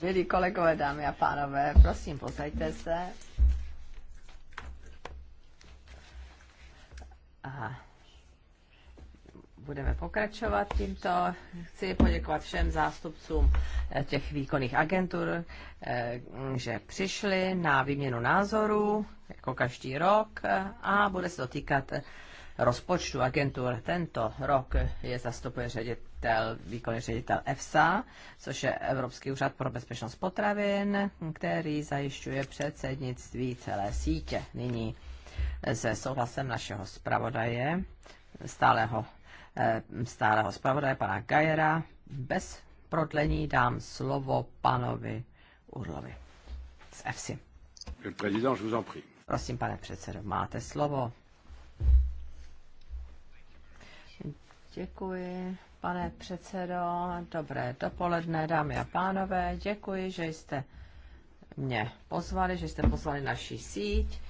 Milí kolegové, dámy a pánové, prosím, posaďte se. A Budeme pokračovat tímto. Chci poděkovat všem zástupcům eh, těch výkonných agentur, eh, že přišli na výměnu názorů, jako každý rok, eh, a bude se dotýkat týkat rozpočtu agentur. Tento rok je zastupuje ředitel, výkonný ředitel EFSA, což je Evropský úřad pro bezpečnost potravin, který zajišťuje předsednictví celé sítě. Nyní se souhlasem našeho zpravodaje, stáleho, eh, stáleho zpravodaje pana Gajera, bez prodlení dám slovo panovi Urlovi z EFSI. Prosím, pane předsedo, máte slovo. Děkuji, pane předsedo. Dobré dopoledne, dámy a pánové. Děkuji, že jste mě pozvali, že jste pozvali naši síť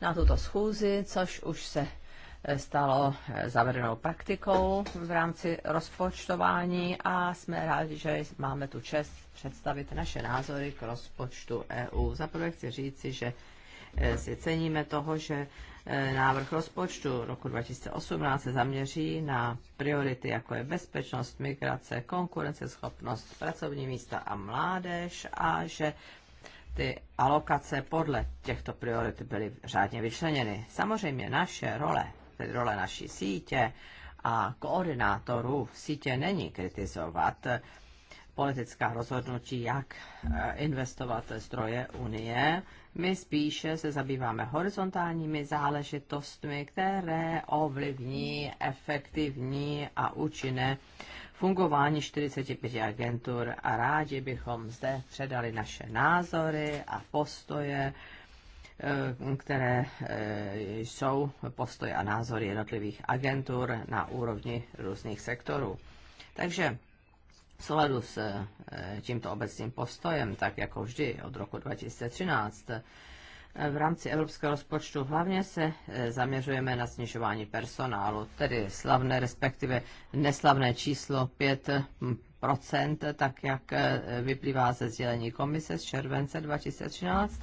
na tuto schůzi, což už se e, stalo e, zavedenou praktikou v rámci rozpočtování a jsme rádi, že máme tu čest představit naše názory k rozpočtu EU. Za prvé chci říci, že e, si ceníme toho, že E, návrh rozpočtu roku 2018 se zaměří na priority, jako je bezpečnost, migrace, konkurenceschopnost, pracovní místa a mládež a že ty alokace podle těchto priorit byly řádně vyčleněny. Samozřejmě naše role, tedy role naší sítě a koordinátorů sítě není kritizovat politická rozhodnutí, jak eh, investovat zdroje Unie. My spíše se zabýváme horizontálními záležitostmi, které ovlivní efektivní a účinné fungování 45 agentur a rádi bychom zde předali naše názory a postoje, eh, které eh, jsou postoje a názory jednotlivých agentur na úrovni různých sektorů. Takže v souladu s eh, tímto obecným postojem, tak jako vždy od roku 2013, eh, v rámci evropského rozpočtu hlavně se eh, zaměřujeme na snižování personálu, tedy slavné, respektive neslavné číslo 5 hm, tak jak vyplývá ze sdělení komise z července 2013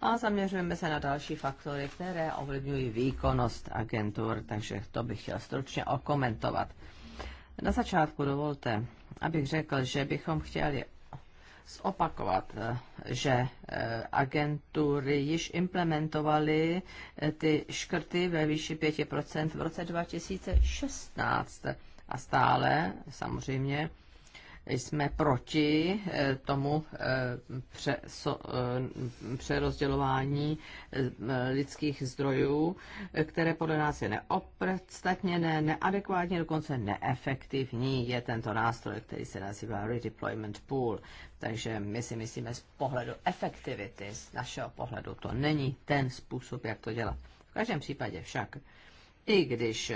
a zaměřujeme se na další faktory, které ovlivňují výkonnost agentur, takže to bych chtěl stručně okomentovat. Na začátku dovolte, abych řekl, že bychom chtěli zopakovat, eh, že eh, agentury již implementovaly eh, ty škrty ve výši 5% v roce 2016 a stále samozřejmě jsme proti eh, tomu eh, eh, přerozdělování lidských zdrojů, které podle nás je neopodstatněné, neadekvátně, dokonce neefektivní je tento nástroj, který se nazývá Redeployment Pool. Takže my si myslíme z pohledu efektivity, z našeho pohledu, to není ten způsob, jak to dělat. V každém případě však, i když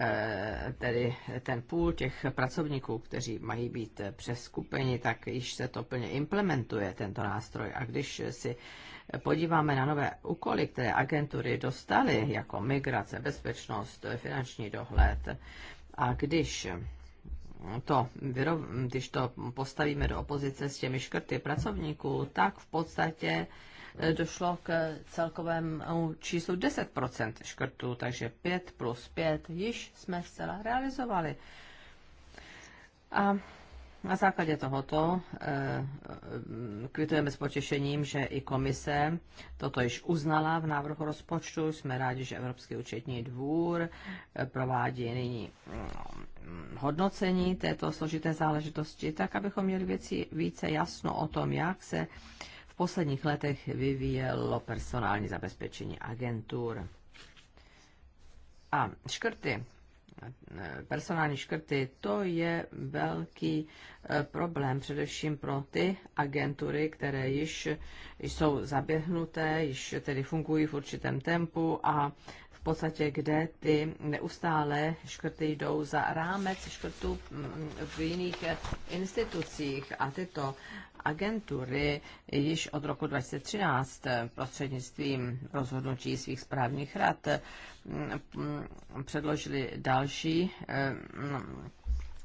Eh, tedy ten půl těch pracovníků, kteří mají být přeskupeni, tak již se to plně implementuje, tento nástroj. A když si podíváme na nové úkoly, které agentury dostaly, jako migrace, bezpečnost, finanční dohled, a když to, když to postavíme do opozice s těmi škrty pracovníků, tak v podstatě došlo k celkovému číslu 10% škrtů, takže 5 plus 5 již jsme zcela realizovali. A na základě tohoto eh, kvitujeme s potěšením, že i komise toto již uznala v návrhu rozpočtu. Jsme rádi, že Evropský účetní dvůr eh, provádí nyní mm, hodnocení této složité záležitosti, tak abychom měli věci více jasno o tom, jak se posledních letech vyvíjelo personální zabezpečení agentur. A škrty, personální škrty, to je velký eh, problém především pro ty agentury, které již jsou zaběhnuté, již tedy fungují v určitém tempu a podstatě, kde ty neustále škrty jdou za rámec škrtů v jiných institucích a tyto agentury již od roku 2013 prostřednictvím rozhodnutí svých správních rad mm, předložili další mm,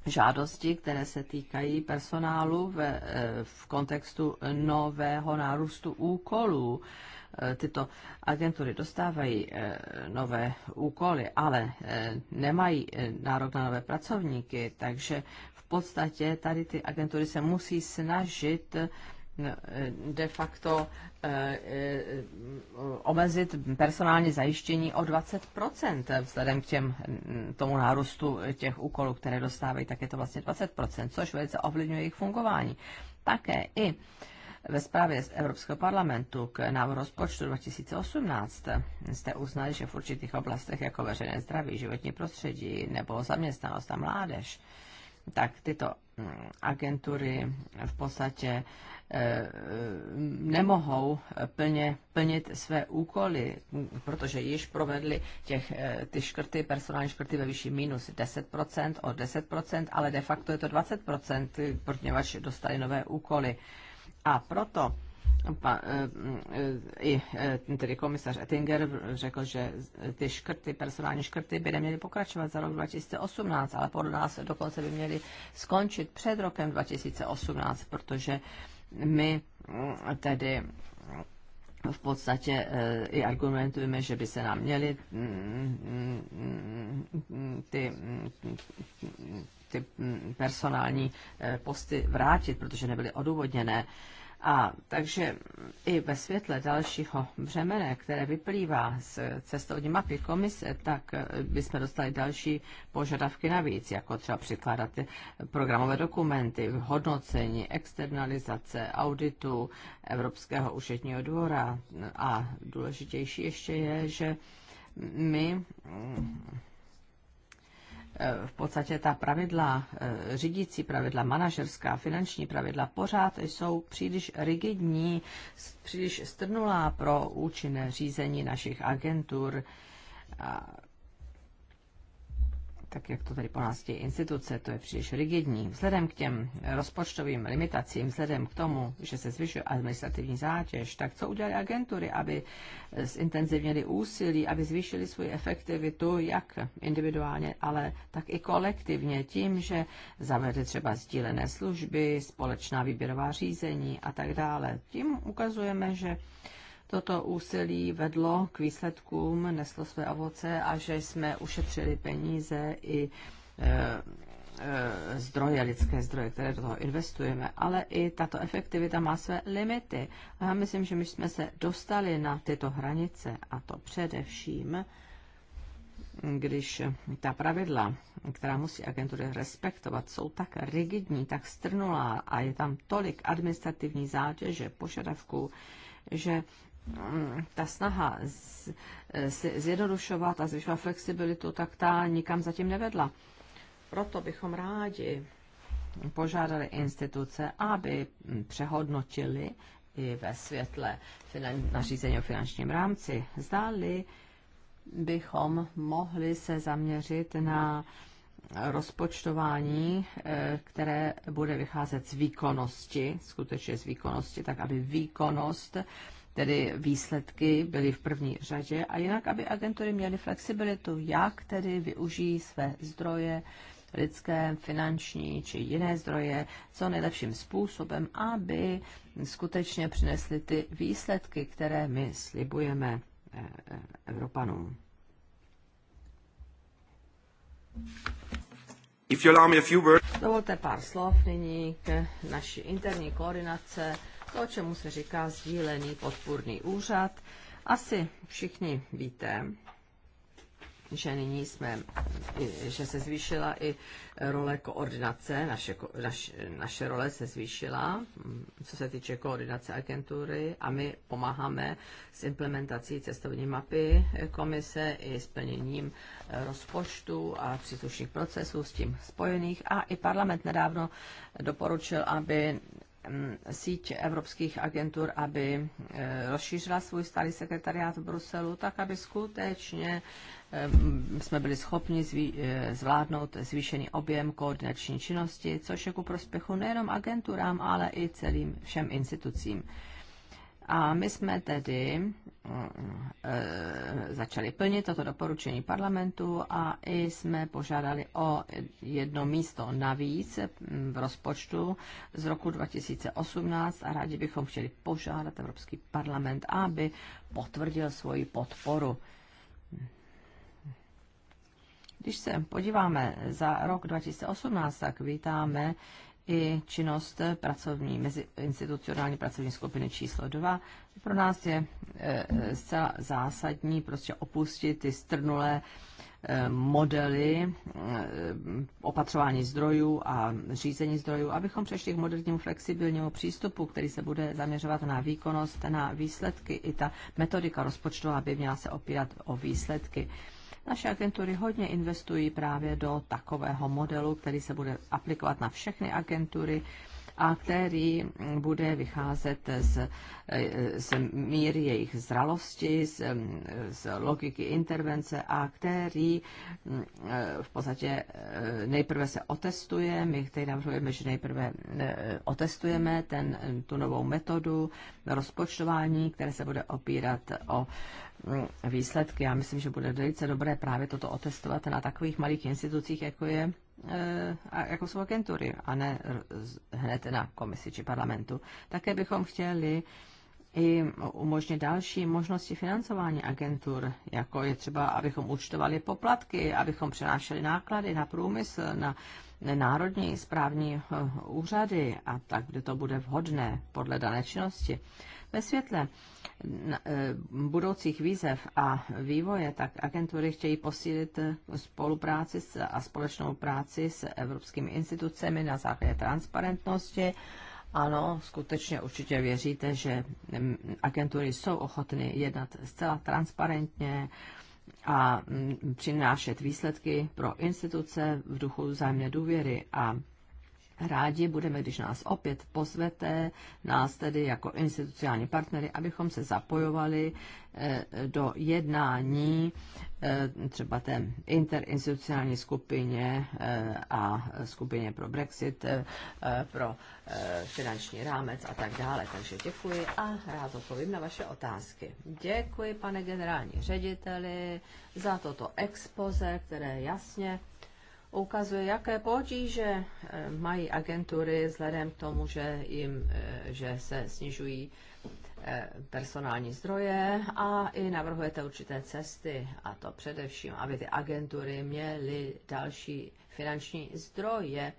žádosti, které se týkají personálu v, eh, v kontextu nového nárůstu úkolů Eh, tyto agentury dostávají eh, nové úkoly, ale eh, nemají nárok na nové pracovníky, takže v podstatě tady ty agentury se musí snažit de facto omezit personální zajištění o 20 vzhledem k těm, hm, tomu nárůstu těch úkolů, které dostávají, tak je to vlastně 20 což velice ovlivňuje jejich fungování. Také i ve zprávě z Evropského parlamentu k návrhu rozpočtu 2018 jste uznali, že v určitých oblastech jako veřejné zdraví, životní prostředí nebo zaměstnanost a mládež, tak tyto mm, agentury v podstatě eh, nemohou plně plnit své úkoly, protože již provedli těch, eh, ty škrty, personální škrty ve výši minus 10%, o 10%, ale de facto je to 20%, protože eh, dostali nové úkoly. A proto pa, eh, i eh, tedy komisař Ettinger řekl, že ty škrty, personální škrty by neměly pokračovat za rok 2018, ale podle nás dokonce by měly skončit před rokem 2018, protože my mm, tedy v podstatě eh, i argumentujeme, že by se nám měly mm, mm, ty ty mm, personální eh, posty vrátit, protože nebyly odůvodněné. A takže i ve světle dalšího břemene, které vyplývá z cestovní mapy komise, tak eh, bychom dostali další požadavky navíc, jako třeba přikládat programové dokumenty, hodnocení, externalizace, auditu Evropského účetního dvora. A důležitější ještě je, že my Eh, v podstatě ta pravidla, eh, řídící pravidla, manažerská, finanční pravidla pořád jsou příliš rigidní, příliš strnulá pro účinné řízení našich agentur tak jak to tady po nás dějí instituce, to je příliš rigidní. Vzhledem k těm rozpočtovým limitacím, vzhledem k tomu, že se zvyšuje administrativní zátěž, tak co udělali agentury, aby zintenzivněli úsilí, aby zvýšili svou efektivitu, jak individuálně, ale tak i kolektivně, tím, že zavede třeba sdílené služby, společná výběrová řízení a tak dále. Tím ukazujeme, že toto úsilí vedlo k výsledkům, neslo své ovoce a že jsme ušetřili peníze i e, e, zdroje, lidské zdroje, které do toho investujeme, ale i tato efektivita má své limity. A já myslím, že my jsme se dostali na tyto hranice a to především, když ta pravidla, která musí agentury respektovat, jsou tak rigidní, tak strnulá a je tam tolik administrativní zátěže, požadavků, že Mm, ta snaha eh, zjednodušovat a zvyšovat flexibilitu, tak ta nikam zatím nevedla. Proto bychom rádi požádali instituce, aby přehodnotili i ve světle finan- nařízení o finančním rámci, zdali bychom mohli se zaměřit na rozpočtování, eh, které bude vycházet z výkonnosti, skutečně z výkonnosti, tak aby výkonnost tedy výsledky byly v první řadě a jinak, aby agentury měly flexibilitu, jak tedy využijí své zdroje, lidské, finanční či jiné zdroje, co nejlepším způsobem, aby skutečně přinesly ty výsledky, které my slibujeme eh, eh, Evropanům. If you allow me a few words. Dovolte pár slov nyní k naší interní koordinace to, čemu se říká sdílený podpůrný úřad. Asi všichni víte, že nyní jsme, že se zvýšila i role koordinace, naše, naš, naše role se zvýšila, mm, co se týče koordinace agentury a my pomáháme s implementací cestovní mapy komise i splněním e, rozpočtu a příslušných procesů s tím spojených a i parlament nedávno doporučil, aby Mm, síť evropských agentur, aby e, rozšířila svůj stálý sekretariát v Bruselu, tak aby skutečně e, jsme byli schopni e, zvládnout zvýšený objem koordinační činnosti, což je ku prospěchu nejenom agenturám, ale i celým všem institucím. A my jsme tedy eh, eh, začali plnit toto doporučení parlamentu a i jsme požádali o jedno místo navíc hm, v rozpočtu z roku 2018 a rádi bychom chtěli požádat Evropský parlament, aby potvrdil svoji podporu. Když se podíváme za rok 2018, tak vítáme i činnost pracovní, institucionální pracovní skupiny číslo 2. Pro nás je e, e, zcela zásadní prostě opustit ty strnulé e, modely opatřování zdrojů a řízení zdrojů, abychom přešli k modernímu flexibilnímu přístupu, který se bude zaměřovat na výkonnost, na výsledky. I ta metodika rozpočtová by měla se opírat o výsledky. Naše agentury hodně investují právě do takového modelu, který se bude aplikovat na všechny agentury a který bude vycházet z, z míry jejich zralosti, z, z logiky intervence a který eh, v podstatě eh, nejprve se otestuje. My tady navrhujeme, že nejprve eh, otestujeme ten, tu novou metodu rozpočtování, které se bude opírat o mm, výsledky. Já myslím, že bude velice dobré právě toto otestovat na takových malých institucích, jako je jako jsou agentury, a ne hned na komisi či parlamentu. Také bychom chtěli i umožnit další možnosti financování agentur, jako je třeba, abychom účtovali poplatky, abychom přenášeli náklady na průmysl, na národní správní eh, úřady a tak, kde to bude vhodné podle dané činnosti. Ve světle e, budoucích výzev a vývoje, tak agentury chtějí posílit e, spolupráci a společnou práci s evropskými institucemi na základě transparentnosti. Ano, skutečně určitě věříte, že agentury jsou ochotny jednat zcela transparentně a přinášet výsledky pro instituce v duchu vzájemné důvěry a Rádi budeme, když nás opět pozvete, nás tedy jako institucionální partnery, abychom se zapojovali eh, do jednání eh, třeba té interinstitucionální skupině eh, a skupině pro Brexit, pro finanční rámec a tak dále. Takže děkuji a rád odpovím na vaše otázky. Děkuji, pane generální řediteli, za toto expoze, které jasně ukazuje, jaké potíže eh, mají agentury vzhledem k tomu, že, jim, eh, že se snižují eh, personální zdroje a i navrhujete určité cesty, a to především, aby ty agentury měly další finanční zdroje,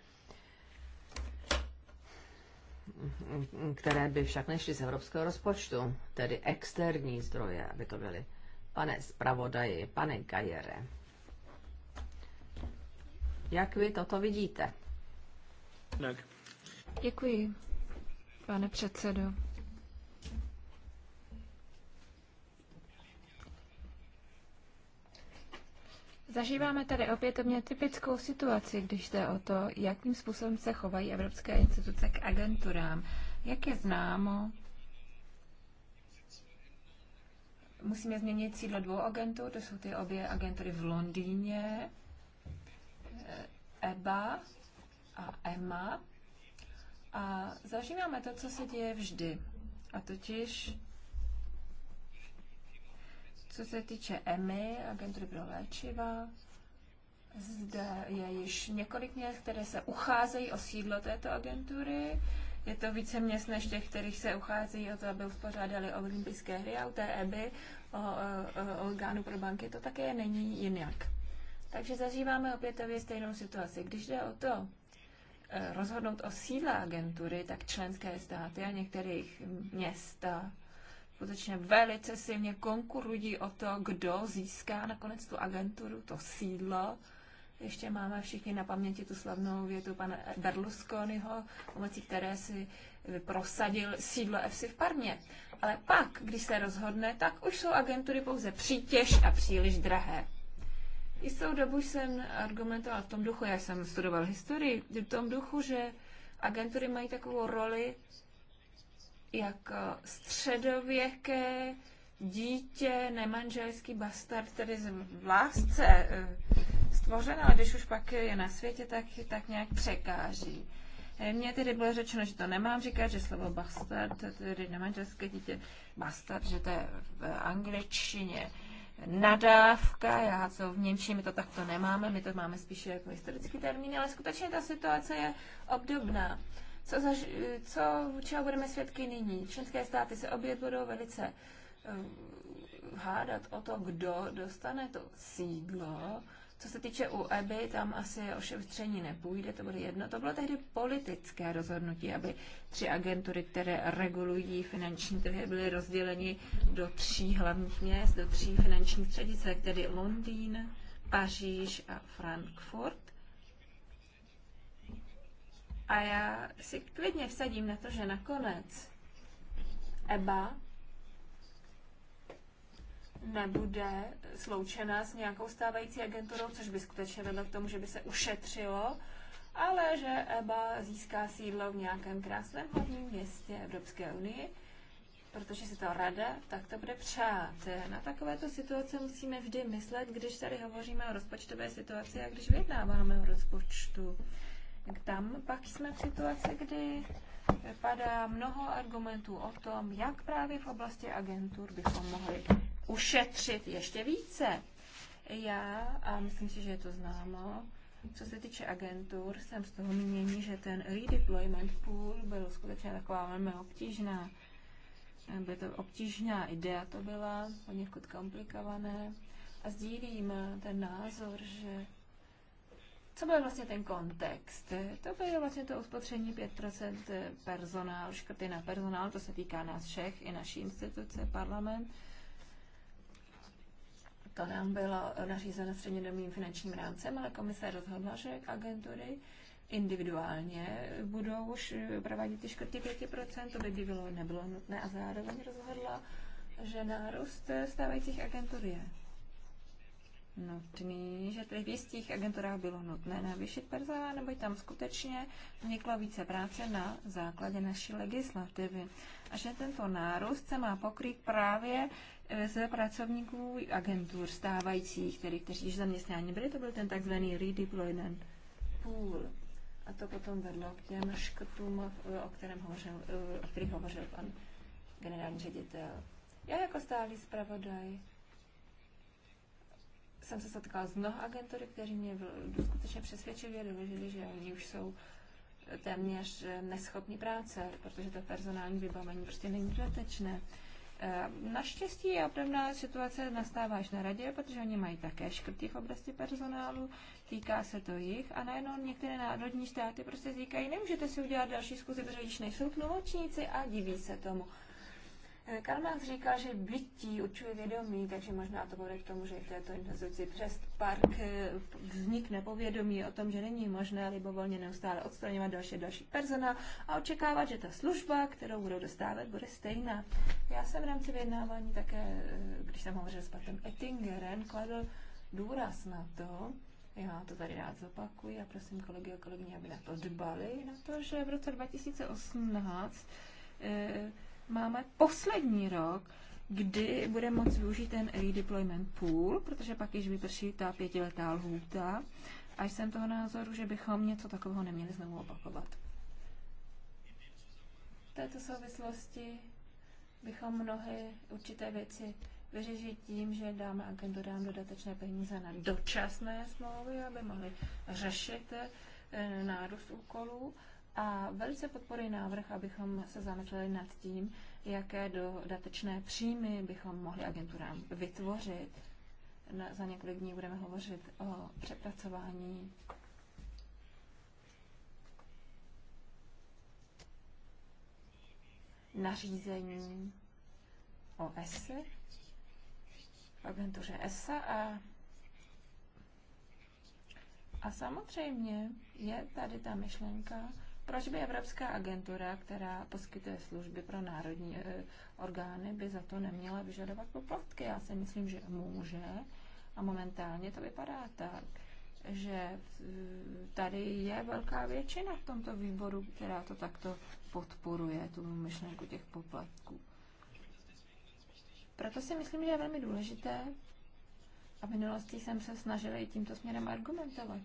které by však nešly z evropského rozpočtu, tedy externí zdroje, aby to byly. Pane zpravodaji, pane Gajere. Jak vy toto vidíte? Tak. Děkuji, pane předsedo. Zažíváme tady opětovně typickou situaci, když jde o to, jakým způsobem se chovají evropské instituce k agenturám. Jak je známo, musíme změnit sídlo dvou agentů, to jsou ty obě agentury v Londýně, EBA a Emma a zažíváme to, co se děje vždy. A totiž, co se týče Emmy agentury pro léčiva, zde je již několik měst, které se ucházejí o sídlo této agentury. Je to více měst než těch, kterých se ucházejí o to, aby uspořádali olympijské hry a u té EBY, o, o, o orgánu pro banky, to také není jinak. Takže zažíváme opětově stejnou situaci. Když jde o to eh, rozhodnout o sídle agentury, tak členské státy a některých města skutečně velice silně konkurují o to, kdo získá nakonec tu agenturu, to sídlo. Ještě máme všichni na paměti tu slavnou větu pana Berlusconiho, pomocí které si prosadil sídlo FC v Parmě. Ale pak, když se rozhodne, tak už jsou agentury pouze přítěž a příliš drahé. Jistou dobu jsem argumentoval v tom duchu, já jsem studoval historii, v tom duchu, že agentury mají takovou roli jako středověké dítě, nemanželský bastard, tedy v lásce eh, stvořen, ale když už pak je na světě, tak, tak nějak překáží. Eh, mně tedy bylo řečeno, že to nemám říkat, že slovo bastard, tedy nemanželské dítě, bastard, že to je v angličtině nadávka, já co v Němči, my to takto nemáme, my to máme spíše jako historický termín, ale skutečně ta situace je obdobná. Co, zaž, co čeho budeme svědky nyní? Členské státy se obě budou velice eh, hádat o to, kdo dostane to sídlo co se týče u EBY, tam asi ošetření nepůjde, to bude jedno. To bylo tehdy politické rozhodnutí, aby tři agentury, které regulují finanční trhy, byly rozděleny do tří hlavních měst, do tří finančních středice, tedy Londýn, Paříž a Frankfurt. A já si klidně vsadím na to, že nakonec EBA nebude sloučena s nějakou stávající agenturou, což by skutečně vedlo k tomu, že by se ušetřilo, ale že EBA získá sídlo v nějakém krásném hlavním městě Evropské unie, protože si to rada tak to bude přát. Na takovéto situace musíme vždy myslet, když tady hovoříme o rozpočtové situaci a když vyjednáváme o rozpočtu. Tam pak jsme v situaci, kdy padá mnoho argumentů o tom, jak právě v oblasti agentur bychom mohli ušetřit ještě více. Já, a myslím si, že je to známo, co se týče agentur, jsem z toho mění, že ten redeployment pool byl skutečně taková velmi obtížná. Eh, by to obtížná idea to byla, poněkud komplikované. A sdílím eh, ten názor, že co byl vlastně ten kontext? To bylo vlastně to uspotření 5% personál, škrty na personál, to se týká nás všech, i naší instituce, parlament. To nám bylo nařízeno střednědobým finančním rámcem, ale komise rozhodla, že agentury individuálně budou už provádět ty škrty 5%, to by bylo, nebylo nutné a zároveň rozhodla, že nárůst stávajících agentur je nutný, že tedy v jistých agenturách bylo nutné navýšit personál, neboť tam skutečně vzniklo více práce na základě naší legislativy. A že tento nárůst se má pokrýt právě Eh, z pracovníků agentur stávajících, tedy kteří již zaměstnáni byli, to byl ten takzvaný redeployment pool. A to potom vedlo k těm škrtům, eh, o, kterém hovořil, eh, o kterých hovořil pan generální ředitel. Já jako stálý zpravodaj jsem se setkala s mnoha agentury, kteří mě skutečně přesvědčili a dověřili, že oni už jsou téměř neschopní práce, protože to personální vybavení prostě není dostatečné. Ehm, naštěstí je obdobná situace nastává až na radě, protože oni mají také škrty v oblasti personálu, týká se to jich a najednou některé národní státy prostě říkají, nemůžete si udělat další zkusy, protože již nejsou tlumočníci a diví se tomu. Eh, Karmax říká, říkal, že bytí určuje vědomí, takže možná to bude k tomu, že v této intenzivci přes park eh, vznikne povědomí o tom, že není možné libovolně neustále odstraňovat další další personál a očekávat, že ta služba, kterou budou dostávat, bude stejná. Já jsem v rámci vyjednávání také, eh, když jsem hovořil s Patem Ettingerem, kladl důraz na to, já to tady rád zopakuji a prosím kolegy a kolegyně, aby na to dbali, na to, že v roce 2018 eh, máme poslední rok, kdy bude moc využít ten redeployment pool, protože pak již vyprší ta pětiletá lhůta. A jsem toho názoru, že bychom něco takového neměli znovu opakovat. V této souvislosti bychom mnohé určité věci vyřešit tím, že dáme agenturám dodatečné peníze na dočasné smlouvy, aby mohli řešit eh, nárůst úkolů a velice podporuji návrh, abychom se zamysleli nad tím, jaké dodatečné příjmy bychom mohli agenturám vytvořit. Na, za několik dní budeme hovořit o přepracování nařízení o ESA, agentuře ESA a a samozřejmě je tady ta myšlenka, proč by Evropská agentura, která poskytuje služby pro národní eh, orgány, by za to neměla vyžadovat poplatky? Já si myslím, že může a momentálně to vypadá tak, že eh, tady je velká většina v tomto výboru, která to takto podporuje, tu myšlenku těch poplatků. Proto si myslím, že je velmi důležité, a v minulosti jsem se snažila i tímto směrem argumentovat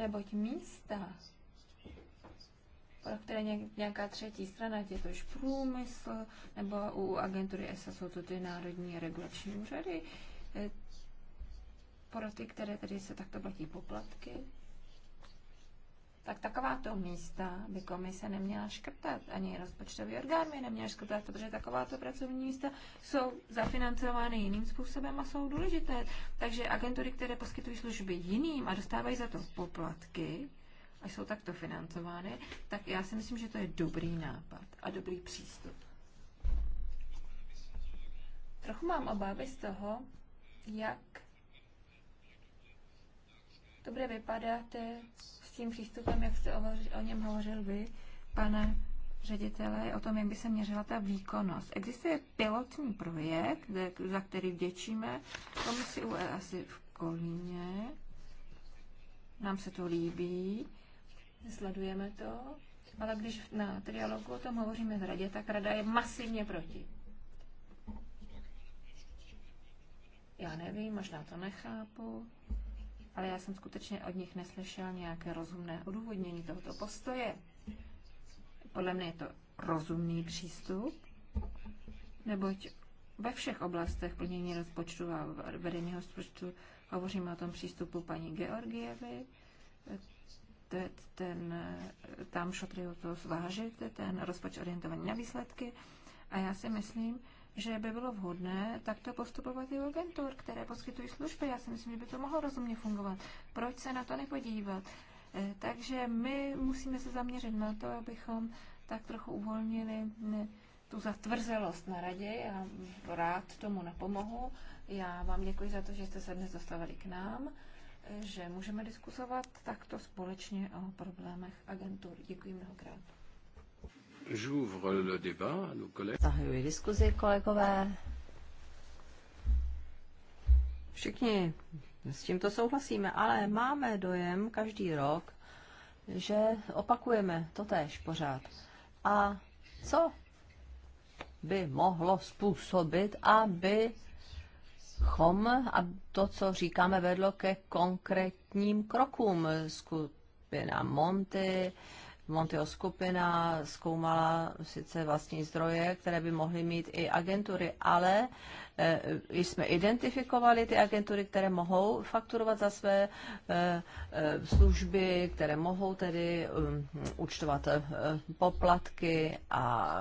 neboť místa, pro které nějaká třetí strana, ať je to už průmysl, nebo u agentury ESA jsou to ty národní regulační úřady, eh, pro ty, které tady se takto platí poplatky, tak takováto místa by komise neměla škrtat. Ani rozpočtový orgán by neměl škrtat, protože takováto pracovní místa jsou zafinancovány jiným způsobem a jsou důležité. Takže agentury, které poskytují služby jiným a dostávají za to poplatky, a jsou takto financovány, tak já si myslím, že to je dobrý nápad a dobrý přístup. Trochu mám obavy z toho, jak to bude vypadat eh, s tím přístupem, jak jste o něm hovořil vy, pane ředitele, o tom, jak by se měřila ta výkonnost. Existuje pilotní projekt, za který vděčíme komisi UE asi v Kolíně. Nám se to líbí, sledujeme to, ale když na trialogu o tom hovoříme v radě, tak rada je masivně proti. Já nevím, možná to nechápu ale já jsem skutečně od nich neslyšel nějaké rozumné odůvodnění tohoto postoje. Podle mě je to rozumný přístup, neboť ve všech oblastech plnění rozpočtu a vedení rozpočtu hovoříme o tom přístupu paní Georgievy, ten, tam šlo o to zvážit, ten rozpočet orientovaný na výsledky. A já si myslím, že by bylo vhodné takto postupovat i u agentur, které poskytují služby. Já si myslím, že by to mohlo rozumně fungovat. Proč se na to nepodívat? Eh, takže my musíme se zaměřit na to, abychom tak trochu uvolnili tu zatvrzelost na radě. Já rád tomu napomohu. Já vám děkuji za to, že jste se dnes dostavili k nám, eh, že můžeme diskutovat takto společně o problémech agentur. Děkuji mnohokrát. Zahajuji diskuzi, kolegové. Všichni s tímto souhlasíme, ale máme dojem každý rok, že opakujeme to též pořád. A co by mohlo způsobit, aby chom a to, co říkáme, vedlo ke konkrétním krokům skupina Monty, Montyho skupina zkoumala sice vlastní zdroje, které by mohly mít i agentury, ale e, jsme identifikovali ty agentury, které mohou fakturovat za své e, e služby, které mohou tedy um, účtovat e, poplatky a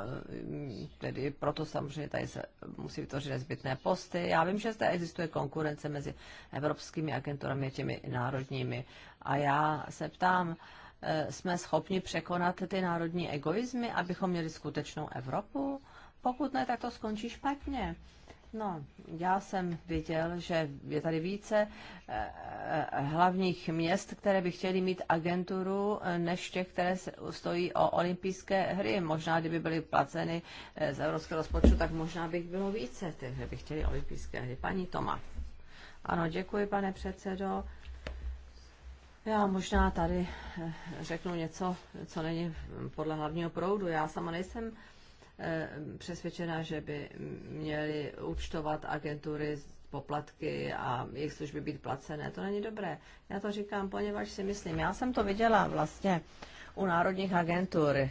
um, tedy proto samozřejmě tady se musí vytvořit zbytné posty. Já vím, že zde existuje konkurence mezi evropskými agenturami a těmi národními. A já se ptám, Eh, jsme schopni překonat ty národní egoizmy, abychom měli skutečnou Evropu? Pokud ne, tak to skončí špatně. No, já jsem viděl, že je tady více eh, hlavních měst, které by chtěly mít agenturu, eh, než těch, které stojí o olympijské hry. Možná, kdyby byly placeny z evropského rozpočtu, tak možná bych bylo více těch, které by chtěli olympijské hry. Paní Toma. Ano, děkuji, pane předsedo. Já možná tady eh, řeknu něco, co není podle hlavního proudu. Já sama nejsem eh, přesvědčena, že by měly účtovat agentury poplatky a jejich služby být placené. To není dobré. Já to říkám, poněvadž si myslím. Já jsem to viděla vlastně u národních agentur,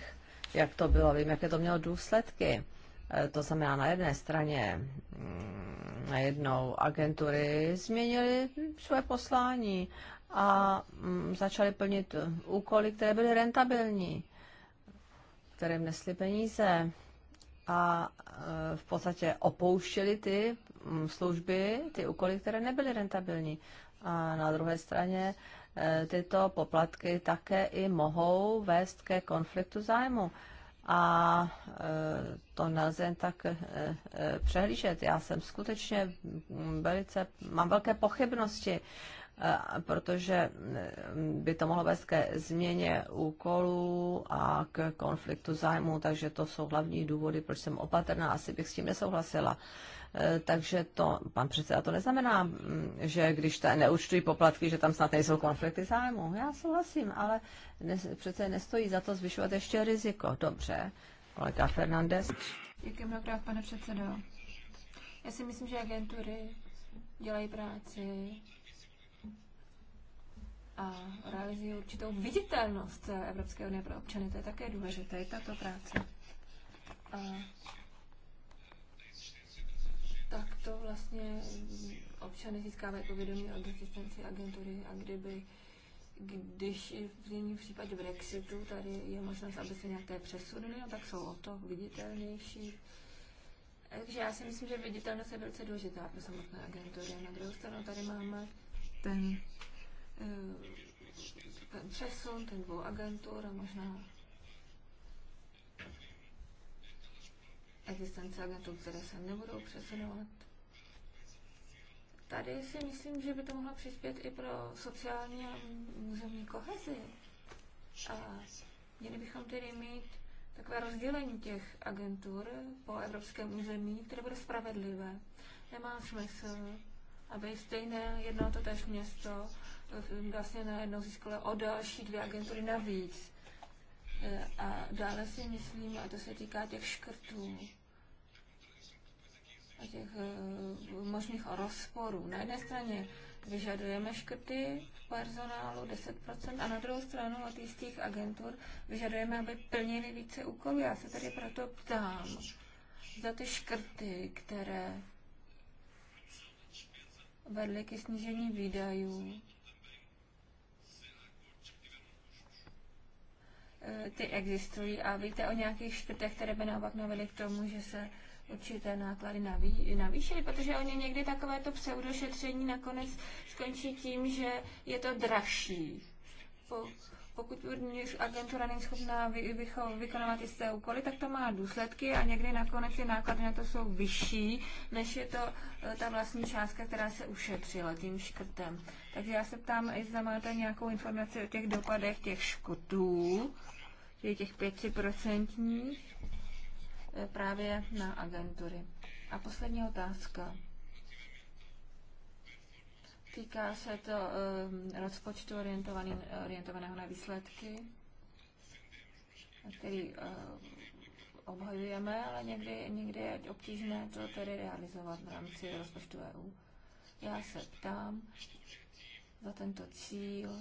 jak to bylo, vím, jaké to mělo důsledky. Eh, to znamená, na jedné straně mm, najednou agentury změnily své poslání a mm, začali plnit eh, úkoly, které byly rentabilní, které nesly peníze a eh, v podstatě opouštěli ty mm, služby, ty úkoly, které nebyly rentabilní. A na druhé straně eh, tyto poplatky také i mohou vést ke konfliktu zájmu. A to nelze jen tak přehlížet. Já jsem skutečně mm, velice, mám velké pochybnosti protože mm, by to mohlo vést ke změně úkolů a k konfliktu zájmu, takže to jsou hlavní důvody, proč jsem opatrná, asi bych s tím nesouhlasila. E, takže to, pan předseda, to neznamená, mm, že když ta neúčtují poplatky, že tam snad nejsou konflikty zájmu. Já souhlasím, ale ne, přece nestojí za to zvyšovat ještě riziko. Dobře, kolega Fernandez. Děkuji mnohokrát, pane předsedo. Já si myslím, že agentury dělají práci, a realizují určitou viditelnost Evropské unie pro občany. To je také důležité, je tato práce. A tak to vlastně občany získávají povědomí o existenci agentury a kdyby když v jiném případě Brexitu tady je možnost, aby se nějaké přesunuly, no tak jsou o to viditelnější. Takže já si myslím, že viditelnost je velice důležitá pro samotné agentury. na druhou stranu tady máme ten ten eh, přesun, ten dvou agentur a možná existence agentů, které se nebudou přesunovat. Tady si myslím, že by to mohlo přispět i pro sociální a územní kohezi. A měli bychom tedy mít takové rozdělení těch agentur po evropském území, které bude spravedlivé. Nemá smysl, aby stejné jedno to tež město Eh, vlastně najednou získala o další dvě agentury navíc. Eh, a dále si myslím, a to se týká těch škrtů a těch eh, možných rozporů. Na jedné straně vyžadujeme škrty v personálu 10% a na druhou stranu od jistých agentur vyžadujeme, aby plnili více úkolů. Já se tedy proto ptám za ty škrty, které vedly ke snížení výdajů, Eh, ty existují a víte o nějakých škrtech, které by naopak navily k tomu, že se určité náklady naví, navýšily, protože oni někdy takovéto pseudošetření nakonec skončí tím, že je to dražší. Po, pokud agentura není schopná vy, vycho, vykonávat jisté úkoly, tak to má důsledky a někdy nakonec ty náklady na to jsou vyšší, než je to eh, ta vlastní částka, která se ušetřila tím škrtem. Takže já se ptám, jestli máte nějakou informaci o těch dopadech těch škrtů je těch 5% eh, právě na agentury. A poslední otázka. Týká se to eh, rozpočtu orientovaného na výsledky, který eh, obhajujeme, ale někdy, někdy je obtížné to tedy realizovat v rámci rozpočtu EU. Já se ptám za tento cíl,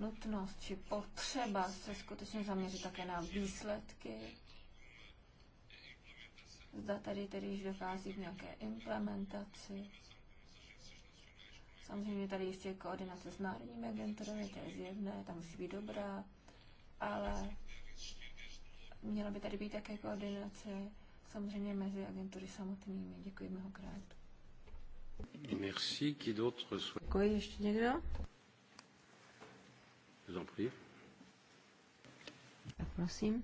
nutnost či potřeba se skutečně zaměřit také na výsledky. Zda tady tedy již dochází k nějaké implementaci. Samozřejmě tady ještě je koordinace s národními agenturami, to je zjevné, tam musí být dobrá, ale měla by tady být také koordinace samozřejmě mezi agentury samotnými. Děkuji mnohokrát. Merci, Děkuji ještě někdo? Prosím.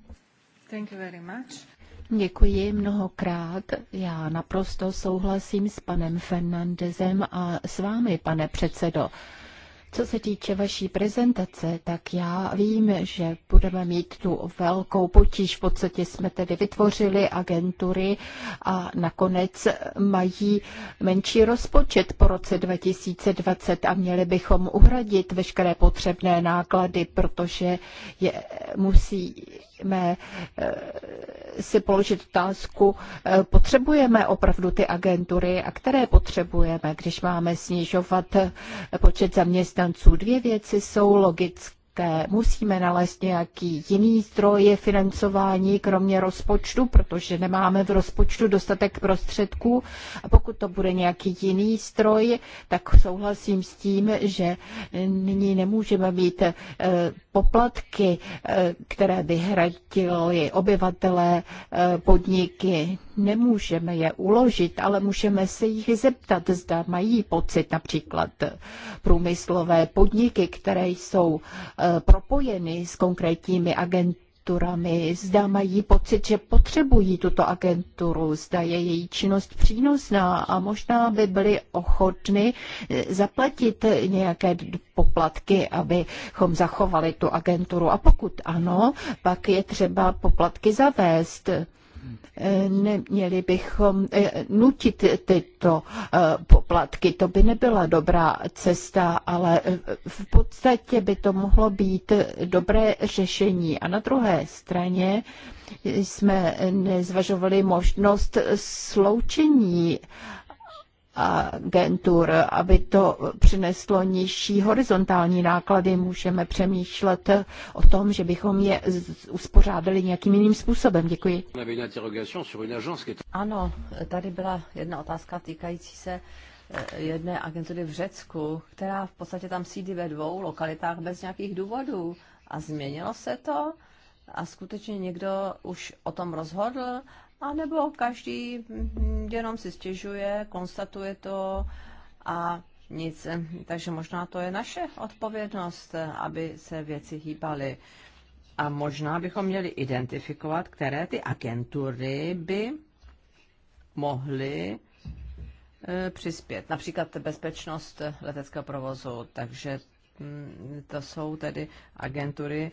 Děkuji mnohokrát. Já naprosto souhlasím s panem Fernandezem a s vámi, pane předsedo. Co se týče vaší prezentace, tak já vím, že budeme mít tu velkou potíž. V podstatě jsme tedy vytvořili agentury a nakonec mají menší rozpočet po roce 2020 a měli bychom uhradit veškeré potřebné náklady, protože je musí musíme eh, si položit otázku, eh, potřebujeme opravdu ty agentury a které potřebujeme, když máme snižovat eh, počet zaměstnanců. Dvě věci jsou logické musíme nalézt nějaký jiný zdroj financování, kromě rozpočtu, protože nemáme v rozpočtu dostatek prostředků. A pokud to bude nějaký jiný stroj, tak souhlasím s tím, že nyní nemůžeme mít poplatky, eh, které by hradili obyvatelé, eh, podniky. Nemůžeme je uložit, ale můžeme se jich zeptat, zda mají pocit například průmyslové podniky, které jsou eh, propojeny s konkrétními agenty agenturami, zda mají pocit, že potřebují tuto agenturu, zda je její činnost přínosná a možná by byly ochotny eh, zaplatit nějaké poplatky, abychom zachovali tu agenturu. A pokud ano, pak je třeba poplatky zavést. Neměli bychom eh, nutit tyto eh, poplatky, to by nebyla dobrá cesta, ale eh, v podstatě by to mohlo být dobré řešení. A na druhé straně jsme nezvažovali možnost sloučení agentur, aby to přineslo nižší horizontální náklady. Můžeme přemýšlet o tom, že bychom je uspořádali nějakým jiným způsobem. Děkuji. Ano, tady byla jedna otázka týkající se eh, jedné agentury v Řecku, která v podstatě tam sídí ve dvou lokalitách bez nějakých důvodů. A změnilo se to? A skutečně někdo už o tom rozhodl a nebo každý mm, jenom si stěžuje, konstatuje to a nic. Takže možná to je naše odpovědnost, aby se věci hýbaly. A možná bychom měli identifikovat, které ty agentury by mohly eh, přispět. Například bezpečnost leteckého provozu, takže Mm, to jsou tedy agentury,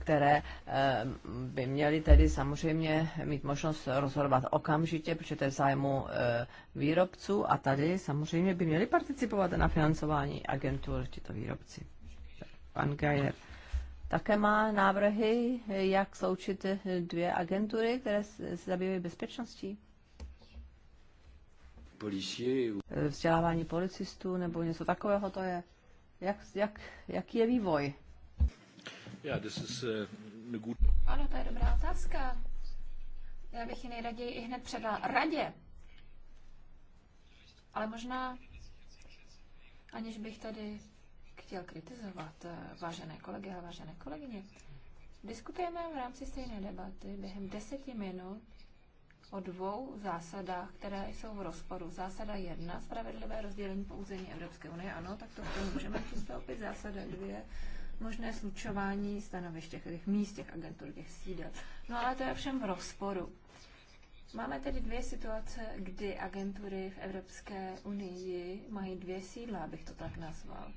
které eh, by měly tedy samozřejmě mít možnost rozhodovat okamžitě, protože to je zájmu eh, výrobců a tady samozřejmě by měli participovat na financování agentur tito výrobci. Pan Gajer také má návrhy, jak sloučit dvě agentury, které se zabývají bezpečností. Policie eh, Vzdělávání policistů nebo něco takového to je. Jak, jak, jaký je vývoj? Yeah, this is, uh, eh, good... Ano, to je dobrá otázka. Já bych ji nejraději i hned předala radě. Ale možná, aniž bych tady chtěl kritizovat eh, vážené kolegy a vážené kolegyně, diskutujeme v rámci stejné debaty během deseti minut o dvou zásadách, které jsou v rozporu. Zásada jedna, spravedlivé rozdělení území Evropské unie, ano, tak to k tomu můžeme přistoupit. Zásada dvě, možné slučování stanovišť těch, těch míst, těch agentur, těch sídel. No ale to je všem v rozporu. Máme tedy dvě situace, kdy agentury v Evropské unii mají dvě sídla, abych to tak nazval.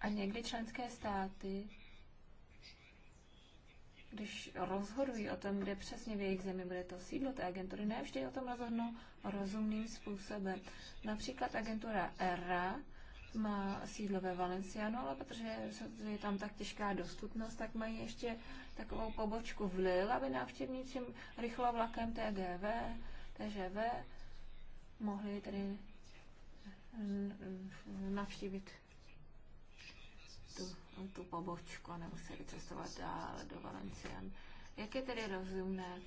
A někdy členské státy když rozhodují o tom, kde přesně v jejich zemi bude to sídlo té agentury, ne vždy o tom rozhodnou rozumným způsobem. Například agentura ERA má sídlo ve Valencianu, ale protože je tam tak těžká dostupnost, tak mají ještě takovou pobočku v Lille, aby návštěvníci rychlo vlakem TGV, TGV mohli tedy navštívit tu, tu pobočku a nemuseli cestovat dál do Valencian. Jak je tedy rozumné?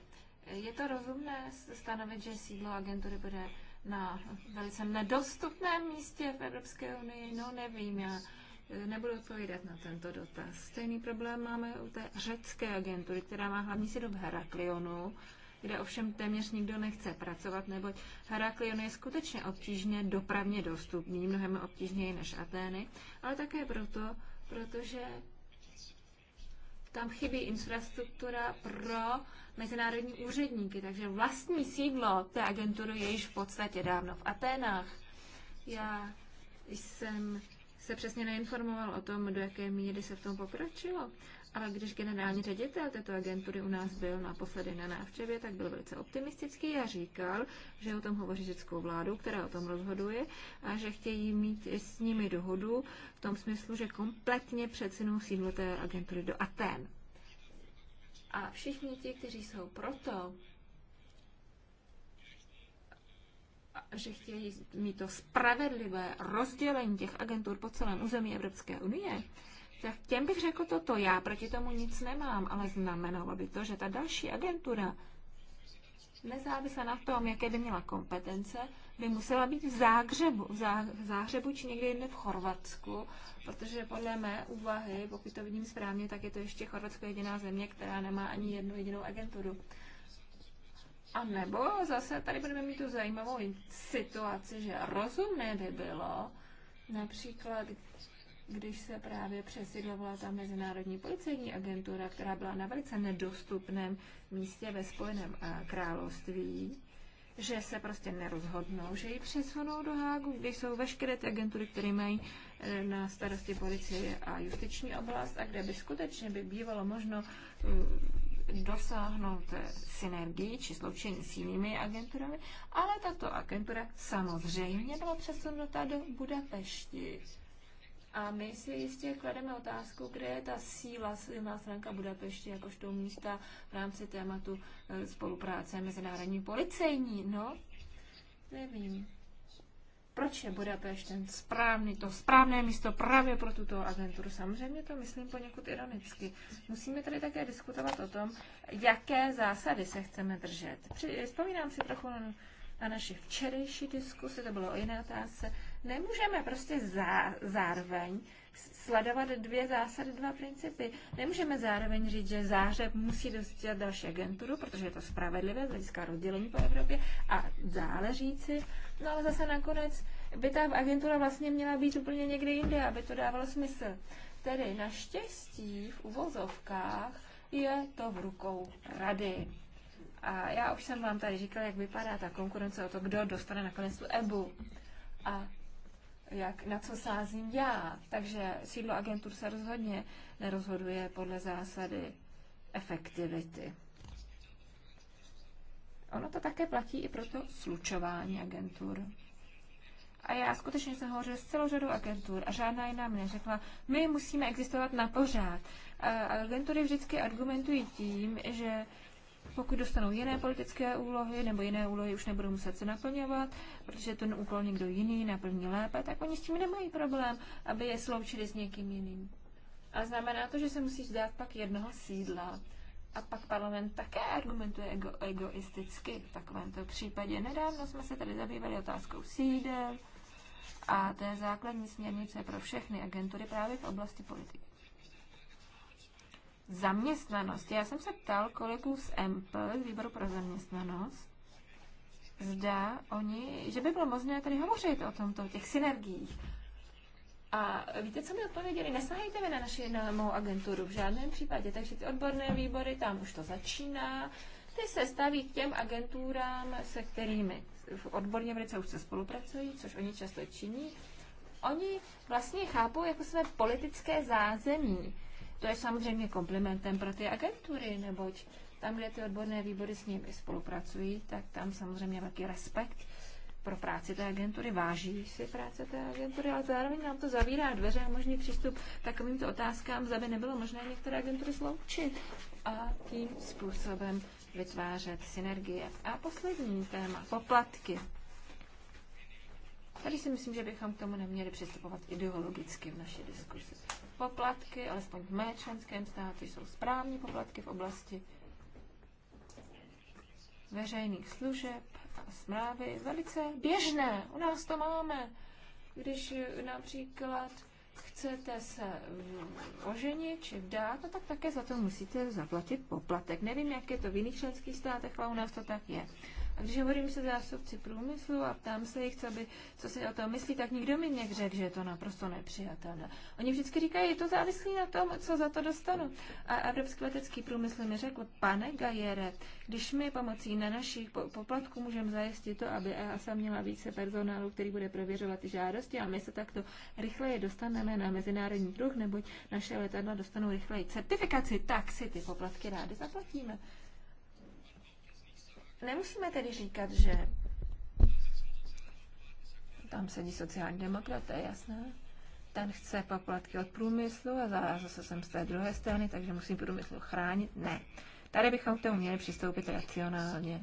Je to rozumné stanovit, že sídlo agentury bude na velice nedostupném místě v Evropské unii? No nevím, já eh, nebudu odpovídat na tento dotaz. Stejný problém máme u té řecké agentury, která má hlavní sídlo v Heraklionu, kde ovšem téměř nikdo nechce pracovat, neboť Heraklion je skutečně obtížně dopravně dostupný, mnohem obtížněji než Atény, ale také proto, protože tam chybí infrastruktura pro mezinárodní úředníky, takže vlastní sídlo té agentury je již v podstatě dávno v Aténách. Já jsem se přesně neinformoval o tom, do jaké míry se v tom pokročilo, ale když generální ředitel této agentury u nás byl naposledy na návštěvě, tak byl velice optimistický a říkal, že o tom hovoří řeckou vládu, která o tom rozhoduje a že chtějí mít s nimi dohodu v tom smyslu, že kompletně přesunou sídlo té agentury do Aten. A všichni ti, kteří jsou proto, že chtějí mít to spravedlivé rozdělení těch agentur po celém území Evropské unie, tak těm bych řekl toto. Já proti tomu nic nemám, ale znamenalo by to, že ta další agentura, nezávisle na tom, jaké by měla kompetence, by musela být v Zágřebu, v Záhřebu či někde jinde v Chorvatsku, protože podle mé úvahy, pokud to vidím správně, tak je to ještě Chorvatsko jediná země, která nemá ani jednu jedinou agenturu. A nebo zase tady budeme mít tu zajímavou situaci, že rozumné by bylo, například když se právě přesidlovala ta Mezinárodní policejní agentura, která byla na velice nedostupném místě ve Spojeném eh, království, že se prostě nerozhodnou, že ji přesunou do Hágu, kde jsou veškeré ty agentury, které mají eh, na starosti policie a justiční oblast a kde by skutečně by bývalo možno eh, dosáhnout synergii či sloučení s jinými agenturami, ale tato agentura samozřejmě byla přesunuta do Budapešti. A my si jistě klademe otázku, kde je ta síla, silná stránka Budapešti, jakožto místa v rámci tématu e, spolupráce mezinárodní policejní, no? Nevím. Proč je Budapešť ten správný, to správné místo právě pro tuto agenturu? Samozřejmě to myslím poněkud ironicky. Musíme tady také diskutovat o tom, jaké zásady se chceme držet. Při, vzpomínám si trochu na, na naši včerejší diskusi, to bylo o jiné otázce, Nemůžeme prostě zá, zároveň sledovat dvě zásady, dva principy. Nemůžeme zároveň říct, že zářeb musí dostat další agenturu, protože je to spravedlivé z hlediska rozdělení po Evropě a dále říci, no ale zase nakonec by ta agentura vlastně měla být úplně někde jinde, aby to dávalo smysl. Tedy naštěstí v uvozovkách je to v rukou rady. A já už jsem vám tady říkala, jak vypadá ta konkurence o to, kdo dostane nakonec tu EBU. A jak, na co sázím já. Takže sídlo agentur se rozhodně nerozhoduje podle zásady efektivity. Ono to také platí i pro to slučování agentur. A já skutečně jsem hovořil s celou řadou agentur a žádná jiná mi neřekla, my musíme existovat na pořád. agentury vždycky argumentují tím, že pokud dostanou jiné politické úlohy nebo jiné úlohy už nebudou muset se naplňovat, protože ten úkol někdo jiný naplní lépe, tak oni s tím nemají problém, aby je sloučili s někým jiným. A znamená to, že se musí zdát pak jednoho sídla. A pak parlament také argumentuje ego, egoisticky v takovémto případě. Nedávno jsme se tady zabývali otázkou sídel a té základní směrnice pro všechny agentury právě v oblasti politiky zaměstnanosti. Já jsem se ptal kolegů z EMPL, z výboru pro zaměstnanost, zda oni, že by bylo možné tady hovořit o tomto, o těch synergiích. A víte, co mi odpověděli? Nesahejte mi na naši na mou agenturu v žádném případě, takže ty odborné výbory, tam už to začíná. Ty se staví k těm agenturám, se kterými v odborně velice už se spolupracují, což oni často činí. Oni vlastně chápou jako své politické zázemí. To je samozřejmě komplementem pro ty agentury, neboť tam, kde ty odborné výbory s nimi spolupracují, tak tam samozřejmě velký respekt pro práci té agentury, váží si práce té agentury, ale zároveň nám to zavírá dveře a možný přístup takovýmto otázkám, zda by nebylo možné některé agentury sloučit a tím způsobem vytvářet synergie. A poslední téma, poplatky. Tady si myslím, že bychom k tomu neměli přistupovat ideologicky v naší diskusi poplatky, alespoň v mé členském státu, jsou správní poplatky v oblasti veřejných služeb a zprávy velice běžné. U nás to máme. Když například chcete se oženit či vdát, no tak také za to musíte zaplatit poplatek. Nevím, jak je to v jiných členských státech, ale u nás to tak je. Když hovorím se zástupci průmyslu a ptám se jich, co, by, co si o tom myslí, tak nikdo mi řekl, že je to naprosto nepřijatelné. Oni vždycky říkají, je to závislí na tom, co za to dostanu. A evropský letecký průmysl mi řekl, pane Gajere, když my pomocí na našich poplatků můžeme zajistit to, aby EASA měla více personálu, který bude prověřovat ty žádosti a my se takto rychleji dostaneme na mezinárodní druh, neboť naše letadla dostanou rychleji certifikaci, tak si ty poplatky rádi zaplatíme. Nemusíme tedy říkat, že tam sedí sociální demokrat, to je jasné. Ten chce poplatky od průmyslu a zase jsem z té druhé strany, takže musím průmysl chránit. Ne. Tady bychom k tomu měli přistoupit racionálně.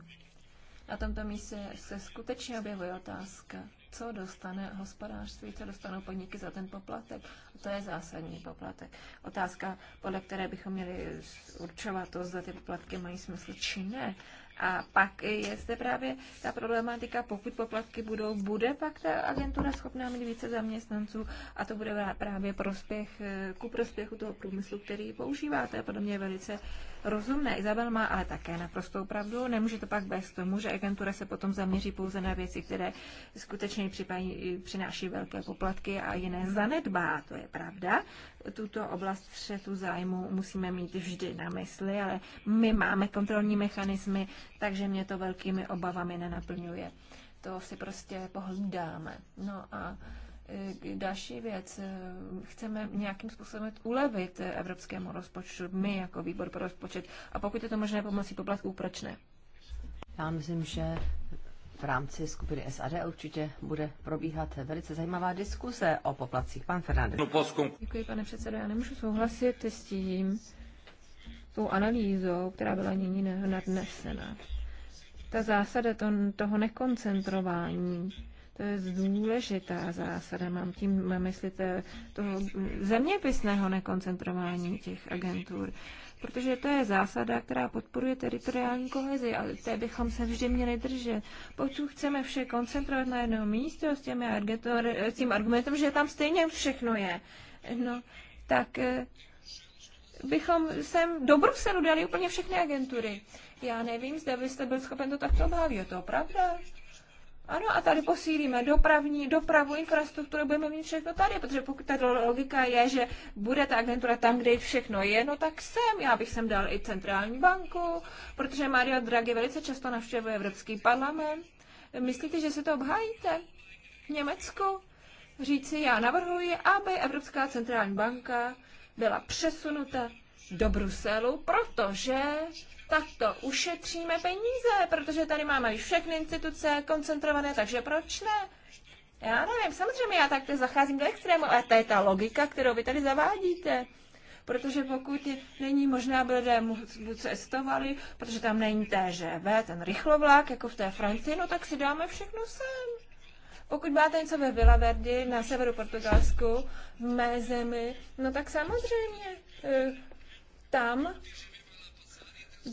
Na tomto místě se skutečně objevuje otázka, co dostane hospodářství, co dostanou podniky za ten poplatek. A to je zásadní poplatek. Otázka, podle které bychom měli určovat to, zda ty poplatky mají smysl či ne. A pak je zde právě ta problematika, pokud poplatky budou, bude pak ta agentura schopná mít více zaměstnanců a to bude právě prospěch, eh, ku prospěchu toho průmyslu, který používá. To je podle mě velice rozumné. Izabel má ale také naprostou pravdu. Nemůže to pak bez tomu, že agentura se potom zaměří pouze na věci, které skutečně přináší velké poplatky a jiné zanedbá. To je pravda tuto oblast střetu zájmu musíme mít vždy na mysli, ale my máme kontrolní mechanismy, takže mě to velkými obavami nenaplňuje. To si prostě pohlídáme. No a e, Další věc, e, chceme nějakým způsobem ulevit evropskému rozpočtu, my jako výbor pro rozpočet. A pokud je to možné pomocí poplatků, proč ne? Já myslím, že v rámci skupiny SAD určitě bude probíhat velice zajímavá diskuse o poplacích. Pan Fernández. No, Děkuji, pane předsedo. Já nemůžu souhlasit s tím, tou analýzou, která byla nyní nadnesena. Ta zásada to, toho nekoncentrování, to je důležitá zásada, mám tím, myslíte, toho zeměpisného nekoncentrování těch agentur protože to je zásada, která podporuje teritoriální kohezi a té bychom se vždy měli držet. Pokud chceme vše koncentrovat na jedno místo s, těmi s tím argumentem, že tam stejně všechno je, no, tak eh, bychom sem do Bruselu dali úplně všechny agentury. Já nevím, zda byste byl schopen to takto obhávit, Je to pravda? Ano, a tady posílíme dopravní, dopravu, infrastrukturu, budeme mít všechno tady, protože pokud ta logika je, že bude ta agentura tam, kde všechno je, no tak sem. Já bych sem dal i centrální banku, protože Mario Draghi velice často navštěvuje Evropský parlament. Myslíte, že se to obhájíte? V Německu? Říci, já navrhuji, aby Evropská centrální banka byla přesunuta do Bruselu, protože tak to ušetříme peníze, protože tady máme již všechny instituce koncentrované, takže proč ne? Já nevím, samozřejmě já takto zacházím do extrému, ale to je ta logika, kterou vy tady zavádíte. Protože pokud není možné, aby lidé cestovali, protože tam není TŽV, ten rychlovlák, jako v té Francii, no tak si dáme všechno sem. Pokud máte něco ve Verdi, na severu Portugalsku, v mé zemi, no tak samozřejmě eh, tam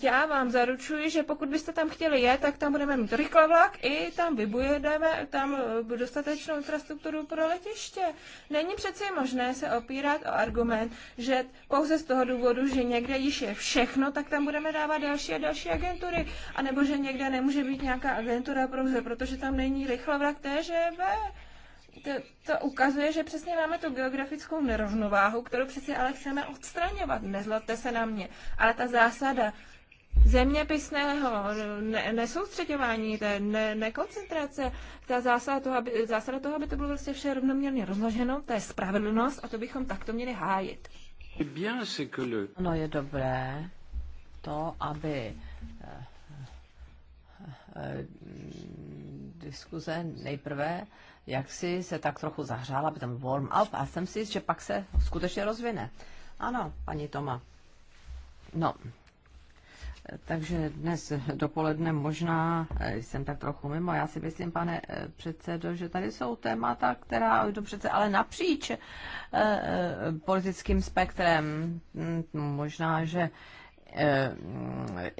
já vám zaručuji, že pokud byste tam chtěli jet, tak tam budeme mít rychlovlak i tam vybujeme, tam eh, dostatečnou infrastrukturu pro letiště. Není přeci možné se opírat o argument, že pouze z toho důvodu, že někde již je všechno, tak tam budeme dávat další a další agentury, a nebo že někde nemůže být nějaká agentura pouze, protože tam není rychlovlak TŽV. To, to ukazuje, že přesně máme tu geografickou nerovnováhu, kterou přesně ale chceme odstraňovat. Nezlobte se na mě. Ale ta zásada zeměpisného ne, nesoustředování, té ne, nekoncentrace, ta zásada toho, aby, zásada toho, aby to bylo vlastně vše rovnoměrně rozloženo, to je spravedlnost a to bychom takto měli hájit. No je dobré to, aby eh, eh, diskuze nejprve, jak si se tak trochu zahřála, aby tam warm up a jsem si, že pak se skutečně rozvine. Ano, paní Toma. No, takže dnes dopoledne možná eh, jsem tak trochu mimo. Já si myslím, pane eh, předsedo, že tady jsou témata, která jdu přece ale napříč eh, politickým spektrem. Mm, možná, že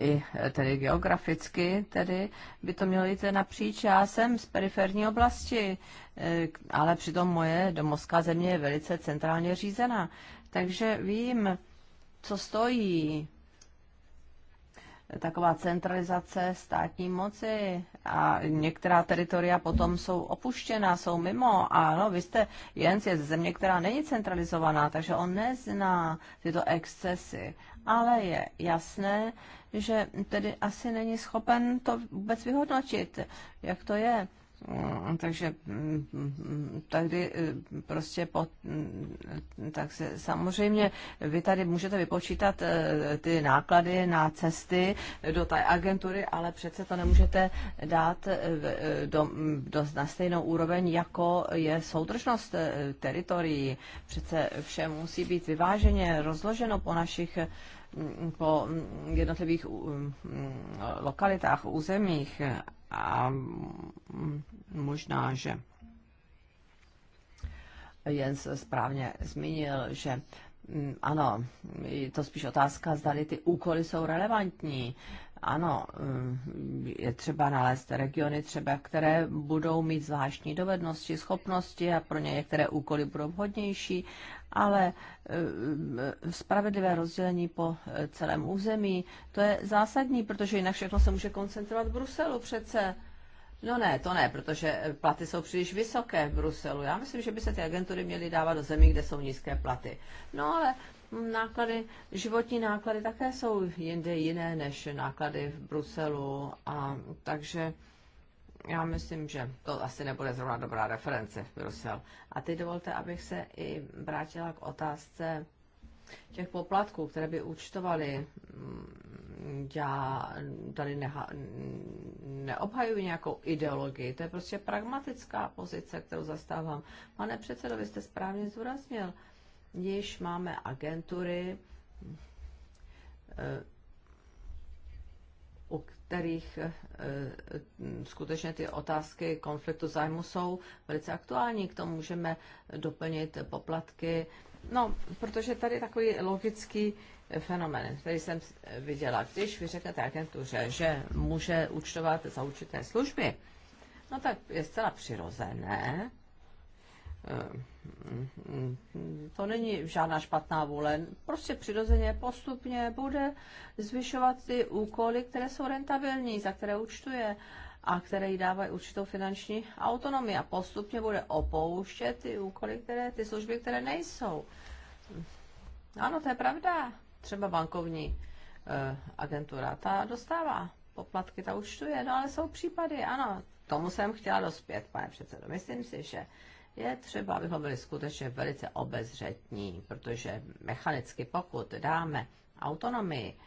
i tedy geograficky, tedy by to mělo jít napříč. Já jsem z periferní oblasti, ale přitom moje domovská země je velice centrálně řízená. Takže vím, co stojí taková centralizace státní moci a některá teritoria potom jsou opuštěná, jsou mimo. A no, vy jste jen je ze země, která není centralizovaná, takže on nezná tyto excesy. Ale je jasné, že tedy asi není schopen to vůbec vyhodnotit, jak to je. Takže mm, tady e, prostě po, mm, tak se, samozřejmě vy tady můžete vypočítat e, ty náklady na cesty do té agentury, ale přece to nemůžete dát e, do, mm, do, na stejnou úroveň, jako je soudržnost teritorií. Přece vše musí být vyváženě rozloženo po našich po jednotlivých lokalitách, územích a mm, možná, že Jens správně zmínil, že mm, ano, je to spíš otázka, zda ty úkoly jsou relevantní ano, eh, je třeba nalézt regiony, třeba, které budou mít zvláštní dovednosti, schopnosti a pro ně některé úkoly budou vhodnější, ale eh, spravedlivé rozdělení po eh, celém území, to je zásadní, protože jinak všechno se může koncentrovat v Bruselu přece. No ne, to ne, protože platy jsou příliš vysoké v Bruselu. Já myslím, že by se ty agentury měly dávat do zemí, kde jsou nízké platy. No ale náklady, životní náklady také jsou jinde jiné než náklady v Bruselu a takže já myslím, že to asi nebude zrovna dobrá reference v Brusel. A teď dovolte, abych se i vrátila k otázce těch poplatků, které by účtovali. Já tady neha, neobhajuji nějakou ideologii, to je prostě pragmatická pozice, kterou zastávám. Pane předsedo, vy jste správně zúraznil, niž máme agentury, eh, u kterých eh, skutečně ty otázky konfliktu zájmu jsou velice aktuální. K tomu můžeme doplnit poplatky. No, protože tady je takový logický fenomen, který jsem viděla. Když vy řeknete agentuře, že může účtovat za určité služby, no tak je zcela přirozené, to není žádná špatná vůle. Prostě přirozeně postupně bude zvyšovat ty úkoly, které jsou rentabilní, za které účtuje a které jí dávají určitou finanční autonomii a postupně bude opouštět ty úkoly, které, ty služby, které nejsou. Ano, to je pravda. Třeba bankovní eh, agentura, ta dostává poplatky, ta účtuje, no ale jsou případy, ano, tomu jsem chtěla dospět, pane předsedo. Myslím si, že je třeba, abychom byli skutečně velice obezřetní, protože mechanicky, pokud dáme autonomii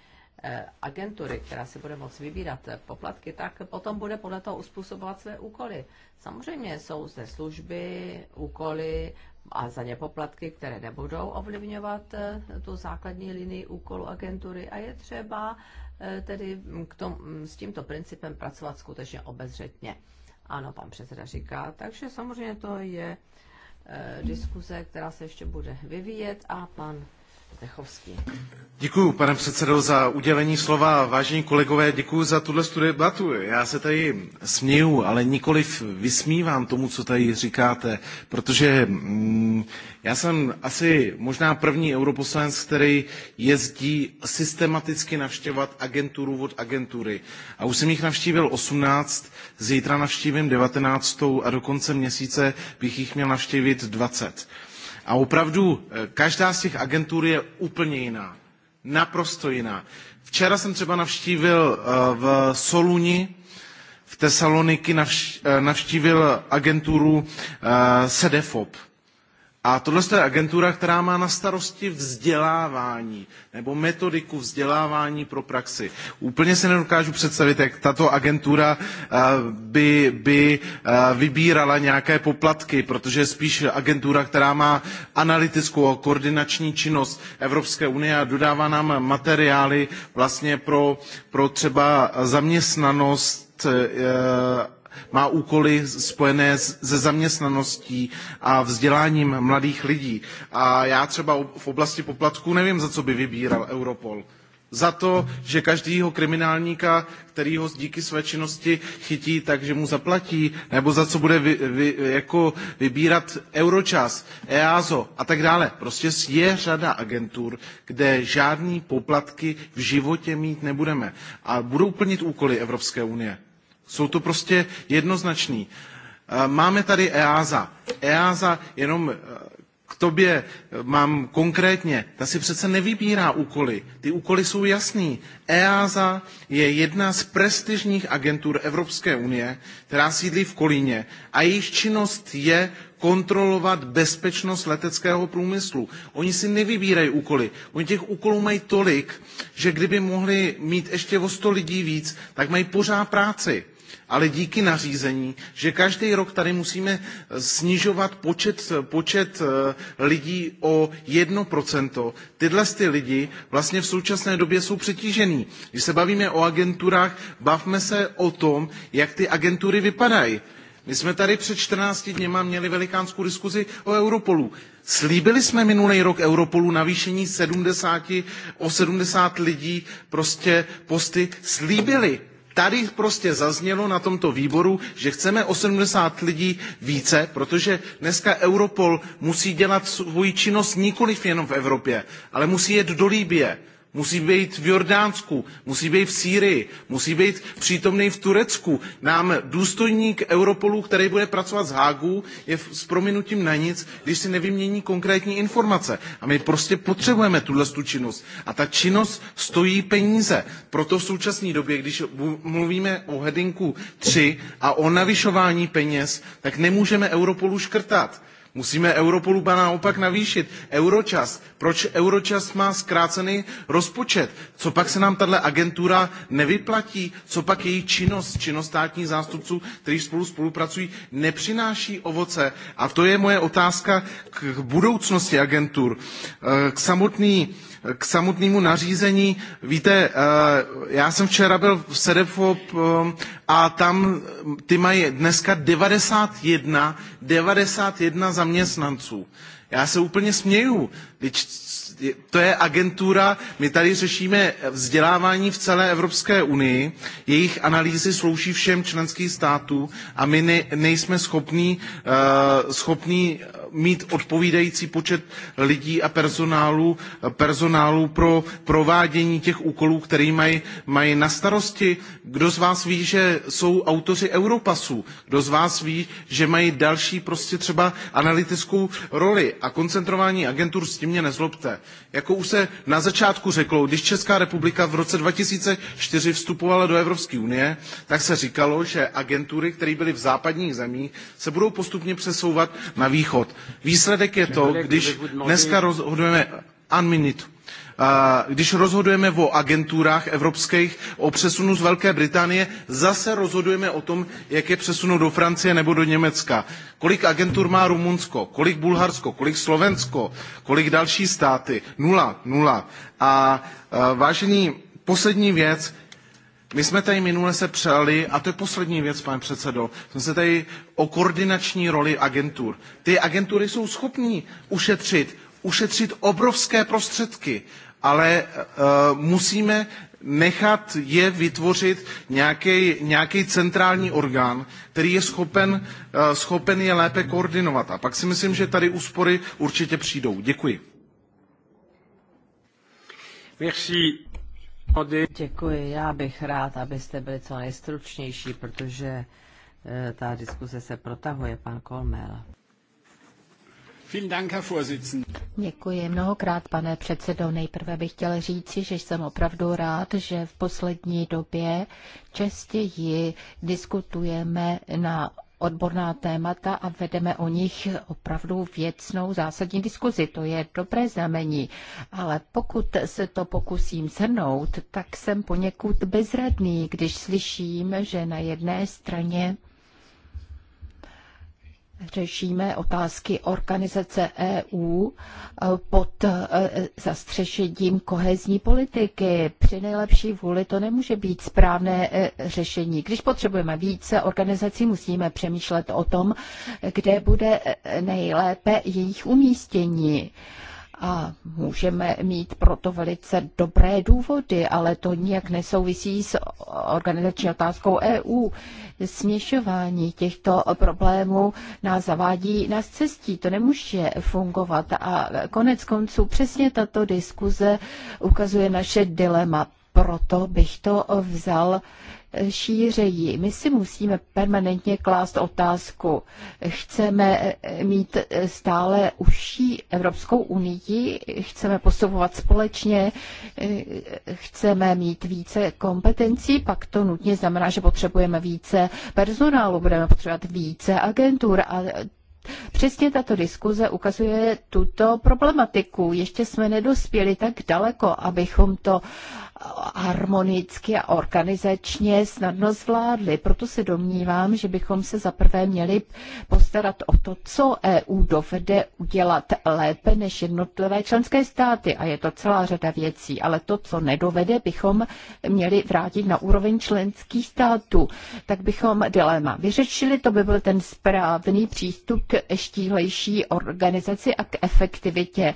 eh, agentury, která si bude moct vybírat poplatky, tak potom bude podle toho uspůsobovat své úkoly. Samozřejmě jsou zde služby, úkoly a za ně poplatky, které nebudou ovlivňovat eh, tu základní linii úkolu agentury a je třeba eh, tedy k tom, s tímto principem pracovat skutečně obezřetně. Ano, pan předseda říká. Takže samozřejmě to je eh, diskuze, která se ještě bude vyvíjet a pan Zdechovský. Děkuji, pane předsedo, za udělení slova. Vážení kolegové, děkuji za tuhle debatu. Já se tady směju, ale nikoliv vysmívám tomu, co tady říkáte, protože mm, já jsem asi možná první europoslanec, který jezdí systematicky navštěvovat agenturu od agentury. A už jsem jich navštívil 18, zítra navštívím 19 a do konce měsíce bych jich měl navštívit 20. A opravdu eh, každá z těch agentur je úplně jiná. Naprosto jiná. Včera jsem třeba navštívil eh, v Soluni, v Tesaloniky eh, navštívil agenturu SEDEFOP a tohle je agentura, která má na starosti vzdělávání nebo metodiku vzdělávání pro praxi. Úplně si nedokážu představit, jak tato agentura eh, by, by eh, vybírala nějaké poplatky, protože je spíš agentura, která má analytickou a koordinační činnost Evropské unie a dodává nám materiály vlastně pro, pro třeba zaměstnanost eh, má úkoly spojené se zaměstnaností a vzděláním mladých lidí. A já třeba v oblasti poplatků nevím, za co by vybíral Europol za to, že každýho kriminálníka, který ho díky své činnosti chytí, takže mu zaplatí, nebo za co bude vy, vy, jako vybírat Euročas, EASO a tak dále. Prostě je řada agentur, kde žádný poplatky v životě mít nebudeme a budou plnit úkoly Evropské unie. Jsou to prostě jednoznačný. Eh, máme tady EASA. EASA jenom eh, k tobě eh, mám konkrétně, ta si přece nevybírá úkoly. Ty úkoly jsou jasný. EASA je jedna z prestižních agentur Evropské unie, která sídlí v Kolíně a jejich činnost je kontrolovat bezpečnost leteckého průmyslu. Oni si nevybírají úkoly. Oni těch úkolů mají tolik, že kdyby mohli mít ještě o 100 lidí víc, tak mají pořád práci ale díky nařízení, že každý rok tady musíme eh, snižovat počet, eh, počet eh, lidí o 1%. Tyhle ty lidi vlastně v současné době jsou přetížený. Když se bavíme o agenturách, bavme se o tom, jak ty agentury vypadají. My jsme tady před 14 dněma měli velikánskou diskuzi o Europolu. Slíbili jsme minulý rok Europolu navýšení 70, o 70 lidí, prostě posty slíbili tady prostě zaznělo na tomto výboru, že chceme 80 lidí více, protože dneska Europol musí dělat svoji činnost nikoliv jenom v Evropě, ale musí jet do Líbie musí být v Jordánsku, musí být v Sýrii, musí být přítomný v Turecku. Nám důstojník Europolu, který bude pracovat z Hágu, je s prominutím na nic, když si nevymění konkrétní informace. A my prostě potřebujeme tuhle tu činnost. A ta činnost stojí peníze. Proto v současné době, když mluvíme o hedinku 3 a o navyšování peněz, tak nemůžeme Europolu škrtat Musíme Europolu naopak navýšit. Euročas. Proč Euročas má zkrácený rozpočet? Co pak se nám tahle agentura nevyplatí? Co pak její činnost, činnost státních zástupců, kteří spolu spolupracují, nepřináší ovoce? A to je moje otázka k budoucnosti agentur. Eh, k samotný k samotnému nařízení, víte, eh, já jsem včera byl v Sedefop eh, a tam mm, ty mají dneska 91, 91 zaměstnanců. Já se úplně směju. to je agentura, my tady řešíme vzdělávání v celé Evropské unii, jejich analýzy slouží všem členským státům a my ne, nejsme schopní, uh, eh, schopní mít odpovídající počet lidí a personálu, personálu pro provádění těch úkolů, které mají, mají na starosti. Kdo z vás ví, že jsou autoři europasu? Kdo z vás ví, že mají další prostě třeba analytickou roli a koncentrování agentur s tím mě nezlobte. Jako už se na začátku řeklo, když Česká republika v roce 2004 vstupovala do Evropské unie, tak se říkalo, že agentury, které byly v západních zemích, se budou postupně přesouvat na východ. Výsledek je to, když dneska rozhodujeme an minutu. Když rozhodujeme o agenturách evropských, o přesunu z Velké Británie, zase rozhodujeme o tom, jak je přesunout do Francie nebo do Německa. Kolik agentur má Rumunsko, kolik Bulharsko, kolik Slovensko, kolik další státy? Nula, nula. A vážení, poslední věc, my jsme tady minule se přeli, a to je poslední věc, pane předsedo, jsme se tady o koordinační roli agentur. Ty agentury jsou schopní ušetřit, ušetřit obrovské prostředky, ale uh, musíme nechat je vytvořit nějaký centrální orgán, který je schopen, uh, schopen je lépe koordinovat. A pak si myslím, že tady úspory určitě přijdou. Děkuji. Merci. Děkuji, já bych rád, abyste byli co nejstručnější, protože eh, ta diskuse se protahuje, pan Kolmel. Děkuji mnohokrát, pane předsedo. Nejprve bych chtěl říci, že jsem opravdu rád, že v poslední době častěji diskutujeme na odborná témata a vedeme o nich opravdu věcnou zásadní diskuzi. To je dobré znamení, ale pokud se to pokusím shrnout, tak jsem poněkud bezradný, když slyším, že na jedné straně řešíme otázky organizace EU eh, pod eh, zastřešením kohezní politiky. Při nejlepší vůli to nemůže být správné eh, řešení. Když potřebujeme více organizací, musíme přemýšlet o tom, kde bude nejlépe jejich umístění. A můžeme mít proto velice dobré důvody, ale to nijak nesouvisí s organizační otázkou EU. Směšování těchto problémů nás zavádí na cestí. To nemůže fungovat. A konec konců přesně tato diskuze ukazuje naše dilema. Proto bych to vzal šířejí. My si musíme permanentně klást otázku. Chceme eh, mít eh, stále užší Evropskou unii, chceme postupovat společně, eh, chceme mít více kompetencí, pak to nutně znamená, že potřebujeme více personálu, budeme potřebovat více agentur a Přesně tato diskuze ukazuje tuto problematiku. Ještě jsme nedospěli tak daleko, abychom to harmonicky a organizačně snadno zvládli. Proto se domnívám, že bychom se zaprvé měli postarat o to, co EU dovede udělat lépe než jednotlivé členské státy. A je to celá řada věcí, ale to, co nedovede, bychom měli vrátit na úroveň členských států. Tak bychom dilema vyřešili, to by byl ten správný přístup k štíhlejší organizaci a k efektivitě.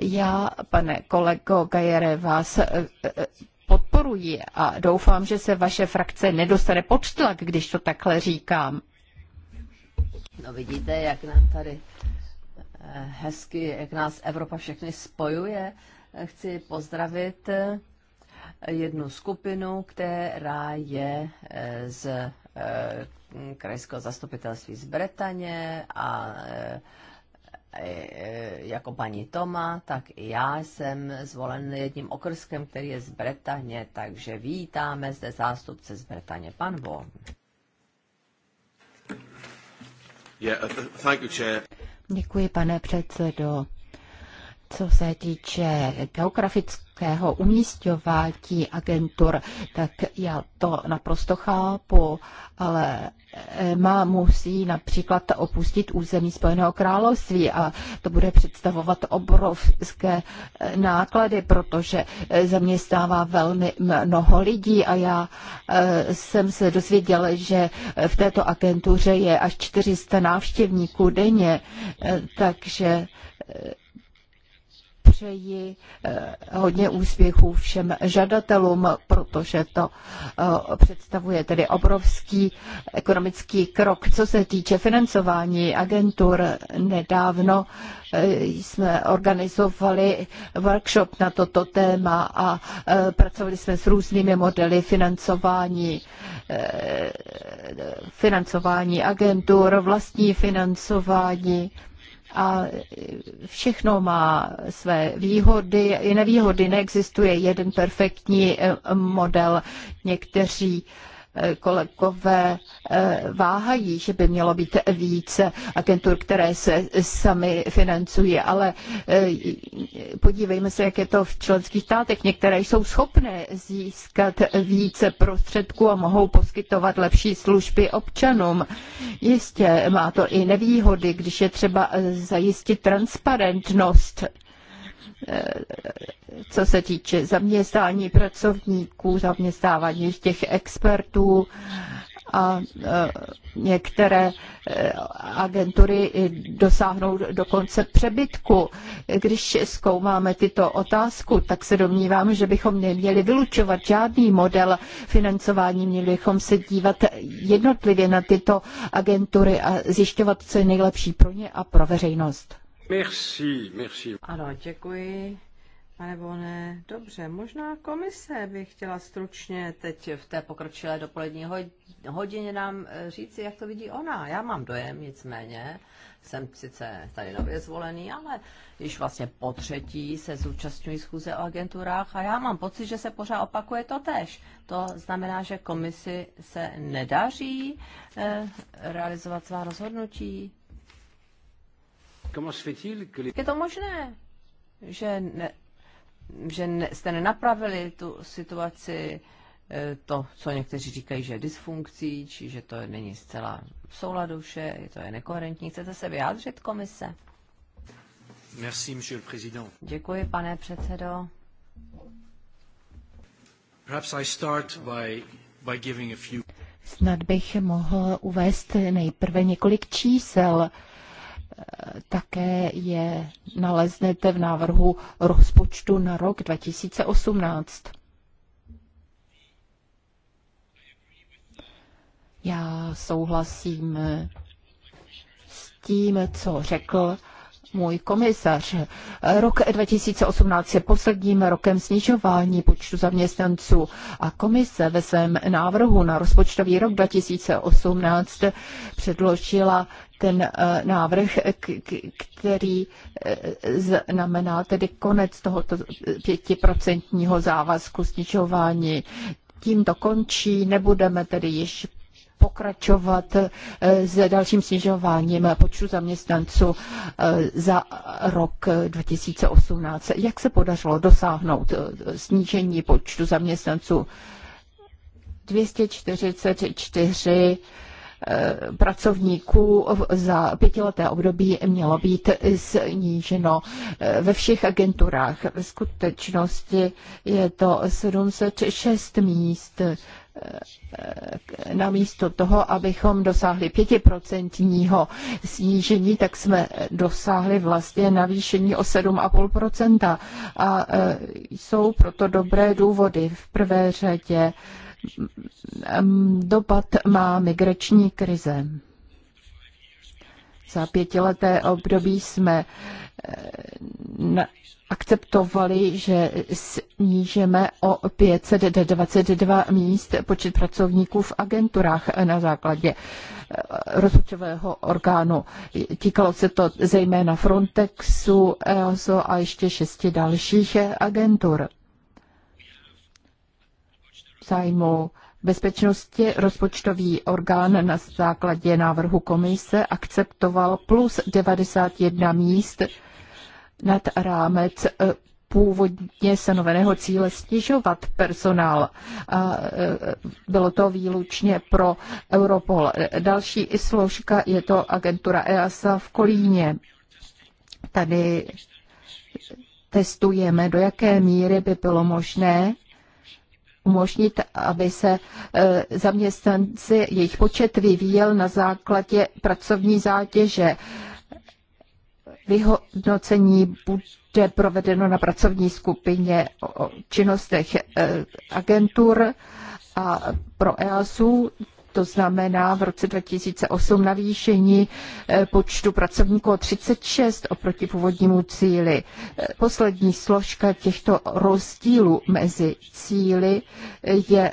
Já, pane kolego Gajere, vás eh, eh, podporuji a doufám, že se vaše frakce nedostane pod tlak, když to takhle říkám. No vidíte, jak nám tady eh, hezky, jak nás Evropa všechny spojuje. Chci pozdravit jednu skupinu, která je z krajského zastupitelství z Bretaně a Eh, jako paní Toma, tak i já jsem zvolen jedním okrskem, který je z Bretaně, takže vítáme zde zástupce z Bretaně, pan Bo. Yeah, uh, thank you, chair. Děkuji, pane předsedo. Co se týče geografického umístěvání agentur, tak já to naprosto chápu, ale EMA musí například opustit území Spojeného království a to bude představovat obrovské náklady, protože zaměstnává velmi mnoho lidí a já eh, jsem se dozvěděla, že v této agentuře je až 400 návštěvníků denně, eh, takže eh, přeji eh, hodně úspěchů všem žadatelům, protože to eh, představuje tedy obrovský ekonomický krok. Co se týče financování agentur, nedávno eh, jsme organizovali workshop na toto téma a pracovali jsme s různými modely financování, financování agentur, vlastní financování a všechno má své výhody i nevýhody. Neexistuje jeden perfektní eh, model. Někteří kolegové eh, váhají, že by mělo být více agentur, které se sami financují, ale eh, podívejme se, jak je to v členských státech. Některé jsou schopné získat více prostředků a mohou poskytovat lepší služby občanům. Jistě má to i nevýhody, když je třeba eh, zajistit transparentnost Eh, co se týče zaměstnání pracovníků, zaměstnávání těch expertů a eh, některé eh, agentury dosáhnou dokonce přebytku. Když zkoumáme tyto otázku, tak se domnívám, že bychom neměli vylučovat žádný model financování, měli bychom se dívat jednotlivě na tyto agentury a zjišťovat, co je nejlepší pro ně a pro veřejnost. Merci, merci. Ano, děkuji. Pane ne? dobře, možná komise by chtěla stručně teď v té pokročilé dopolední hodině nám eh, říci, jak to vidí ona. Já mám dojem, nicméně, jsem sice tady nově zvolený, ale již vlastně po třetí se zúčastňují schůze o agenturách a já mám pocit, že se pořád opakuje to tež. To znamená, že komisi se nedaří eh, realizovat svá rozhodnutí. Je to možné, že, ne, že ne, jste nenapravili tu situaci, eh, to, co někteří říkají, že je dysfunkcí, či že to není zcela v souladu vše, to je nekoherentní. Chcete se vyjádřit komise? Merci, monsieur le président. Děkuji, pane předsedo. Perhaps I start by, by giving a few... Snad bych mohl uvést nejprve několik čísel také je naleznete v návrhu rozpočtu na rok 2018. Já souhlasím s tím, co řekl můj komisař. Rok 2018 je posledním rokem snižování počtu zaměstnanců a komise ve svém návrhu na rozpočtový rok 2018 předložila ten eh, návrh, který eh, znamená tedy konec tohoto pětiprocentního závazku snižování. Tím to končí, nebudeme tedy již pokračovat eh, s dalším snižováním počtu zaměstnanců za rok 2018. Jak se podařilo dosáhnout snížení počtu zaměstnanců 244 Eh, pracovníků za pětileté období mělo být sníženo eh, ve všech agenturách. Ve skutečnosti je to 706 míst eh, na místo toho, abychom dosáhli pětiprocentního snížení, tak jsme dosáhli vlastně navýšení o 7,5%. A jsou proto dobré důvody. V prvé řadě Mm, mm, mm, dopad má migrační krize. Za pětileté období jsme eh, akceptovali, že snížeme o 522 míst počet pracovníků v agenturách na základě eh, rozpočtového orgánu. Týkalo se to zejména Frontexu, EOSO a ještě šesti dalších agentur zájmu bezpečnosti rozpočtový orgán na základě návrhu komise akceptoval plus 91 míst nad rámec eh, původně stanoveného cíle stěžovat personál. A eh, bylo to výlučně pro Europol. Další složka je to agentura EASA v Kolíně. Tady testujeme, do jaké míry by bylo možné umožnit, aby se e, zaměstnanci, jejich počet vyvíjel na základě pracovní zátěže. Vyhodnocení bude provedeno na pracovní skupině o činnostech e, agentur a pro EASU to znamená v roce 2008 navýšení eh, počtu pracovníků o 36 oproti původnímu cíli. Eh, poslední složka těchto rozdílů mezi cíly eh, je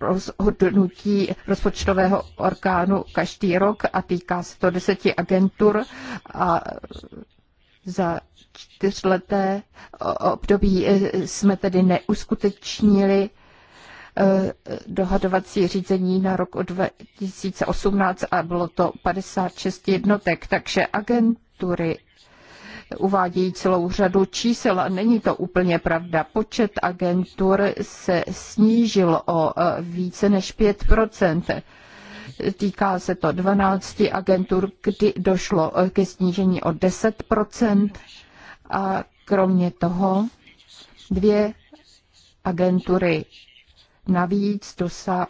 rozhodnutí rozpočtového orgánu každý rok a týká se to deseti agentur a za čtyřleté období jsme tedy neuskutečnili Eh, dohadovací řízení na rok 2018 a bylo to 56 jednotek, takže agentury uvádějí celou řadu čísel a není to úplně pravda. Počet agentur se snížil o eh, více než 5 Týká se to 12 agentur, kdy došlo eh, ke snížení o 10 a kromě toho dvě agentury Navíc dosa-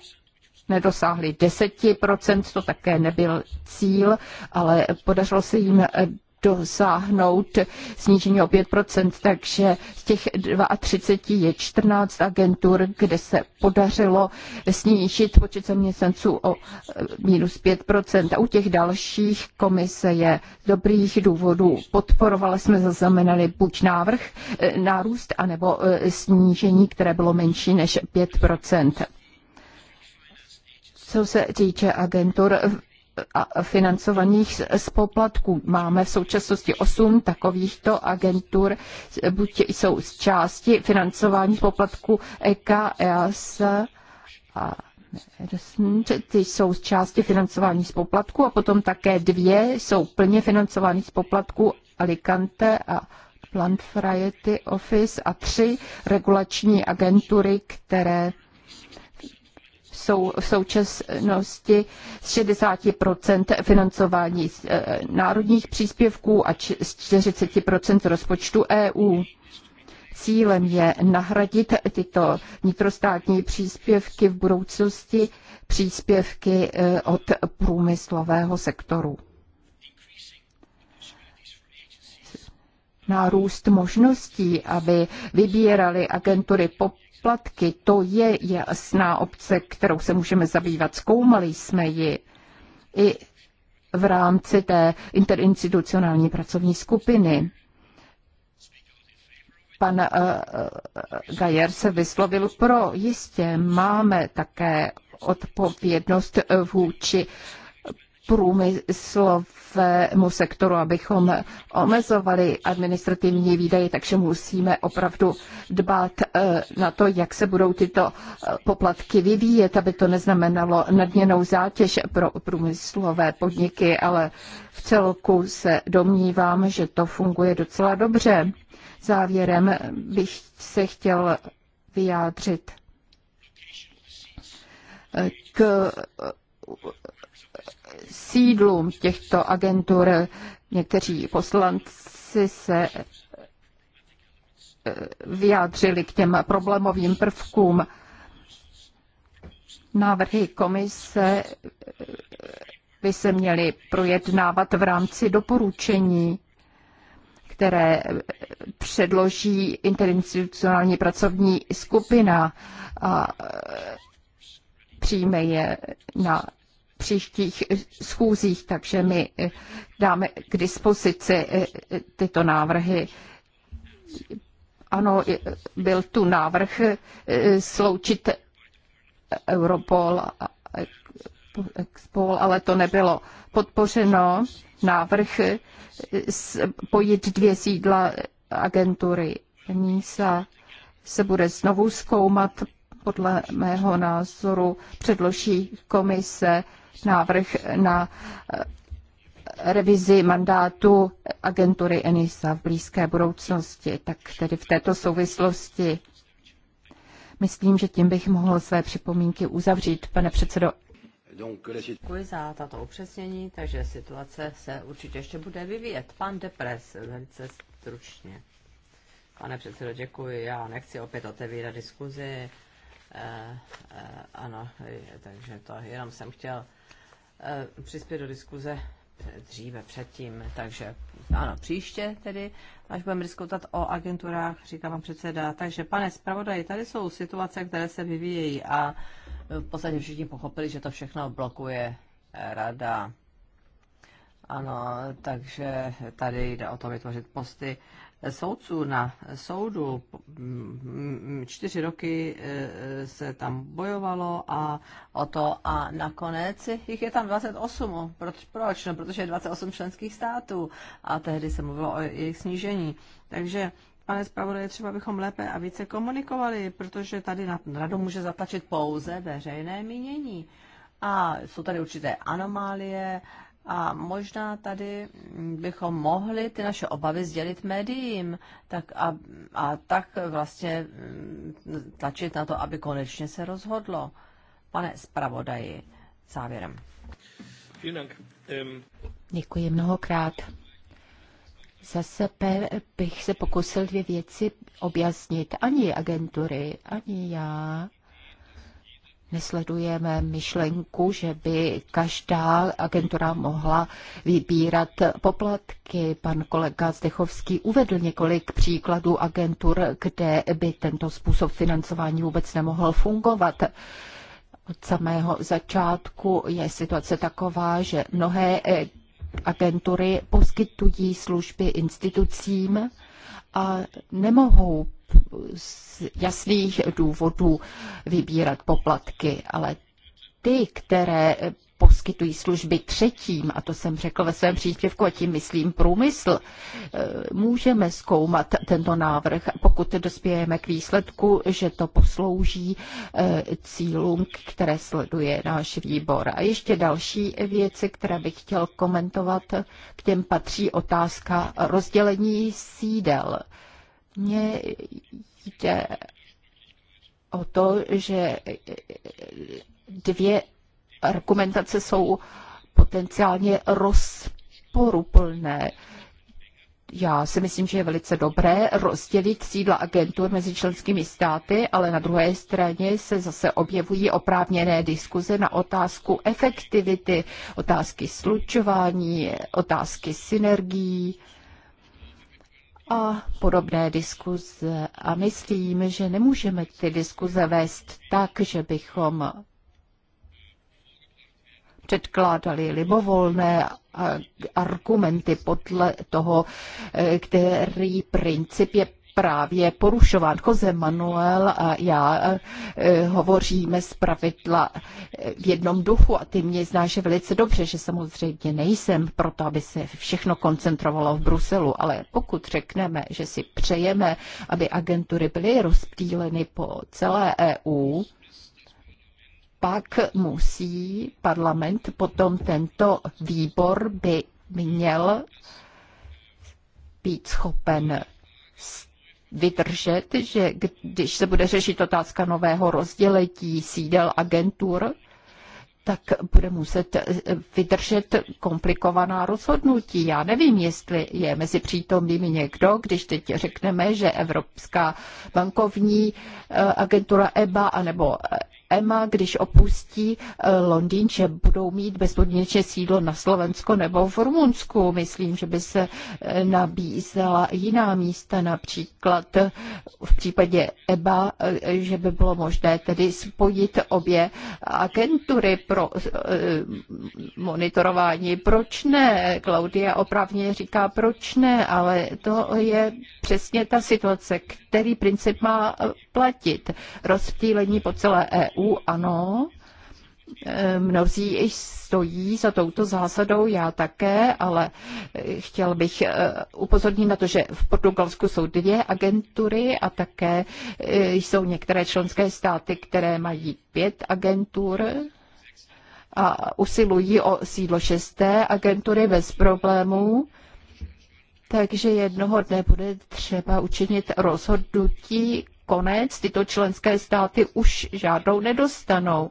nedosáhli 10%, to také nebyl cíl, ale podařilo se jim eh, dosáhnout snížení o 5%, takže z těch 32 je 14 agentur, kde se podařilo snížit počet zaměstnanců o e, minus 5%. A u těch dalších komise je dobrých důvodů podporovala, jsme zaznamenali buď návrh, e, nárůst, anebo e, snížení, které bylo menší než 5%. Co se týče agentur, a financovaných z poplatků. Máme v současnosti osm takovýchto agentur, buď jsou z části financování poplatků EKS e a ty jsou z části financování z poplatku a potom také dvě jsou plně financovány z poplatku Alicante a Plant Variety Office a tři regulační agentury, které jsou v současnosti z 60% financování z eh, národních příspěvků a 40% rozpočtu EU. Cílem je nahradit tyto vnitrostátní příspěvky v budoucnosti příspěvky eh, od průmyslového sektoru. nárůst možností, aby vybírali agentury pop poplatky. To je jasná obce, kterou se můžeme zabývat. Zkoumali jsme ji i v rámci té interinstitucionální pracovní skupiny. Pan uh, Gajer se vyslovil pro. Jistě máme také odpovědnost eh, vůči uh, průmyslovému sektoru, abychom omezovali administrativní výdaje, takže musíme opravdu dbát eh, na to, jak se budou tyto eh, poplatky vyvíjet, aby to neznamenalo nadměrnou zátěž pro průmyslové podniky, ale v celku se domnívám, že to funguje docela dobře. Závěrem bych se chtěl vyjádřit eh, k sídlům těchto agentur. Někteří poslanci se eh, vyjádřili k těm problémovým prvkům. Návrhy komise eh, by se měly projednávat v rámci doporučení, které eh, předloží interinstitucionální pracovní skupina a přijme je na příštích schůzích, takže my eh, dáme k dispozici eh, eh, tyto návrhy. Ano, byl tu návrh sloučit Europol a Expol, ale to nebylo podpořeno. Návrh spojit dvě sídla agentury NISA se bude znovu zkoumat podle mého názoru předloží komise návrh na eh, revizi mandátu agentury ENISA v blízké budoucnosti, tak tedy v této souvislosti myslím, že tím bych mohl své připomínky uzavřít, pane předsedo. Děkuji za tato upřesnění, takže situace se určitě ještě bude vyvíjet. Pan Depres, velice stručně. Pane předsedo, děkuji. Já nechci opět otevírat diskuzi. Eh, eh, ano, takže to jenom jsem chtěl eh, Eh, přispět do diskuze dříve, předtím. Takže ano, příště tedy, až budeme diskutovat o agenturách, říká vám předseda. Takže pane zpravodaji, tady jsou situace, které se vyvíjejí a eh, v podstatě všichni pochopili, že to všechno blokuje eh, rada. Ano, takže tady jde o to vytvořit posty soudců na soudu. Mm, čtyři roky eh, se tam bojovalo a o to a nakonec jich je tam 28. Proč? proč? No, protože je 28 členských států a tehdy se mluvilo o jejich snížení. Takže Pane zpravodaje, třeba bychom lépe a více komunikovali, protože tady na radu může zatačit pouze veřejné mínění. A jsou tady určité anomálie, a možná tady bychom mohli ty naše obavy sdělit médiím tak a, a tak vlastně mm, tlačit na to, aby konečně se rozhodlo. Pane zpravodaji, závěrem. Děkuji mnohokrát. Za sebe bych se pokusil dvě věci objasnit. Ani agentury, ani já nesledujeme myšlenku, že by každá agentura mohla vybírat poplatky. Pan kolega Zdechovský uvedl několik příkladů agentur, kde by tento způsob financování vůbec nemohl fungovat. Od samého začátku je situace taková, že mnohé eh, agentury poskytují služby institucím a nemohou z jasných důvodů vybírat poplatky, ale ty, které poskytují služby třetím, a to jsem řekl ve svém příspěvku, a tím myslím průmysl, eh, můžeme zkoumat tento návrh, pokud dospějeme k výsledku, že to poslouží eh, cílům, které sleduje náš výbor. A ještě další věci, které bych chtěl komentovat, k těm patří otázka rozdělení sídel. Mně jde o to, že dvě argumentace jsou potenciálně rozporuplné. Já si myslím, že je velice dobré rozdělit sídla agentur mezi členskými státy, ale na druhé straně se zase objevují oprávněné diskuze na otázku efektivity, otázky slučování, otázky synergií a podobné diskuze. A myslím, že nemůžeme ty diskuze vést tak, že bychom předkládali libovolné argumenty podle toho, eh, který princip je právě porušován. Jose Manuel a já eh, hovoříme z pravidla eh, v jednom duchu a ty mě znáš velice dobře, že samozřejmě nejsem proto, aby se všechno koncentrovalo v Bruselu, ale pokud řekneme, že si přejeme, aby agentury byly rozptýleny po celé EU, pak musí parlament, potom tento výbor by měl být schopen vydržet, že když se bude řešit otázka nového rozdělení sídel agentur, tak bude muset vydržet komplikovaná rozhodnutí. Já nevím, jestli je mezi přítomnými někdo, když teď řekneme, že Evropská bankovní eh, agentura EBA anebo EMA, když opustí eh, Londýn, že budou mít bezpodmínečně sídlo na Slovensko nebo v Rumunsku. Myslím, že by se eh, nabízela jiná místa, například eh, v případě EBA, že by bylo možné tedy spojit obě agentury pro monitorování. Proč ne? Klaudia opravně říká, proč ne, ale to je přesně ta situace, který princip má platit. Rozptýlení po celé EU EU, ano. Ehm, mnozí i stojí za touto zásadou, já také, ale eh, chtěl bych eh, upozornit na to, že v Portugalsku jsou dvě agentury a také eh, jsou některé členské státy, které mají pět agentur a usilují o sídlo šesté agentury bez problémů. Takže jednoho dne bude třeba učinit rozhodnutí, konec, tyto členské státy už žádnou nedostanou.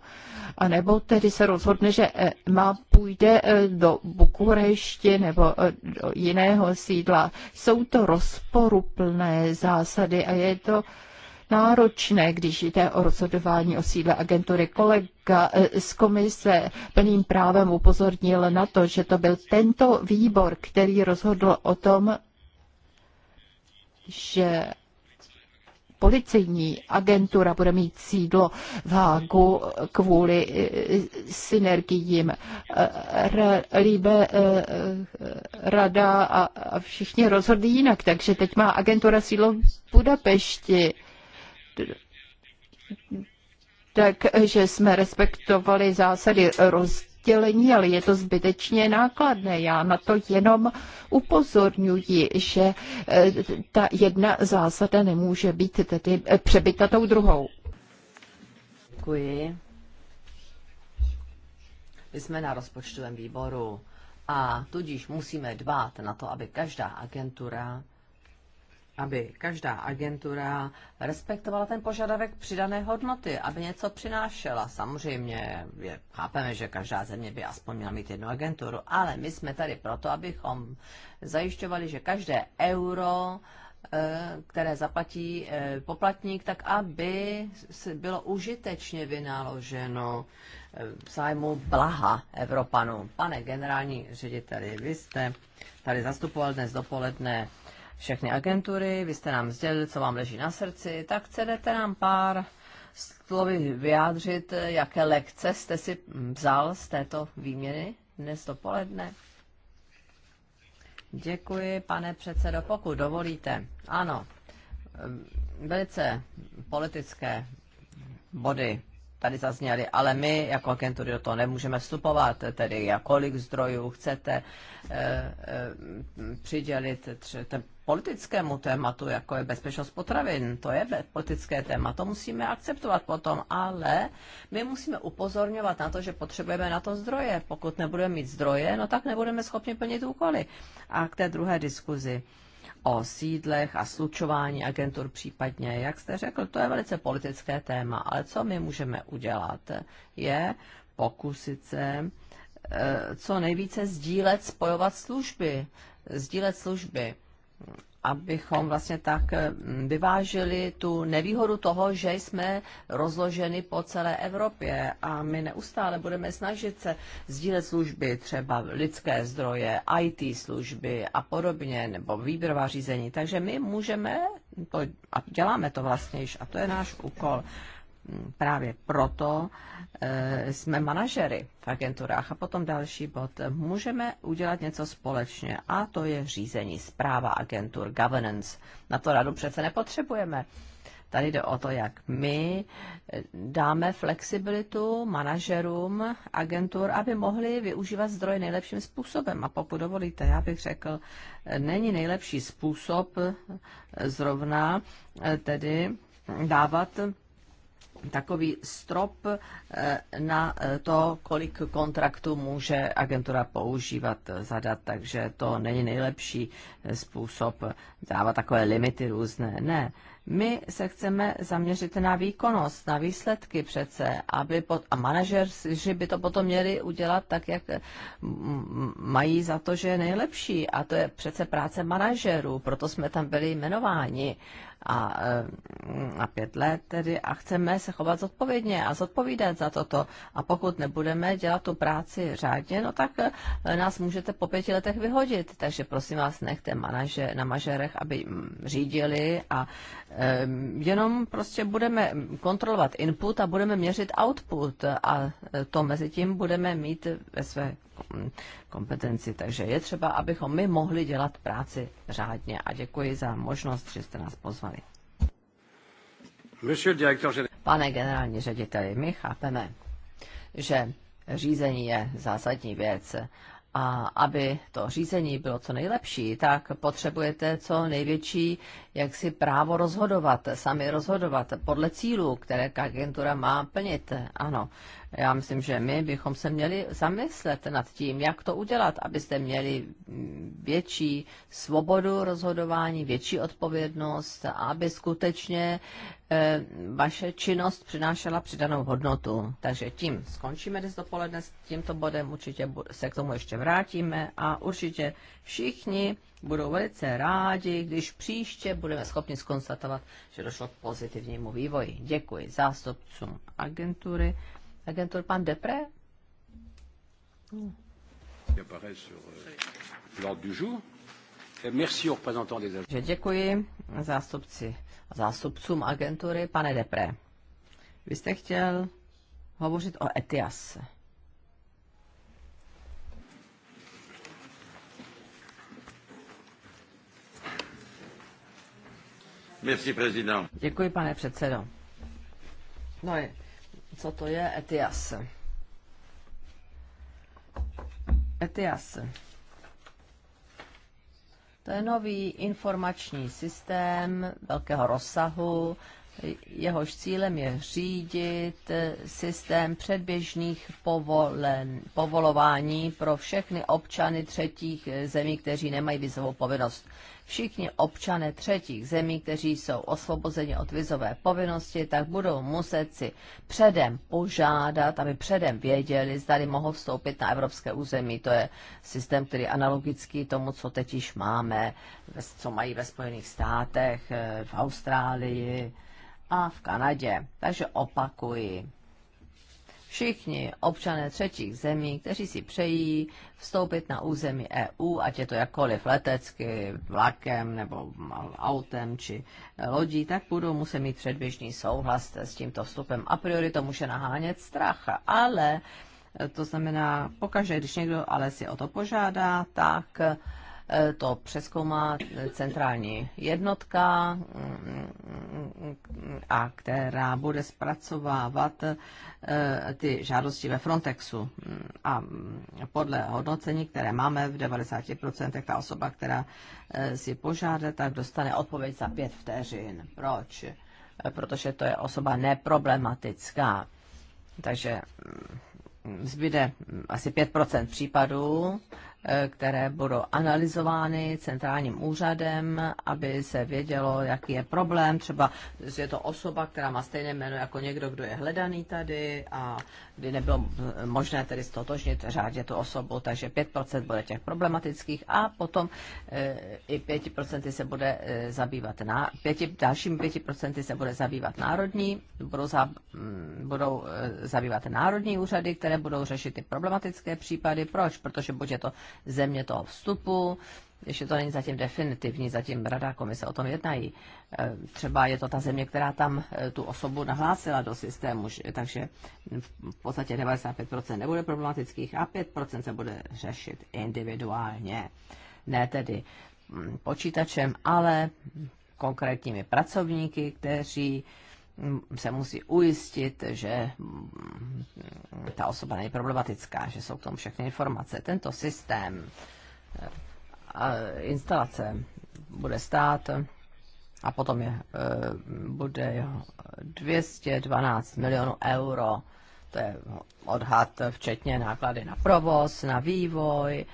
A nebo tedy se rozhodne, že EMA eh, půjde eh, do Bukurešti nebo eh, do jiného sídla. Jsou to rozporuplné zásady a je to náročné, když jde o rozhodování o sídle agentury. Kolega z komise plným právem upozornil na to, že to byl tento výbor, který rozhodl o tom, že policejní agentura bude mít sídlo v Hágu kvůli eh, synergiím. Eh, líbe eh, rada a všichni rozhodli jinak, takže teď má agentura sídlo v Budapešti. Takže jsme respektovali zásady rozdílu rozdělení, ale je to zbytečně nákladné. Já na to jenom upozorňuji, že e, ta jedna zásada nemůže být tedy e, přebyta tou druhou. Děkuji. My jsme na rozpočtovém výboru a tudíž musíme dbát na to, aby každá agentura aby každá agentura respektovala ten požadavek přidané hodnoty, aby něco přinášela. Samozřejmě je, chápeme, že každá země by aspoň měla mít jednu agenturu, ale my jsme tady proto, abychom zajišťovali, že každé euro eh, které zaplatí eh, poplatník, tak aby bylo užitečně vynaloženo eh, v zájmu blaha Evropanů. Pane generální řediteli, vy jste tady zastupoval dnes dopoledne všechny agentury, vy jste nám sdělili, co vám leží na srdci, tak chcete nám pár slovy vyjádřit, jaké lekce jste si vzal z této výměny dnes dopoledne? Děkuji, pane předsedo, pokud dovolíte. Ano, ehm, velice politické body tady zazněly, ale my jako agentury do toho nemůžeme vstupovat, tedy jakolik kolik zdrojů chcete e, e, přidělit tři, ten politickému tématu, jako je bezpečnost potravin, to je politické téma, to musíme akceptovat potom, ale my musíme upozorňovat na to, že potřebujeme na to zdroje. Pokud nebudeme mít zdroje, no tak nebudeme schopni plnit úkoly. A k té druhé diskuzi. E, o sídlech a slučování agentur případně. Jak jste řekl, to je velice politické téma, ale co my můžeme udělat, je pokusit se eh, co nejvíce sdílet, spojovat služby, sdílet služby abychom vlastně tak eh, vyvážili tu nevýhodu toho, že jsme rozloženi po celé Evropě a my neustále budeme snažit se sdílet služby, třeba lidské zdroje, IT služby a podobně, nebo výběrová řízení. Takže my můžeme, to, a děláme to vlastně již, a to je náš úkol. Mm, právě proto eh, jsme manažery v agenturách. A potom další bod. Můžeme udělat něco společně a to je řízení, zpráva agentur, governance. Na to radu přece nepotřebujeme. Tady jde o to, jak my eh, dáme flexibilitu manažerům agentur, aby mohli využívat zdroje nejlepším způsobem. A pokud dovolíte, já bych řekl, eh, není nejlepší způsob zrovna tedy dávat takový strop eh, na eh, to, kolik kontraktů může agentura používat, zadat, takže to není nejlepší eh, způsob dávat takové limity různé. Ne, my se chceme zaměřit na výkonnost, na výsledky přece, aby pod, a že by to potom měli udělat tak, jak mají za to, že je nejlepší. A to je přece práce manažerů, proto jsme tam byli jmenováni a na eh, pět let tedy a chceme se chovat zodpovědně a zodpovídat za toto. A pokud nebudeme dělat tu práci řádně, no tak eh, nás můžete po pěti letech vyhodit. Takže prosím vás, nechte manaže, na mažerech, aby mm, řídili a eh, jenom prostě budeme kontrolovat input a budeme měřit output a to mezi tím budeme mít ve své kompetenci. Takže je třeba, abychom my mohli dělat práci řádně. A děkuji za možnost, že jste nás pozvali. Pane generální řediteli, my chápeme, že řízení je zásadní věc. A aby to řízení bylo co nejlepší, tak potřebujete co největší jak si právo rozhodovat, sami rozhodovat podle cílů, které agentura má plnit. Ano. Já myslím, že my bychom se měli zamyslet nad tím, jak to udělat, abyste měli větší svobodu rozhodování, větší odpovědnost, aby skutečně eh, vaše činnost přinášela přidanou hodnotu. Takže tím skončíme dnes dopoledne s tímto bodem, určitě se k tomu ještě vrátíme a určitě všichni budou velice rádi, když příště budeme schopni skonstatovat, že došlo k pozitivnímu vývoji. Děkuji zástupcům agentury agentur pan Depre? Hmm. Že děkuji zástupci, zástupcům agentury, pane Depre. Vy jste chtěl hovořit o ETIAS. Merci, Děkuji, pane předsedo. No, je, co to je ETIAS. ETIAS. To je nový informační systém velkého rozsahu, jehož cílem je řídit eh, systém předběžných povolen, povolování pro všechny občany třetích eh, zemí, kteří nemají vizovou povinnost. Všichni občané třetích zemí, kteří jsou osvobozeni od vizové povinnosti, tak budou muset si předem požádat, aby předem věděli, zdali mohou vstoupit na evropské území. To je systém, který je analogický tomu, co teď již máme, co mají ve Spojených státech, eh, v Austrálii, a v Kanadě. Takže opakuji. Všichni občané třetích zemí, kteří si přejí vstoupit na území EU, ať je to jakkoliv letecky, vlakem nebo autem či lodí, tak budou muset mít předběžný souhlas s tímto vstupem. A priori to může nahánět strach, ale to znamená, pokaže, když někdo ale si o to požádá, tak to přeskoumá centrální jednotka, mm, a která bude zpracovávat eh, ty žádosti ve Frontexu. Mm, a mm, podle hodnocení, které máme v 90%, ta osoba, která eh, si požádá, tak dostane odpověď za pět vteřin. Proč? Eh, protože to je osoba neproblematická. Takže zbyde asi 5% případů, Eh, které budou analyzovány centrálním úřadem, aby se vědělo, jaký je problém. Třeba je to osoba, která má stejné jméno jako někdo, kdo je hledaný tady a kdy nebylo eh, možné tedy stotožnit řádě tu osobu, takže 5% bude těch problematických a potom eh, i 5% se bude zabývat na, 5, dalším 5% se bude zabývat národní, budou, za, mm, budou zabývat národní úřady, které budou řešit ty problematické případy. Proč? Protože buď je to země toho vstupu, ještě to není zatím definitivní, zatím Rada komise o tom jednají. E, třeba je to ta země, která tam e, tu osobu nahlásila do systému, takže v podstatě 95% nebude problematických a 5% se bude řešit individuálně. Ne tedy mm, počítačem, ale konkrétními pracovníky, kteří se musí ujistit, že mm, ta osoba není problematická, že jsou k tomu všechny informace. Tento systém eh, a instalace bude stát a potom je, eh, bude 212 milionů euro, to je odhad včetně náklady na provoz, na vývoj,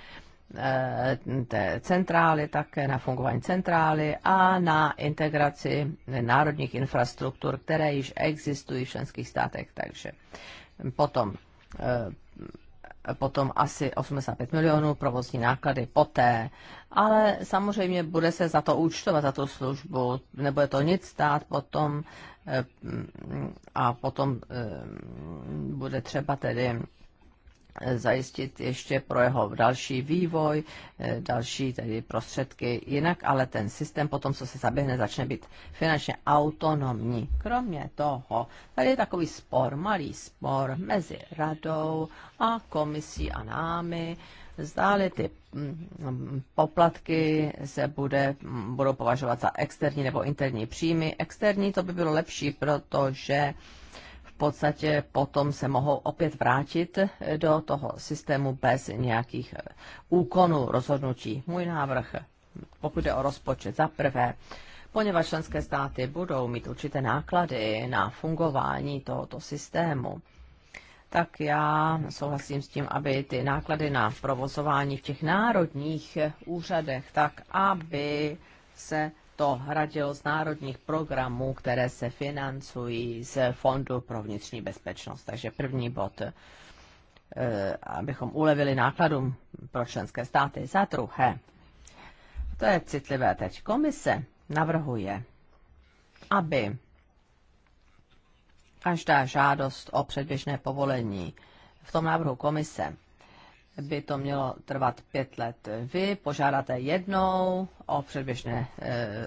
té centrály, také na fungování centrály a na integraci národních infrastruktur, které již existují v členských státech. Takže potom, eh, potom asi 85 milionů provozní náklady poté, ale samozřejmě bude se za to účtovat, za tu službu, nebude to nic stát potom eh, a potom eh, bude třeba tedy zajistit ještě pro jeho další vývoj, eh, další tedy prostředky jinak, ale ten systém potom, co se zaběhne, začne být finančně autonomní. Kromě toho, tady je takový spor, malý spor mezi radou a komisí a námi, Zdále ty mm, mm, poplatky se bude, mm, budou považovat za externí nebo interní příjmy. Externí to by bylo lepší, protože podstatě potom se mohou opět vrátit eh, do toho systému bez nějakých eh, úkonů rozhodnutí. Můj návrh, pokud jde o rozpočet, za prvé, poněvadž členské státy budou mít určité náklady na fungování tohoto systému, tak já souhlasím s tím, aby ty náklady na provozování v těch národních eh, úřadech, tak aby se to hradil z národních programů, které se financují z Fondu pro vnitřní bezpečnost. Takže první bod, eh, abychom ulevili nákladům pro členské státy. Za druhé, to je citlivé teď. Komise navrhuje, aby každá žádost o předběžné povolení v tom návrhu komise by to mělo trvat pět let. Vy požádáte jednou o předběžné, e,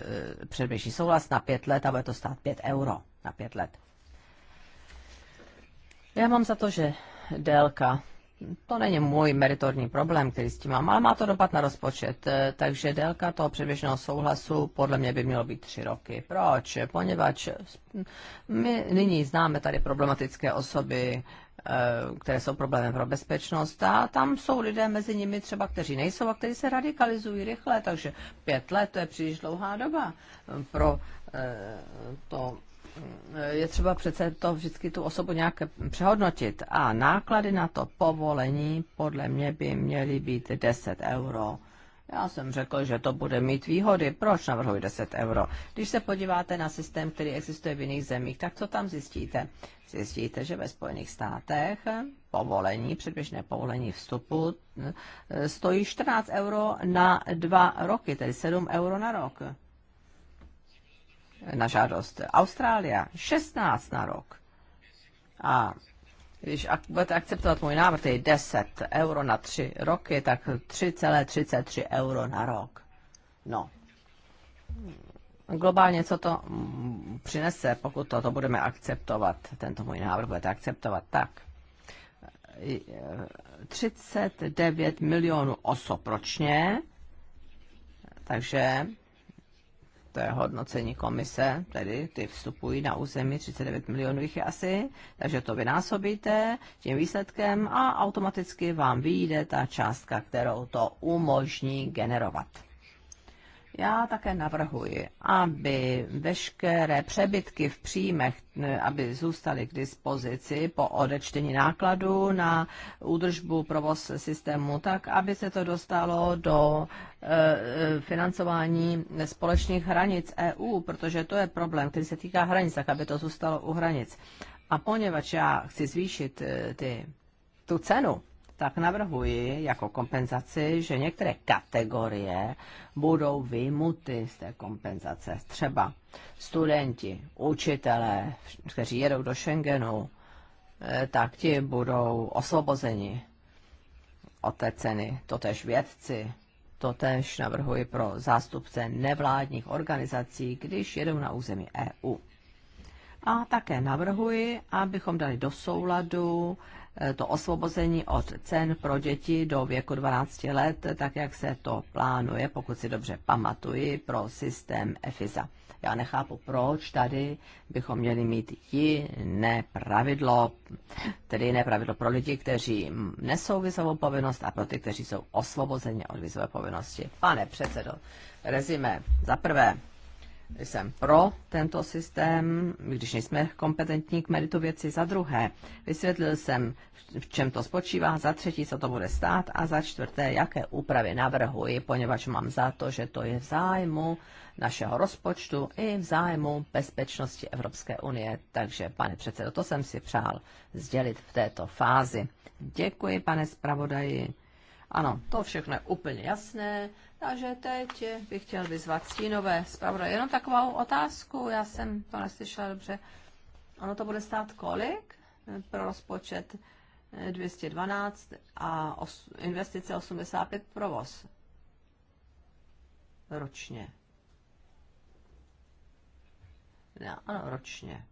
předběžný souhlas na pět let a bude to stát pět euro na pět let. Já mám za to, že délka, to není můj meritorní problém, který s tím mám, ale má to dopad na rozpočet. Eh, takže délka toho předběžného souhlasu podle mě by mělo být tři roky. Proč? Poněvadž my nyní známe tady problematické osoby, Eh, které jsou problémem pro bezpečnost. A tam jsou lidé mezi nimi třeba, kteří nejsou a kteří se radikalizují rychle, takže pět let to je příliš dlouhá doba pro eh, to. Eh, je třeba přece to vždycky tu osobu nějak přehodnotit. A náklady na to povolení podle mě by měly být 10 euro já jsem řekl, že to bude mít výhody. Proč navrhuji 10 euro? Když se podíváte na systém, který existuje v jiných zemích, tak co tam zjistíte? Zjistíte, že ve Spojených státech povolení, předběžné povolení vstupu eh, stojí 14 euro na dva roky, tedy 7 euro na rok. Na žádost. Austrálie 16 na rok. A když ak- budete akceptovat můj návrh, tedy 10 euro na 3 roky, tak 3,33 euro na rok. No. Globálně co to mm, přinese, pokud to, to budeme akceptovat, tento můj návrh budete akceptovat tak. 39 e, milionů osob ročně, takže to je hodnocení komise, tedy ty vstupují na území 39 milionů jich je asi, takže to vynásobíte tím výsledkem a automaticky vám vyjde ta částka, kterou to umožní generovat. Já také navrhuji, aby veškeré přebytky v příjmech, aby zůstaly k dispozici po odečtení nákladů na údržbu provoz systému, tak aby se to dostalo do e, financování společných hranic EU, protože to je problém, který se týká hranic, tak aby to zůstalo u hranic. A poněvadž já chci zvýšit eh, ty, tu cenu, tak navrhuji jako kompenzaci, že některé kategorie budou vymuty z té kompenzace. Třeba studenti, učitelé, kteří jedou do Schengenu, eh, tak ti budou osvobozeni od té ceny. Totež vědci, totež navrhuji pro zástupce nevládních organizací, když jedou na území EU. A také navrhuji, abychom dali do souladu to osvobození od cen pro děti do věku 12 let, tak jak se to plánuje, pokud si dobře pamatuji, pro systém EFISA. Já nechápu, proč tady bychom měli mít jiné pravidlo, tedy jiné pravidlo pro lidi, kteří nesou vizovou povinnost a pro ty, kteří jsou osvobozeni od vizové povinnosti. Pane předsedo, rezime, za prvé, jsem pro tento systém, když nejsme kompetentní k meritu věci. Za druhé, vysvětlil jsem, v čem to spočívá, za třetí, co to bude stát a za čtvrté, jaké úpravy navrhuji, poněvadž mám za to, že to je v zájmu našeho rozpočtu i v zájmu bezpečnosti Evropské unie. Takže, pane předsedo, to jsem si přál sdělit v této fázi. Děkuji, pane zpravodaji. Ano, to všechno je úplně jasné. Takže teď bych chtěl vyzvat stínové zpravodaj. Jenom takovou otázku, já jsem to neslyšela dobře. Ono to bude stát kolik pro rozpočet 212 a investice 85 provoz ročně. Ne, no, ano, ročně.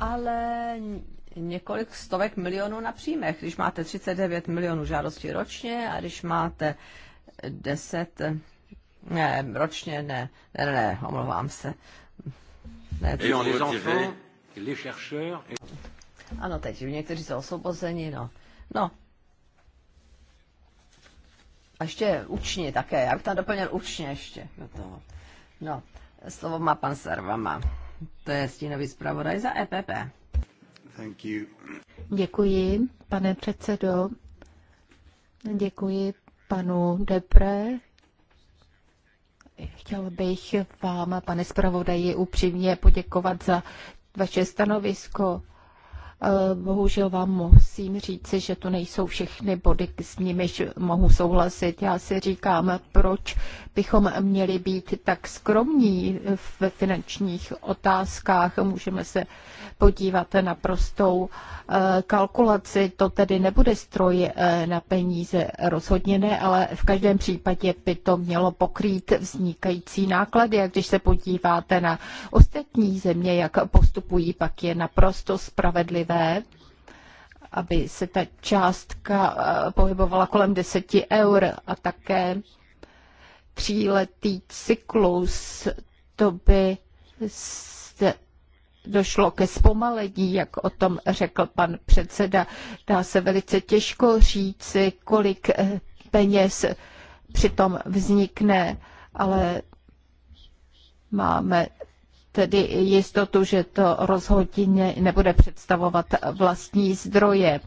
Ale několik stovek milionů na příjmech. Když máte 39 milionů žádostí ročně a když máte 10, ne, ročně ne, ne, ne, ne omlouvám se. Ne, ty... Ano, teď někteří jsou osvobozeni, no. No, a ještě učně také, já bych tam doplnil učně ještě do toho. No, slovo má pan Sarvama. To je stínový zpravodaj za EPP. Děkuji, pane předsedo. Děkuji panu Depre. Chtěl bych vám, pane zpravodaji, upřímně poděkovat za vaše stanovisko. Eh, bohužel vám musím říci, že to nejsou všechny body, s nimiž mohu souhlasit. Já si říkám, proč bychom měli být tak skromní ve finančních otázkách. Můžeme se podívat na prostou eh, kalkulaci. To tedy nebude stroj eh, na peníze rozhodně ne, ale v každém případě by to mělo pokrýt vznikající náklady. A když se podíváte na ostatní země, jak postupují, pak je naprosto spravedlivé citlivé, aby se ta částka eh, pohybovala kolem 10 eur a také tříletý cyklus, to by došlo ke zpomalení, jak o tom řekl pan předseda. Dá se velice těžko říci, kolik eh, peněz přitom vznikne, ale máme tedy jistotu, že to rozhodně nebude představovat vlastní zdroje.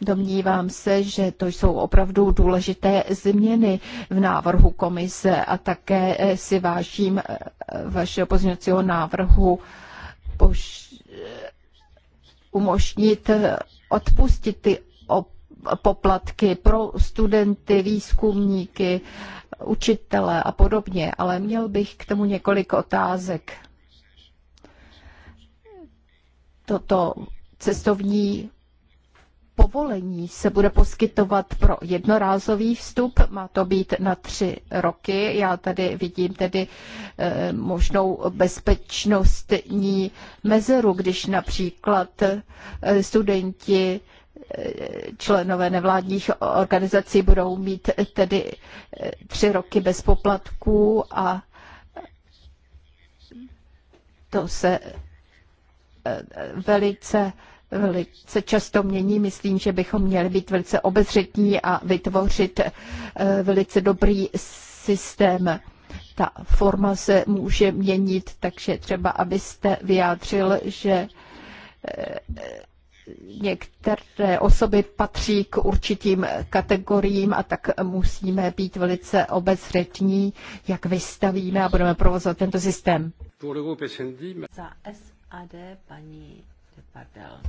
Domnívám se, že to jsou opravdu důležité změny v návrhu komise a také si vážím eh, vašeho pozměňovacího návrhu poš- eh, umožnit eh, odpustit ty poplatky pro studenty, výzkumníky, učitele a podobně, ale měl bych k tomu několik otázek. Toto cestovní povolení se bude poskytovat pro jednorázový vstup, má to být na tři roky. Já tady vidím tedy eh, možnou bezpečnostní mezeru, když například eh, studenti eh, členové nevládních organizací budou mít tedy tři roky bez poplatků a to se velice velice často mění. Myslím, že bychom měli být velice obezřetní a vytvořit eh, velice dobrý systém. Ta forma se může měnit, takže třeba abyste vyjádřil, že eh, některé osoby patří k určitým kategoriím a tak musíme být velice obezřetní, jak vystavíme a budeme provozovat tento systém. Za S SAD, paní Depardel.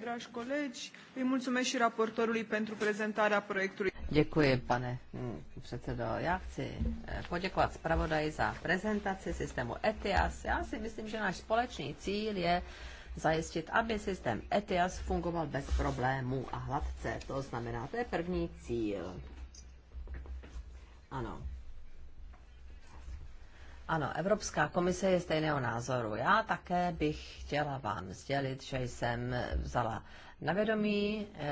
Dragi colegi, îi mulțumesc și raportorului pentru prezentarea proiectului. Děkuji, pane mm, předsedo. Já chci eh, poděkovat zpravodaji za prezentaci systému ETIAS. Já si myslím, že náš společný cíl je zajistit, aby systém ETIAS fungoval bez problémů a hladce. To znamená, to je první cíl. Ano. Ano, Evropská komise je stejného názoru. Já také bych chtěla vám sdělit, že jsem vzala na vědomí e,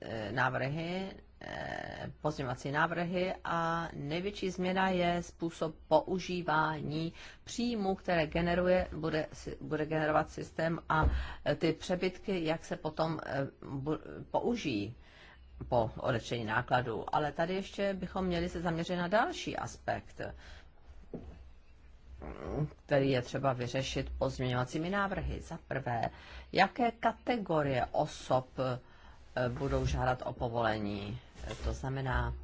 e, návrhy, e, pozměňovací návrhy a největší změna je způsob používání příjmu, které generuje, bude, bude generovat systém a ty přebytky, jak se potom použijí po odečtení nákladů. Ale tady ještě bychom měli se zaměřit na další aspekt který je třeba vyřešit pozměňovacími návrhy. Za prvé, jaké kategorie osob e, budou žádat o povolení? E, to znamená,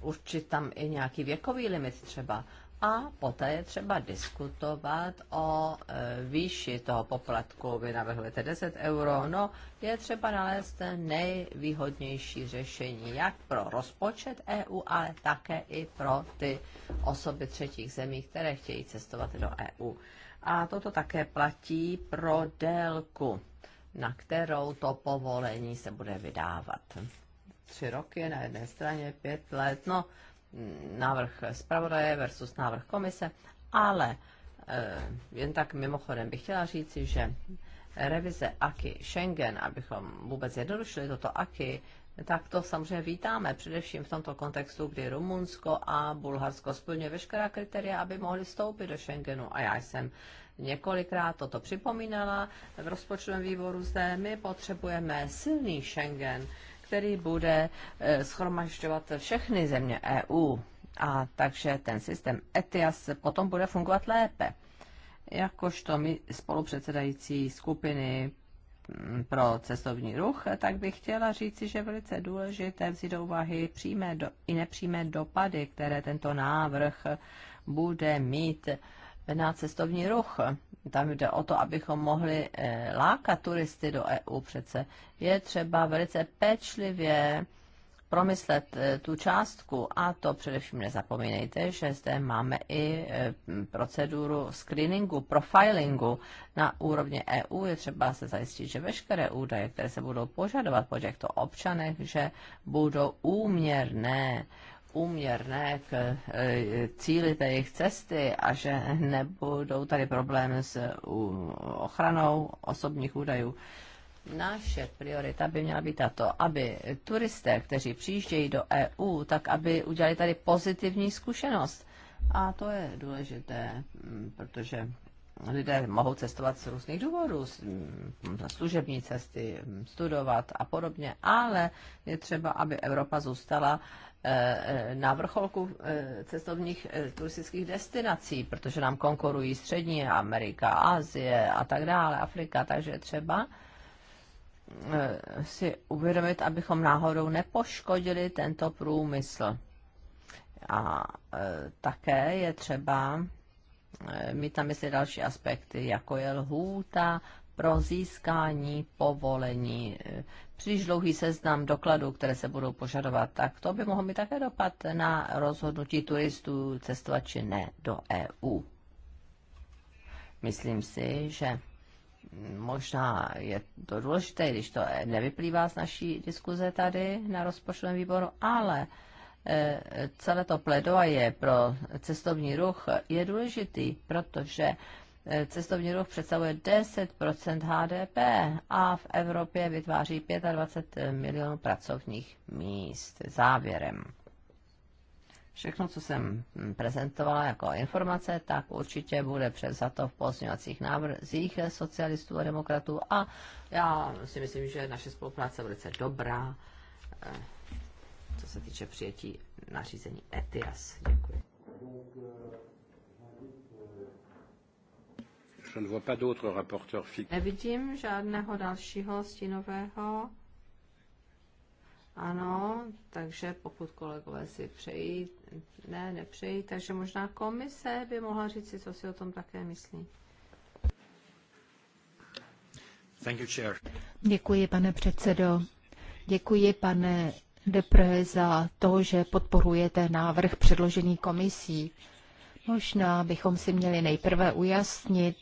určit tam i nějaký věkový limit třeba, a poté je třeba diskutovat o e, výši toho poplatku. Vy navrhujete 10 euro, no je třeba nalézt nejvýhodnější řešení, jak pro rozpočet EU, ale také i pro ty osoby třetích zemí, které chtějí cestovat do EU. A toto také platí pro délku, na kterou to povolení se bude vydávat. Tři roky na jedné straně, pět let, no návrh zpravodaje versus návrh komise, ale eh, jen tak mimochodem bych chtěla říci, že revize AKI Schengen, abychom vůbec jednodušili toto AKI, tak to samozřejmě vítáme, především v tomto kontextu, kdy Rumunsko a Bulharsko splňuje veškerá kritéria, aby mohli vstoupit do Schengenu. A já jsem několikrát toto připomínala v rozpočtovém výboru zde. My potřebujeme silný Schengen, který bude eh, schromažďovat všechny země EU. A takže ten systém ETIAS potom bude fungovat lépe. Jakožto my spolupředsedající skupiny mm, pro cestovní ruch, tak bych chtěla říci, že je velice důležité vzít do úvahy přímé do, i nepřímé dopady, které tento návrh bude mít na cestovní ruch. Tam jde o to, abychom mohli eh, lákat turisty do EU přece. Je třeba velice pečlivě promyslet eh, tu částku a to především nezapomínejte, že zde máme i eh, proceduru screeningu, profilingu na úrovni EU. Je třeba se zajistit, že veškeré údaje, které se budou požadovat po těchto občanech, že budou úměrné úměrné k e, cíli té jejich cesty a že nebudou tady problémy s ochranou osobních údajů. Naše priorita by měla být tato, aby turisté, kteří přijíždějí do EU, tak aby udělali tady pozitivní zkušenost. A to je důležité, protože lidé mohou cestovat z různých důvodů, za služební cesty, studovat a podobně, ale je třeba, aby Evropa zůstala Eh, na vrcholku eh, cestovních eh, turistických destinací, protože nám konkurují Střední Amerika, Asie a tak dále, Afrika, takže třeba si uvědomit, abychom náhodou nepoškodili tento průmysl. A také je třeba mít tam mysli další aspekty, jako je lhůta pro získání povolení příliš dlouhý seznam dokladů, které se budou požadovat, tak to by mohlo mít také dopad na rozhodnutí turistů cestovat či ne do EU. Myslím si, že možná je to důležité, když to nevyplývá z naší diskuze tady na rozpočtovém výboru, ale e, celé to pledoje pro cestovní ruch je důležitý, protože Cestovní ruch představuje 10 HDP a v Evropě vytváří 25 milionů pracovních míst. Závěrem. Všechno, co jsem prezentovala jako informace, tak určitě bude převzato v pozměňovacích návrzích socialistů a demokratů a já si myslím, že naše spolupráce bude velice dobrá, eh, co se týče přijetí nařízení ETIAS. Děkuji. Je ne vois pas d'autres rapporteurs Nevidím žádného dalšího stínového. Ano, takže pokud kolegové si přejí, ne, nepřejí, takže možná komise by mohla říci, co si o tom také myslí. Thank you, chair. Děkuji, pane předsedo. Děkuji, pane Depre, za to, že podporujete návrh předložený komisí. Možná bychom si měli nejprve ujasnit,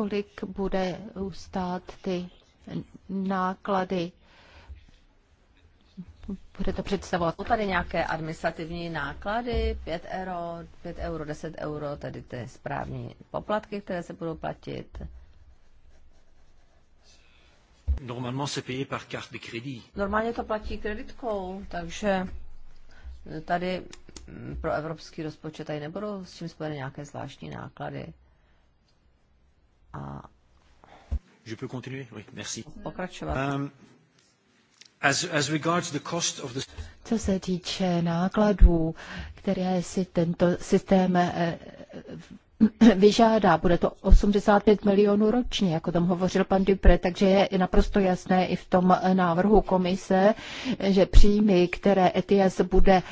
kolik bude stát ty náklady. Bude to představovat. Jsou tady nějaké administrativní náklady, 5 euro, 5 euro, 10 euro, Tady ty správní poplatky, které se budou platit. Normálně to platí kreditkou, takže tady pro evropský rozpočet tady nebudou s čím spojeny nějaké zvláštní náklady a Je peux continuer? Oui, merci. Pokračovat. Um, as, as regards the cost of the... Co se týče nákladů, které si tento systém eh, vyžádá. Bude to 85 milionů ročně, jako tam hovořil pan Dupre, takže je naprosto jasné i v tom návrhu komise, že příjmy, které ETS bude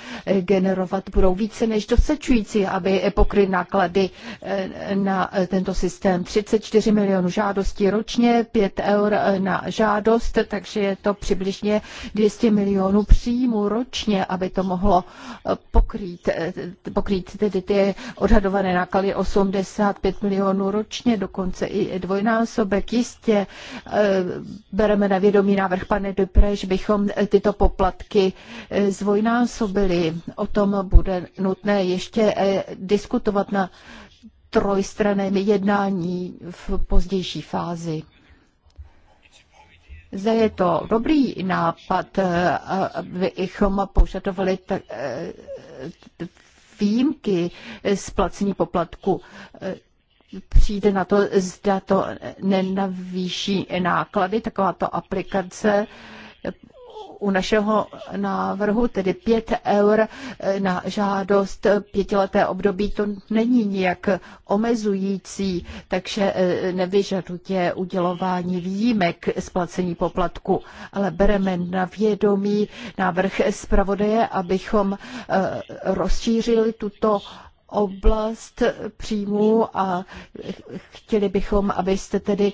generovat, budou více než dostačující, aby pokry náklady eh, na tento systém. 34 milionů žádostí ročně, 5 eur na žádost, takže je to přibližně 200 milionů příjmů ročně, aby to mohlo pokrýt, eh, pokrýt tedy ty odhadované náklady 8 85 milionů ročně, dokonce i dvojnásobek. Jistě eh, bereme na vědomí návrh pane Depre, že bychom eh, tyto poplatky eh, zdvojnásobili. O tom bude nutné ještě diskutovat na trojstraném jednání v pozdější fázi. Zde je to dobrý nápad, abychom požadovali výjimky z placení poplatku přijde na to, zda to nenavýší náklady, takováto aplikace u našeho návrhu, tedy 5 eur eh, na žádost pětileté období, to není nijak omezující, takže eh, nevyžaduje udělování výjimek splacení poplatku, ale bereme na vědomí návrh zpravodaje, abychom eh, rozšířili tuto oblast příjmů a chtěli bychom, abyste tedy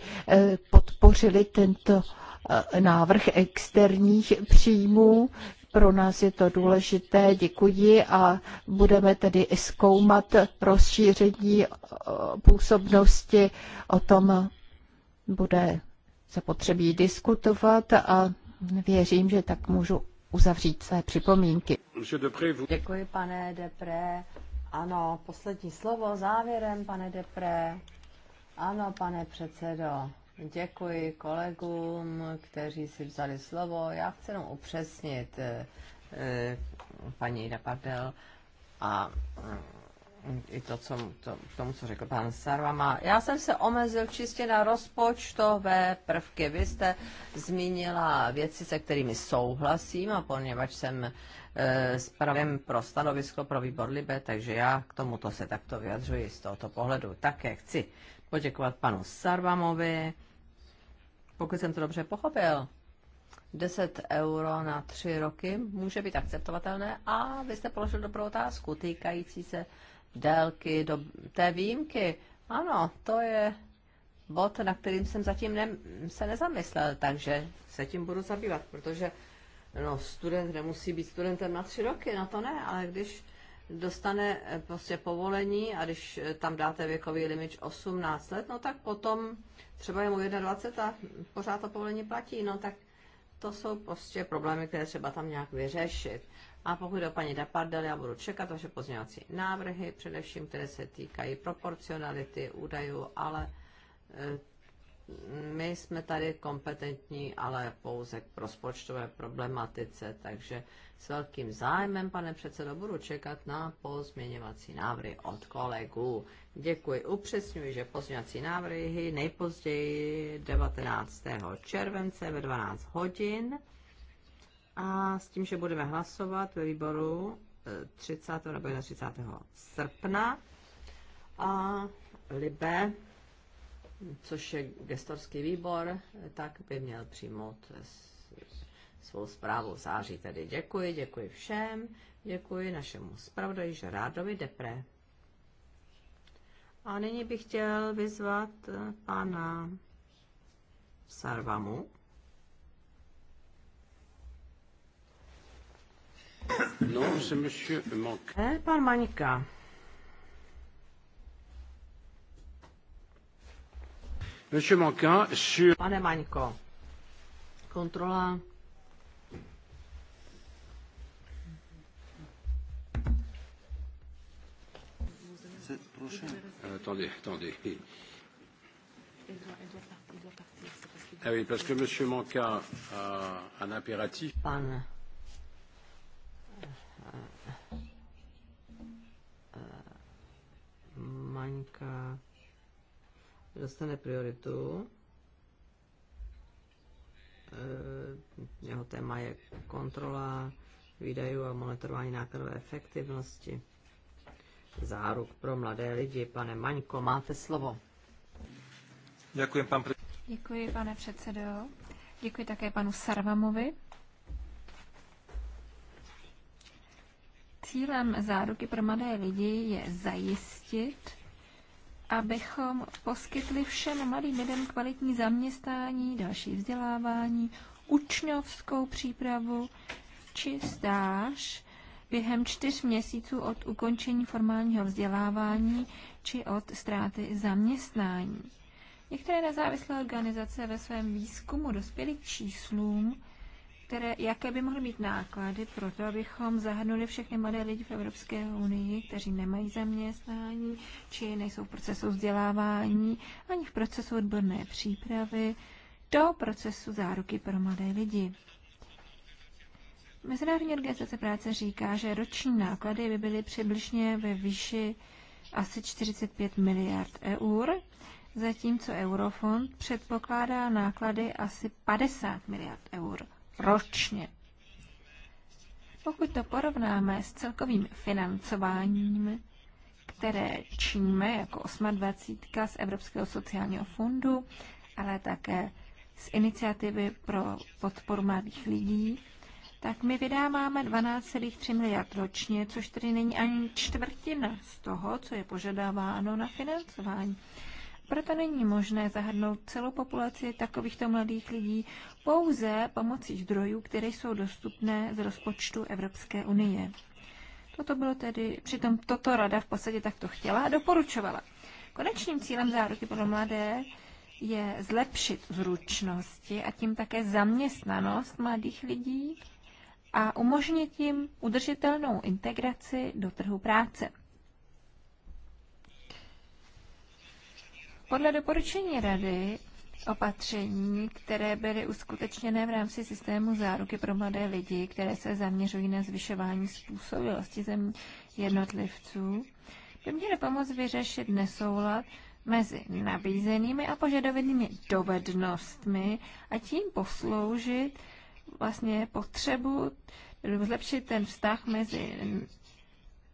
podpořili tento Eh, návrh externích příjmů. Pro nás je to důležité, děkuji a budeme tedy zkoumat rozšíření eh, působnosti. O tom bude zapotřebí diskutovat a věřím, že tak můžu uzavřít své připomínky. Děkuji, pane Depré. Ano, poslední slovo závěrem, pane Depré. Ano, pane předsedo. Děkuji kolegům, kteří si vzali slovo. Já chci jenom upřesnit eh, eh, paní Napadel a mm, i to, co, to, tomu, co řekl pan Sarvama. Já jsem se omezil čistě na rozpočtové prvky. Vy jste zmínila věci, se kterými souhlasím a poněvadž jsem e, eh, zpravem pro stanovisko pro výbor Libe, takže já k tomuto se takto vyjadřuji z tohoto pohledu. Také chci poděkovat panu Sarvamovi. Pokud jsem to dobře pochopil, 10 euro na 3 roky může být akceptovatelné a vy jste položil dobrou otázku týkající se délky do té výjimky. Ano, to je bod, na kterým jsem zatím ne, se nezamyslel, takže se tím budu zabývat, protože no, student nemusí být studentem na tři roky, na to ne, ale když dostane eh, prostě povolení a když eh, tam dáte věkový limit 18 let, no tak potom třeba je mu 21 a pořád to povolení platí, no tak to jsou prostě problémy, které třeba tam nějak vyřešit. A pokud do paní Dapardel, já budu čekat vaše pozměňovací návrhy, především které se týkají proporcionality údajů, ale eh, my jsme tady kompetentní, ale pouze k rozpočtové problematice, takže s velkým zájmem, pane předsedo, budu čekat na pozměňovací návrhy od kolegů. Děkuji. Upřesňuji, že pozměňovací návrhy nejpozději 19. července ve 12 hodin a s tím, že budeme hlasovat ve výboru 30. Eh, nebo 31. srpna a Libe což je gestorský výbor, tak by měl přijmout svou zprávu v září. Tedy děkuji, děkuji všem, děkuji našemu zpravodaji Žerádovi Depre. A nyní bych chtěl vyzvat pana Sarvamu. No, se monsieur Manka. Eh, pan Maňka. Pane Maňko, kontrola attendez, attendez. Ah oui, parce que M. Manca a un impératif. Pan. Euh, euh, dostane prioritu. Eh, jeho téma je kontrola výdajů a monitorování nákladové efektivnosti. Záruk pro mladé lidi. Pane Maňko, máte slovo. Děkuji, pan pre... Děkuji, pane předsedo. Děkuji také panu Sarvamovi. Cílem záruky pro mladé lidi je zajistit, abychom poskytli všem malým lidem kvalitní zaměstnání, další vzdělávání, učňovskou přípravu či stáž během čtyř měsíců od ukončení formálního vzdělávání či od ztráty zaměstnání. Některé nezávislé organizace ve svém výzkumu dospěly k číslům, které, jaké by mohly být náklady pro to, abychom zahrnuli všechny mladé lidi v Evropské unii, kteří nemají zaměstnání, či nejsou v procesu vzdělávání, ani v procesu odborné přípravy, do procesu záruky pro mladé lidi. Mezinárodní organizace práce říká, že roční náklady by byly přibližně ve výši asi 45 miliard eur, zatímco Eurofond předpokládá náklady asi 50 miliard eur ročně. Pokud to porovnáme s celkovým financováním, které činíme jako 28 z Evropského sociálního fondu, ale také z iniciativy pro podporu mladých lidí, tak my vydáváme 12,3 miliard ročně, což tedy není ani čtvrtina z toho, co je požadováno na financování. Proto není možné zahrnout celou populaci takovýchto mladých lidí pouze pomocí zdrojů, které jsou dostupné z rozpočtu Evropské unie. Toto bylo tedy, přitom toto rada v podstatě takto chtěla a doporučovala. Konečným cílem záruky pro mladé je zlepšit zručnosti a tím také zaměstnanost mladých lidí a umožnit jim udržitelnou integraci do trhu práce. Podle doporučení Rady opatření, které byly uskutečněné v rámci systému záruky pro mladé lidi, které se zaměřují na zvyšování způsobilosti zemí jednotlivců, by měly pomoct vyřešit nesoulad mezi nabízenými a požadovanými dovednostmi a tím posloužit vlastně potřebu zlepšit ten vztah mezi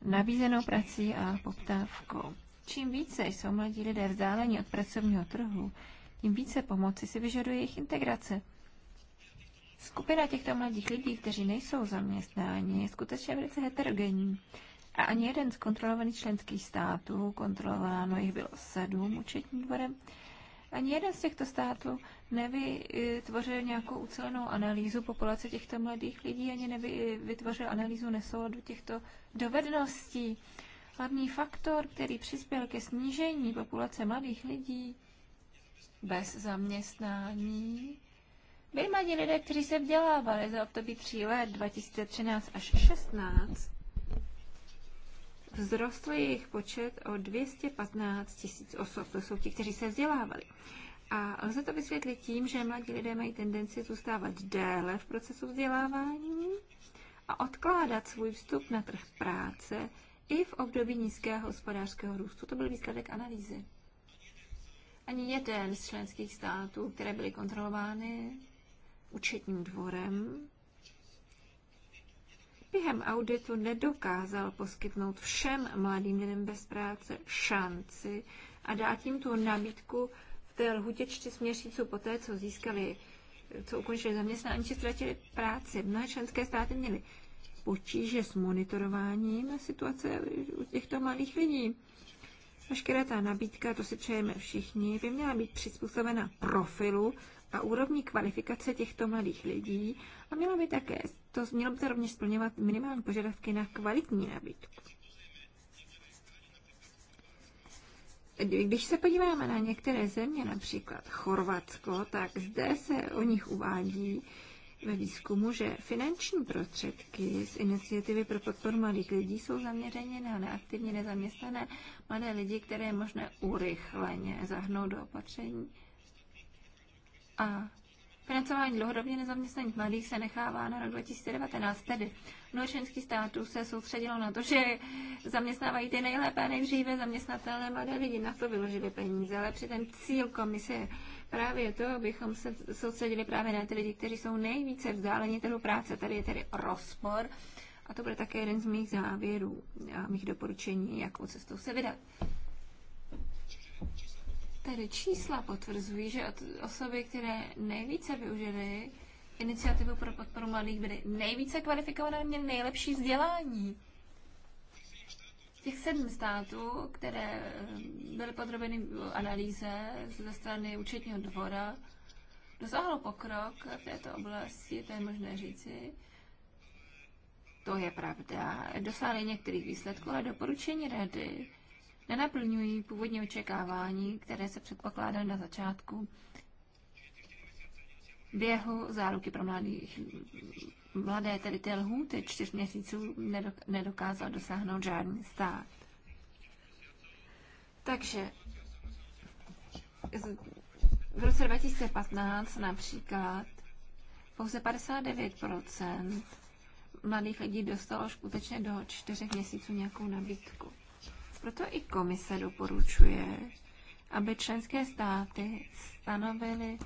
nabízenou prací a poptávkou. Čím více jsou mladí lidé vzdáleni od pracovního trhu, tím více pomoci si vyžaduje jejich integrace. Skupina těchto mladých lidí, kteří nejsou zaměstnáni, je skutečně velice heterogenní. A ani jeden z kontrolovaných členských států, kontrolováno jich bylo sedm účetním dvorem, ani jeden z těchto států nevytvořil nějakou ucelenou analýzu populace těchto mladých lidí, ani nevytvořil analýzu nesouladu těchto dovedností. Hlavní faktor, který přispěl ke snížení populace mladých lidí bez zaměstnání, byli mladí lidé, kteří se vzdělávali za období 3 let 2013 až 16. Vzrostl jejich počet o 215 tisíc osob. To jsou ti, kteří se vzdělávali. A lze to vysvětlit tím, že mladí lidé mají tendenci zůstávat déle v procesu vzdělávání a odkládat svůj vstup na trh práce i v období nízkého hospodářského růstu. To byl výsledek analýzy. Ani jeden z členských států, které byly kontrolovány účetním dvorem, během auditu nedokázal poskytnout všem mladým lidem bez práce šanci a dát jim tu nabídku v té lhutě čtyř měsíců poté, co získali co ukončili zaměstnání, či ztratili práci. Mnohé členské státy měly potíže s monitorováním situace u těchto malých lidí. Veškerá ta nabídka, to si přejeme všichni, by měla být přizpůsobena profilu a úrovni kvalifikace těchto mladých lidí a mělo by také, to mělo by to rovněž splňovat minimální požadavky na kvalitní nabídku. Když se podíváme na některé země, například Chorvatsko, tak zde se o nich uvádí, ve výzkumu, že finanční prostředky z iniciativy pro podporu mladých lidí jsou zaměřeny na neaktivně nezaměstnané mladé lidi, které je možné urychleně zahnout do opatření. A financování dlouhodobě nezaměstnaných mladých se nechává na rok 2019, tedy mnohočenský státu se soustředilo na to, že zaměstnávají ty nejlépe nejdříve zaměstnatelné mladé lidi, na to vyložili peníze, ale při ten cíl komise právě to, abychom se soustředili právě na ty lidi, kteří jsou nejvíce vzdáleni trhu práce. Tady je tedy rozpor a to bude také jeden z mých závěrů a mých doporučení, jakou cestou se vydat. Tady čísla potvrzují, že osoby, které nejvíce využily iniciativu pro podporu mladých, byly nejvíce kvalifikované, měly nejlepší vzdělání. Těch sedm států, které eh, byly podrobeny analýze ze strany účetního dvora, dosáhlo pokrok v této oblasti, to je možné říci. To je pravda. Dosáhly některých výsledků, ale doporučení rady nenaplňují původní očekávání, které se předpokládaly na začátku běhu záruky pro mladých mladé, tedy ty lhůty čtyř měsíců nedokázal dosáhnout žádný stát. Takže v roce 2015 například pouze 59% mladých lidí dostalo skutečně do čtyřech měsíců nějakou nabídku. Proto i komise doporučuje, aby členské státy stanovily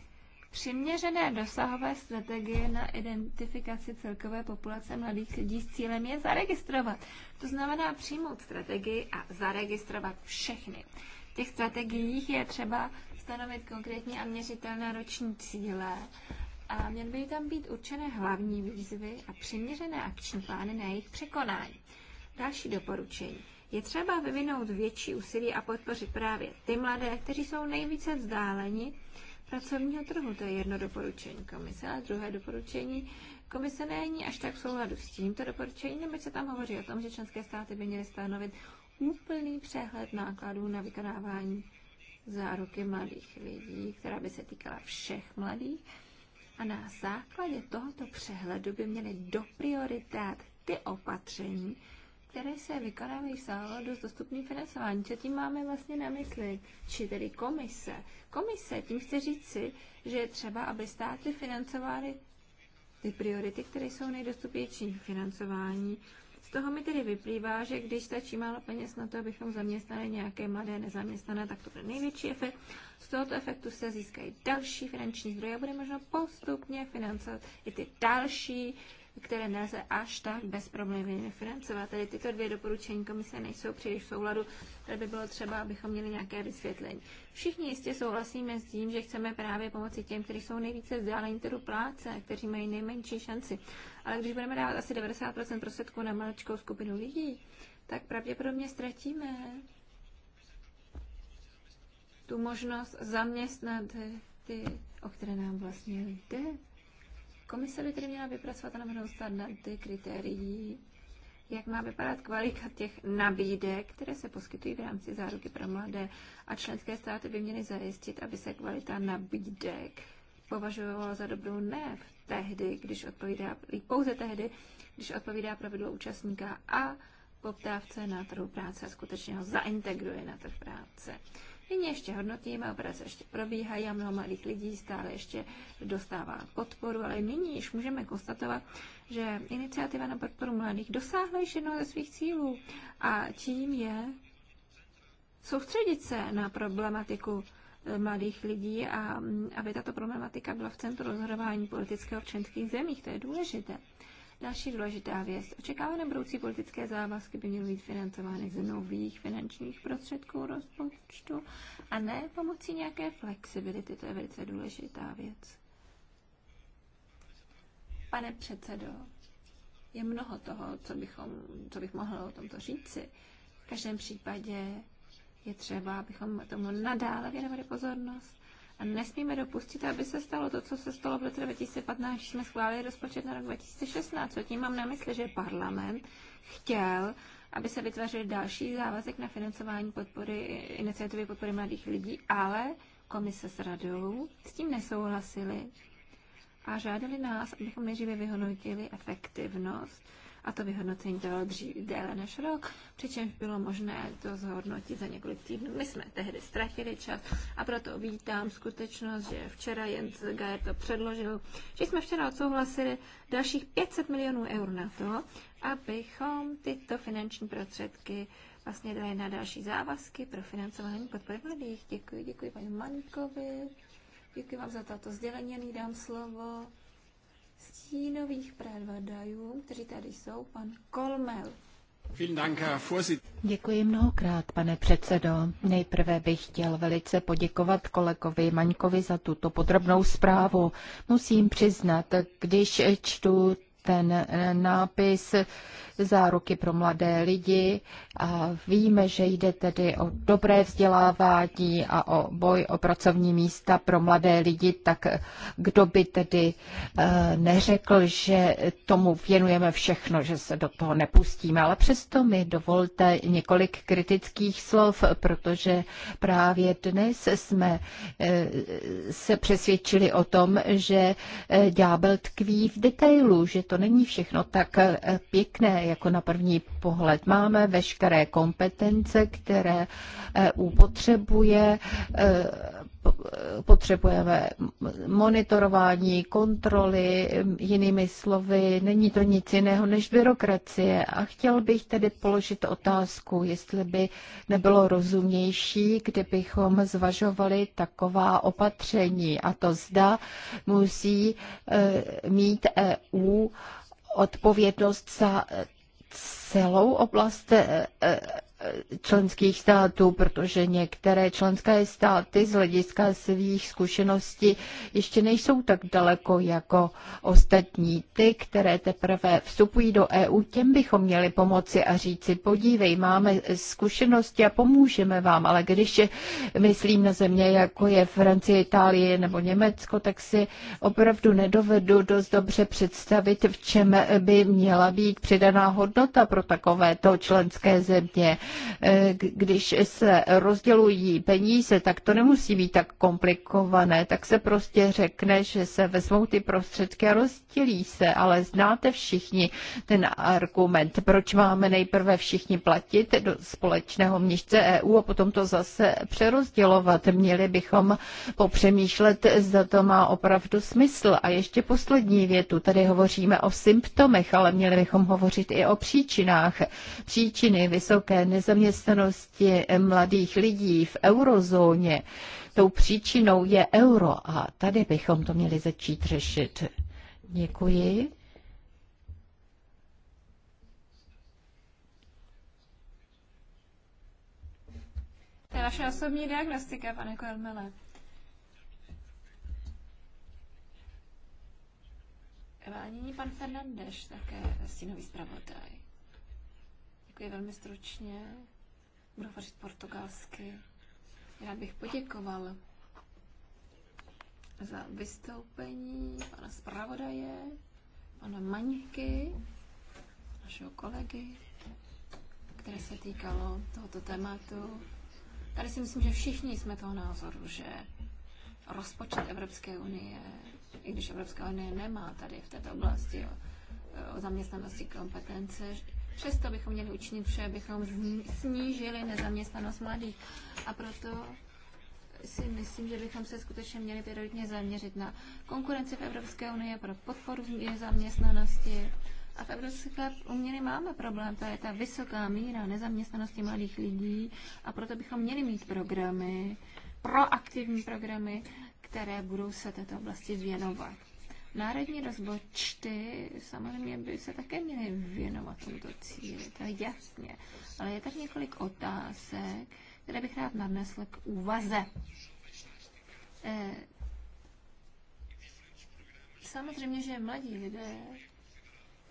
přiměřené dosahové strategie na identifikaci celkové populace mladých lidí s cílem je zaregistrovat. To znamená přijmout strategii a zaregistrovat všechny. V těch strategiích je třeba stanovit konkrétní a měřitelné roční cíle a měly by tam být určené hlavní výzvy a přiměřené akční plány na jejich překonání. Další doporučení. Je třeba vyvinout větší úsilí a podpořit právě ty mladé, kteří jsou nejvíce vzdáleni pracovního trhu. To je jedno doporučení komise. A druhé doporučení komise není až tak v souladu s tímto doporučením, neboť se tam hovoří o tom, že členské státy by měly stanovit úplný přehled nákladů na vykonávání záruky mladých lidí, která by se týkala všech mladých. A na základě tohoto přehledu by měly do prioritát ty opatření, které se vykonávají v sále dostupných financování. Co tím máme vlastně na mysli? Či tedy komise. Komise, tím chce říci, že je třeba, aby státy financovaly ty priority, které jsou nejdostupnější financování. Z toho mi tedy vyplývá, že když stačí málo peněz na to, abychom zaměstnali nějaké mladé nezaměstnané, tak to bude největší efekt. Z tohoto efektu se získají další finanční zdroje a bude možno postupně financovat i ty další které nelze až tak bez problémů financovat. Tady tyto dvě doporučení komise nejsou příliš v souladu, tady by bylo třeba, abychom měli nějaké vysvětlení. Všichni jistě souhlasíme s tím, že chceme právě pomoci těm, kteří jsou nejvíce vzdáleni trhu práce, kteří mají nejmenší šanci. Ale když budeme dávat asi 90% prostředků na maličkou skupinu lidí, tak pravděpodobně ztratíme tu možnost zaměstnat ty, o které nám vlastně jde. Komise by tedy měla vypracovat a navrhnout standardy, kritérií, jak má vypadat kvalita těch nabídek, které se poskytují v rámci záruky pro mladé. A členské státy by měly zajistit, aby se kvalita nabídek považovala za dobrou ne v tehdy, když odpovídá, pouze tehdy, když odpovídá pravidlo účastníka a poptávce na trhu práce a skutečně ho zaintegruje na trh práce. Stejně ještě a operace ještě probíhají a mnoho malých lidí stále ještě dostává podporu, ale nyní již můžeme konstatovat, že iniciativa na podporu mladých dosáhla již jednoho ze svých cílů a tím je soustředit se na problematiku eh, mladých lidí a mm, aby tato problematika byla v centru rozhodování politického v členských zemích. To je důležité. Další důležitá věc. Očekávané budoucí politické závazky by měly být financovány z nových finančních prostředků rozpočtu a ne pomocí nějaké flexibility. To je velice důležitá věc. Pane předsedo, je mnoho toho, co, bychom, co bych mohla o tomto říci. V každém případě je třeba, abychom tomu nadále věnovali pozornost a nesmíme dopustit, aby se stalo to, co se stalo v roce 2015, když jsme schválili rozpočet na rok 2016. Co tím mám na mysli, že parlament chtěl, aby se vytvořil další závazek na financování podpory, iniciativy podpory mladých lidí, ale komise s radou s tím nesouhlasili a žádali nás, abychom nejdříve vyhodnotili efektivnost a to vyhodnocení trvalo dříve déle než rok, přičemž bylo možné to zhodnotit za několik týdnů. My jsme tehdy ztratili čas a proto vítám skutečnost, že včera Jens Geier to předložil, že jsme včera odsouhlasili dalších 500 milionů eur na to, abychom tyto finanční prostředky vlastně dali na další závazky pro financování podpory mladých. Děkuji, děkuji paní Maňkovi, děkuji vám za tato sdělení, dám slovo stínových pravodajů, kteří tady jsou, pan Kolmel. Děkuji mnohokrát, pane předsedo. Nejprve bych chtěl velice poděkovat kolegovi Maňkovi za tuto podrobnou zprávu. Musím přiznat, když čtu ten nápis, záruky pro mladé lidi a víme, že jde tedy o dobré vzdělávání a o boj o pracovní místa pro mladé lidi, tak kdo by tedy eh, neřekl, že tomu věnujeme všechno, že se do toho nepustíme. Ale přesto mi dovolte několik kritických slov, protože právě dnes jsme eh, se přesvědčili o tom, že eh, ďábel tkví v detailu, že to není všechno tak pěkné, jako na první pohled. Máme veškeré kompetence, které eh, EU potřebuje. Eh, potřebujeme monitorování, kontroly, eh, jinými slovy, není to nic jiného než byrokracie. A chtěl bych tedy položit otázku, jestli by nebylo rozumnější, kdybychom zvažovali taková opatření. A to zda musí mít EU odpovědnost za celou oblast eh, eh, členských států, protože některé členské státy z hlediska svých zkušeností ještě nejsou tak daleko jako ostatní. Ty, které teprve vstupují do EU, těm bychom měli pomoci a říci, podívej, máme zkušenosti a pomůžeme vám, ale když myslím na země, jako je Francie, Itálie nebo Německo, tak si opravdu nedovedu dost dobře představit, v čem by měla být přidaná hodnota pro takovéto členské země Eh, když se rozdělují peníze, tak to nemusí být tak komplikované, tak se prostě řekne, že se vezmou ty prostředky a rozdělí se, ale znáte všichni ten argument, proč máme nejprve všichni platit do společného měšce EU a potom to zase přerozdělovat. Měli bychom popřemýšlet, zda to má opravdu smysl. A ještě poslední větu. Tady hovoříme o symptomech, ale měli bychom hovořit i o příčinách. Příčiny vysoké nezaměstnanosti nezaměstnanosti mladých lidí v eurozóně. Tou příčinou je euro a tady bychom to měli začít řešit. Děkuji. To je vaše osobní diagnostika, pane Kormele. Vánění pan Fernandeš, také stínový zpravodaj. Děkuji velmi stručně. Budu hovořit portugalsky. Já bych poděkoval za vystoupení pana zpravodaje, pana Maňky, našeho kolegy, které se týkalo tohoto tématu. Tady si myslím, že všichni jsme toho názoru, že rozpočet Evropské unie, i když Evropská unie nemá tady v této oblasti o, o zaměstnanosti kompetence, Přesto bychom měli učinit vše, abychom snížili nezaměstnanost mladých. A proto si myslím, že bychom se skutečně měli prioritně zaměřit na konkurenci v Evropské unii pro podporu zaměstnanosti. A v Evropské unii máme problém, to je ta vysoká míra nezaměstnanosti mladých lidí a proto bychom měli mít programy, proaktivní programy, které budou se této oblasti věnovat. Národní rozpočty samozřejmě by se také měly věnovat tomuto cíli, to je jasně. Ale je tady několik otázek, které bych rád nadnesl k úvaze. Eh, samozřejmě, že mladí lidé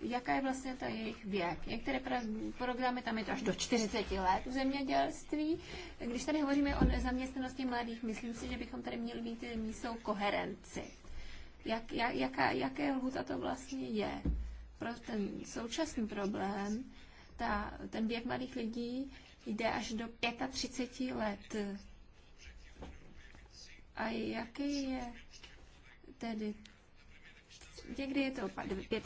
jaká je vlastně ta jejich věk. Některé programy tam je to až do 40 let v zemědělství. Když tady hovoříme o nezaměstnanosti mladých, myslím si, že bychom tady měli být mísou koherenci jak, jak, jaká, jaké lhuta to vlastně je. Pro ten současný problém, ta, ten věk mladých lidí jde až do 35 let. A jaký je tedy Někdy je to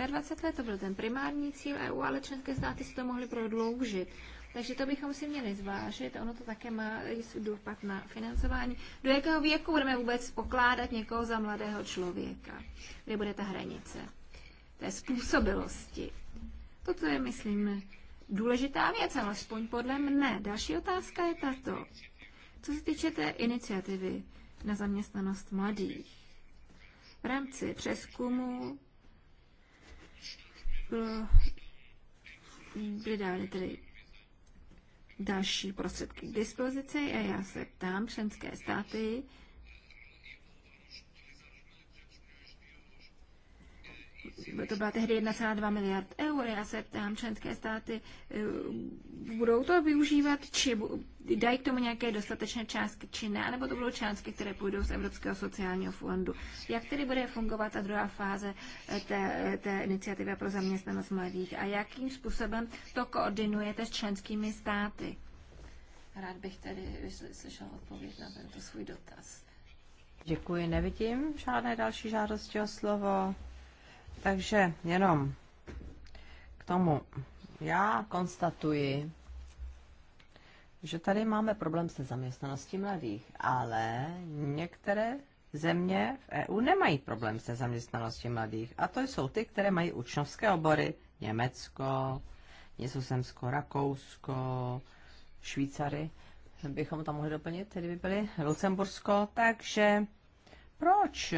25 let, to byl ten primární cíl EU, ale členské státy si to mohly prodloužit. Takže to bychom si měli zvážit. Ono to také má dopad na financování. Do jakého věku budeme vůbec pokládat někoho za mladého člověka? Kde bude ta hranice? Té způsobilosti. Toto je, myslím, důležitá věc, alespoň podle mne. Další otázka je tato. Co se týče té iniciativy na zaměstnanost mladých, v rámci přeskumu bylo, byly dány tedy další prostředky k dispozici a já se ptám členské státy, to byla tehdy 1,2 miliard eur. Já se ptám, členské státy eh, budou to využívat, či dají k tomu nějaké dostatečné částky, či ne, nebo to budou částky, které půjdou z Evropského sociálního fondu. Jak tedy bude fungovat ta druhá fáze eh, té, eh, té iniciativy pro zaměstnanost mladých a jakým způsobem to koordinujete s členskými státy? Rád bych tedy slyšel odpověď na tento svůj dotaz. Děkuji, nevidím žádné další žádosti o slovo. Takže jenom k tomu. Já konstatuji, že tady máme problém se zaměstnaností mladých, ale některé země v EU nemají problém se zaměstnaností mladých. A to jsou ty, které mají učňovské obory. Německo, Nizozemsko, Rakousko, Švýcary bychom tam mohli doplnit, tedy by byly Lucembursko. Takže proč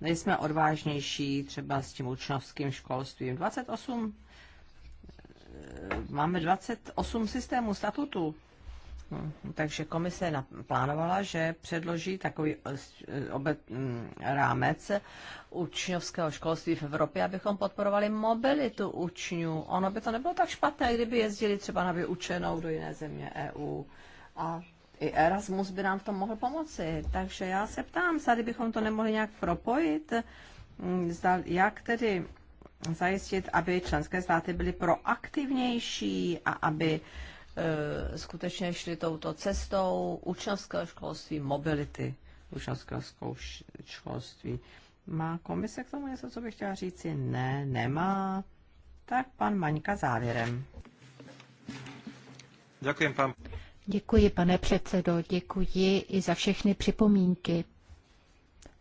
nejsme odvážnější třeba s tím učňovským školstvím. 28, eh, máme 28 systémů statutu, hm, takže komise plánovala, že předloží takový eh, eh, obet, hm, rámec učňovského školství v Evropě, abychom podporovali mobilitu učňů. Ono by to nebylo tak špatné, kdyby jezdili třeba na vyučenou do jiné země EU. A i Erasmus by nám v tom mohl pomoci. Takže já se ptám, zda bychom to nemohli nějak propojit, mm, zda, jak tedy zajistit, aby členské státy byly proaktivnější a aby e, skutečně šli touto cestou učňovského školství, mobility učňovského školství. Má komise k tomu něco, co bych chtěla říci? Ne, nemá. Tak pan Maňka závěrem. Děkuji, pan. Děkuji, pane předsedo, děkuji i za všechny připomínky.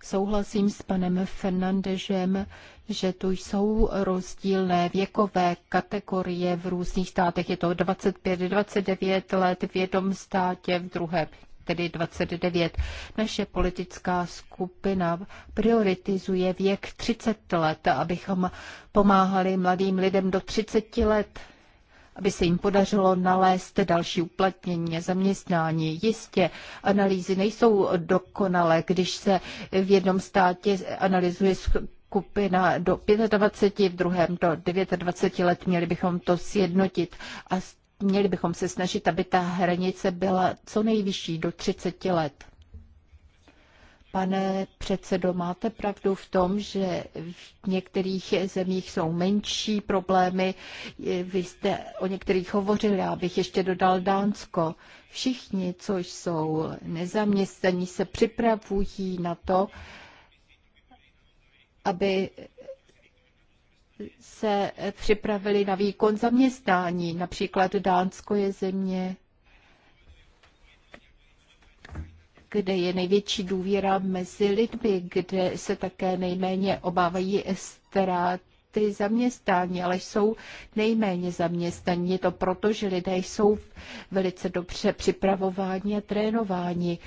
Souhlasím s panem Fernandežem, že tu jsou rozdílné věkové kategorie v různých státech. Je to 25-29 let v jednom státě, v druhém tedy 29. Naše politická skupina prioritizuje věk 30 let, abychom pomáhali mladým lidem do 30 let aby se jim podařilo nalézt další uplatnění a zaměstnání. Jistě, analýzy nejsou dokonalé, když se v jednom státě analyzuje skupina do 25, v druhém do 29 let. Měli bychom to sjednotit a měli bychom se snažit, aby ta hranice byla co nejvyšší do 30 let. Pane předsedo, máte pravdu v tom, že v některých zemích jsou menší problémy. Vy jste o některých hovořili, já bych ještě dodal Dánsko. Všichni, což jsou nezaměstnaní, se připravují na to, aby se připravili na výkon zaměstnání. Například Dánsko je země, kde je největší důvěra mezi lidmi, kde se také nejméně obávají ztrát ty zaměstnání, ale jsou nejméně zaměstnaní. Je to proto, že lidé jsou velice dobře připravováni a trénováni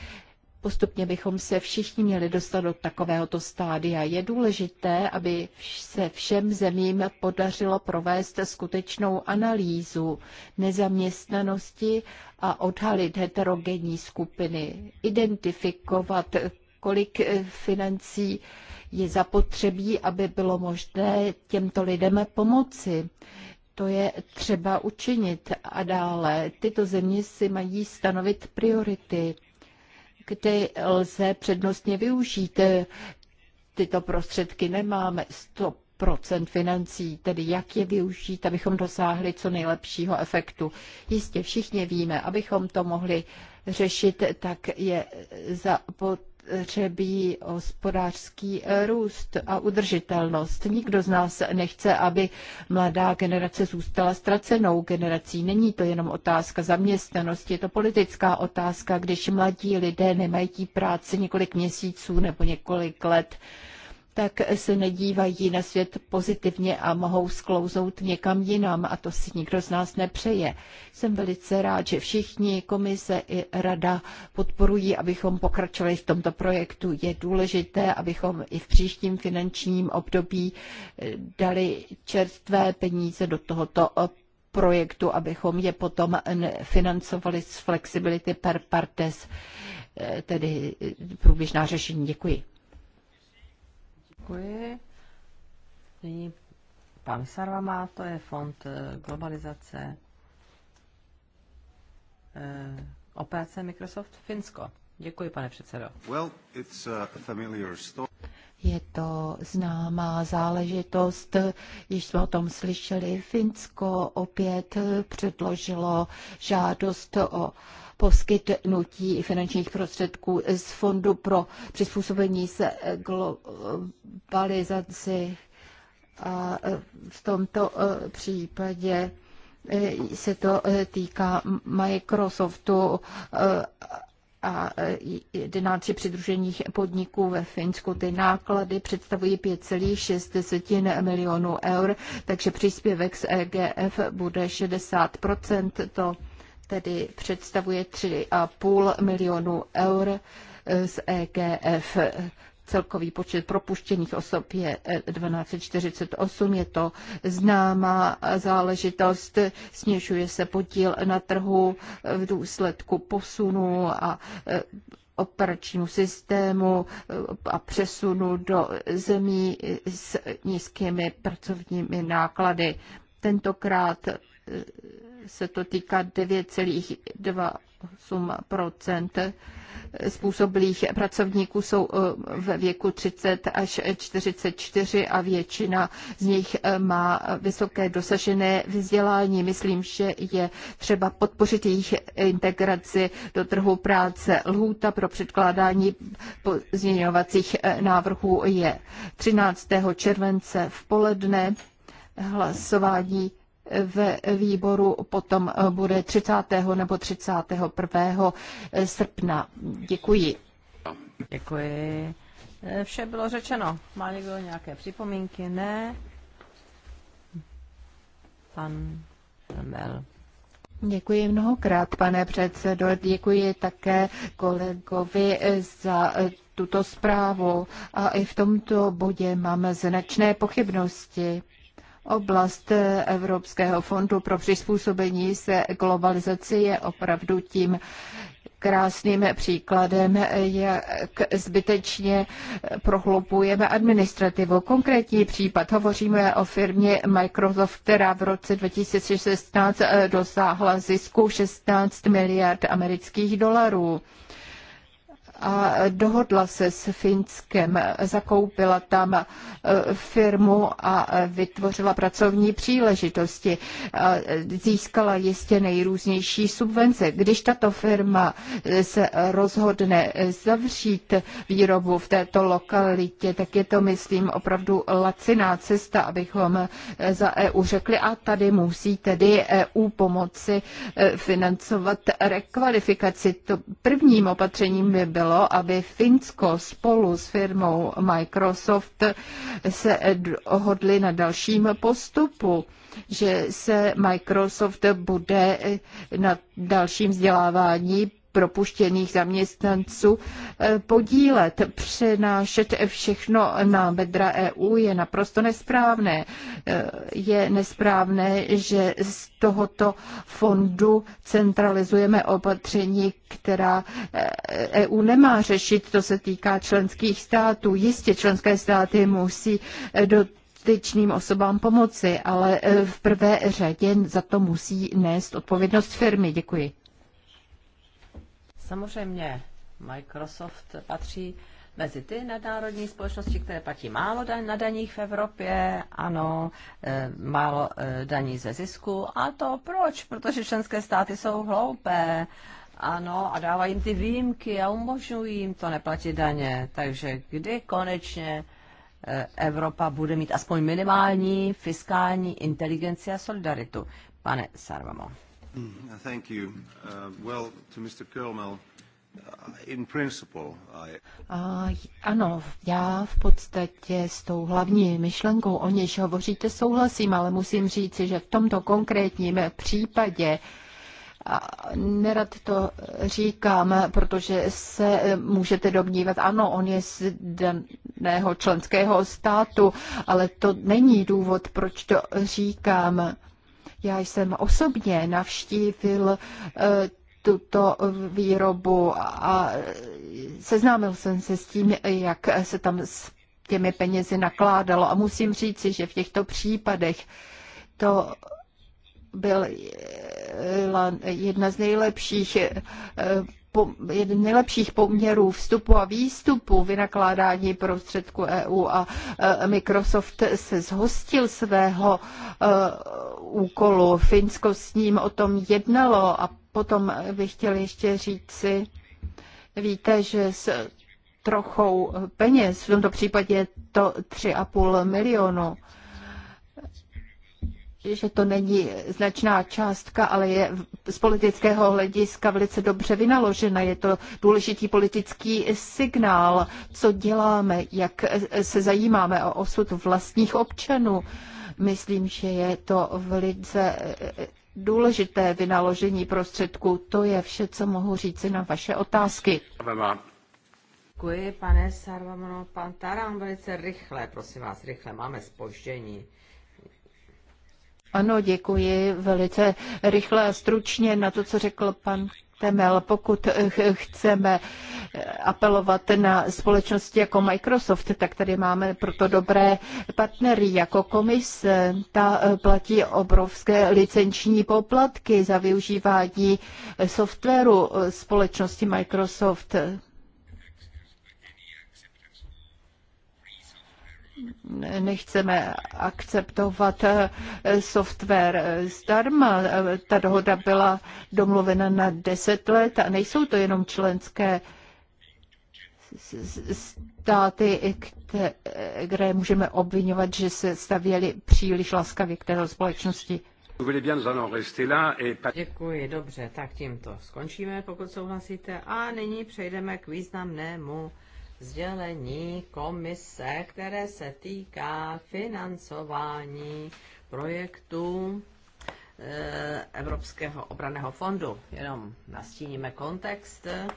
postupně bychom se všichni měli dostat do takovéhoto stádia. Je důležité, aby se všem zemím podařilo provést skutečnou analýzu nezaměstnanosti a odhalit heterogenní skupiny, identifikovat, kolik eh, financí je zapotřebí, aby bylo možné těmto lidem pomoci. To je třeba učinit a dále. Tyto země si mají stanovit priority kdy lze přednostně využít tyto prostředky. Nemáme 100 financí, tedy jak je využít, abychom dosáhli co nejlepšího efektu. Jistě všichni víme, abychom to mohli řešit, tak je zapotřebí zapotřebí hospodářský eh, růst a udržitelnost. Nikdo z nás nechce, aby mladá generace zůstala ztracenou generací. Není to jenom otázka zaměstnanosti, je to politická otázka, když mladí lidé nemají práci několik měsíců nebo několik let tak se nedívají na svět pozitivně a mohou sklouzout někam jinam a to si nikdo z nás nepřeje. Jsem velice rád, že všichni komise i rada podporují, abychom pokračovali v tomto projektu. Je důležité, abychom i v příštím finančním období eh, dali čerstvé peníze do tohoto eh, projektu, abychom je potom financovali z flexibility per partes, eh, tedy průběžná řešení. Děkuji. Děkuji. Nyní pan Sarvama, to je fond eh, globalizace eh, operace Microsoft Finsko. Děkuji, pane předsedo. Well, it's a familiar story. Je to známá záležitost, již jsme o tom slyšeli. Finsko opět předložilo žádost o poskytnutí finančních prostředků z Fondu pro přizpůsobení se globalizaci. A v tomto e, případě e, se to e, týká Microsoftu a jedná tři přidružených podniků ve Finsku. Ty náklady představují 5,6 milionů eur, takže příspěvek z EGF bude 60 To tedy představuje 3,5 milionu eur e, z EGF. Celkový počet propuštěných osob je 1248, e, je to známá záležitost, snižuje se podíl na trhu v důsledku posunu a e, operačnímu systému a přesunu do zemí s nízkými pracovními náklady. Tentokrát se to týká 9,28 způsobilých pracovníků jsou e, ve věku 30 až 44 a většina z nich e, má vysoké dosažené vzdělání. Myslím, že je třeba podpořit jejich integraci do trhu práce. Lhůta pro předkládání pozměňovacích e, návrhů je 13. července v poledne. Hlasování v výboru potom eh, bude 30. nebo 31. srpna. Děkuji. Děkuji. Eh, vše bylo řečeno. Má někdo nějaké připomínky? Ne. Pan Mel. Děkuji mnohokrát, pane předsedo. Děkuji také kolegovi eh, za tuto zprávu. A i v tomto bodě máme značné pochybnosti. Oblast eh, Evropského fondu pro přizpůsobení se globalizaci je opravdu tím krásným příkladem, jak zbytečně prohlubujeme administrativu. Konkrétní případ hovoříme o firmě Microsoft, která v roce 2016 eh, dosáhla zisku 16 miliard amerických dolarů a dohodla se s Finskem, zakoupila tam e, firmu a e, vytvořila pracovní příležitosti. E, získala jistě nejrůznější subvence. Když tato firma se rozhodne zavřít výrobu v této lokalitě, tak je to, myslím, opravdu laciná cesta, abychom za EU řekli, a tady musí tedy EU pomoci financovat rekvalifikaci. To prvním opatřením by bylo bylo, aby Finsko spolu s firmou Microsoft se dohodli na dalším postupu, že se Microsoft bude na dalším vzdělávání propuštěných zaměstnanců eh, podílet. Přenášet všechno na bedra EU je naprosto nesprávné. Eh, je nesprávné, že z tohoto fondu centralizujeme opatření, která EU eh, e nemá řešit. To se týká členských států. Jistě členské státy musí do osobám pomoci, ale v prvé řadě za to musí nést odpovědnost firmy. Děkuji. Samozřejmě Microsoft patří mezi ty nadnárodní společnosti, které platí málo daň na daních v Evropě, ano, eh, málo eh, daní ze zisku. A to proč? Protože členské státy jsou hloupé, ano, a dávají jim ty výjimky a umožňují jim to neplatit daně. Takže kdy konečně eh, Evropa bude mít aspoň minimální fiskální inteligenci a solidaritu? Pane Sarvamo. Mm, thank you. Uh, well, to Mr. Kölmel, uh, in principle, I... ano, já v podstatě s tou hlavní myšlenkou, o něž hovoříte, souhlasím, ale musím říci, že v tomto konkrétním případě a nerad to říkám, protože se eh, můžete domnívat, ano, on je z daného členského státu, ale to není důvod, proč to říkám já jsem osobně navštívil eh, tuto výrobu a seznámil jsem se s tím, jak se tam s těmi penězi nakládalo. A musím říci, že v těchto případech to byla eh, jedna z nejlepších eh, jeden nejlepších poměrů vstupu a výstupu vynakládání prostředků EU a e, Microsoft se zhostil svého e, úkolu. Finsko s ním o tom jednalo a potom bych chtěl ještě říci, víte, že s trochou peněz, v tomto případě to 3,5 milionu, že to není značná částka, ale je z politického hlediska velice dobře vynaložena. Je to důležitý politický signál, co děláme, jak se zajímáme o osud vlastních občanů. Myslím, že je to velice důležité vynaložení prostředků. To je vše, co mohu říci na vaše otázky. Děkuji, pane Sarvamono. Pan Taran, velice rychle, prosím vás, rychle, máme spoždění. Ano, děkuji velice rychle a stručně na to, co řekl pan Temel. Pokud chceme apelovat na společnosti jako Microsoft, tak tady máme proto dobré partnery jako komise. Ta eh, platí obrovské licenční poplatky za využívání softwaru eh, společnosti Microsoft. nechceme akceptovat eh, software eh, zdarma. Eh, ta dohoda byla domluvena na deset let a nejsou to jenom členské státy, které můžeme obvinovat, že se stavěli příliš laskavě k této společnosti. Děkuji, dobře, tak tímto skončíme, pokud souhlasíte. A nyní přejdeme k významnému sdělení komise, které se týká financování projektů eh, Evropského obraného fondu. Jenom nastíníme kontext. Eh,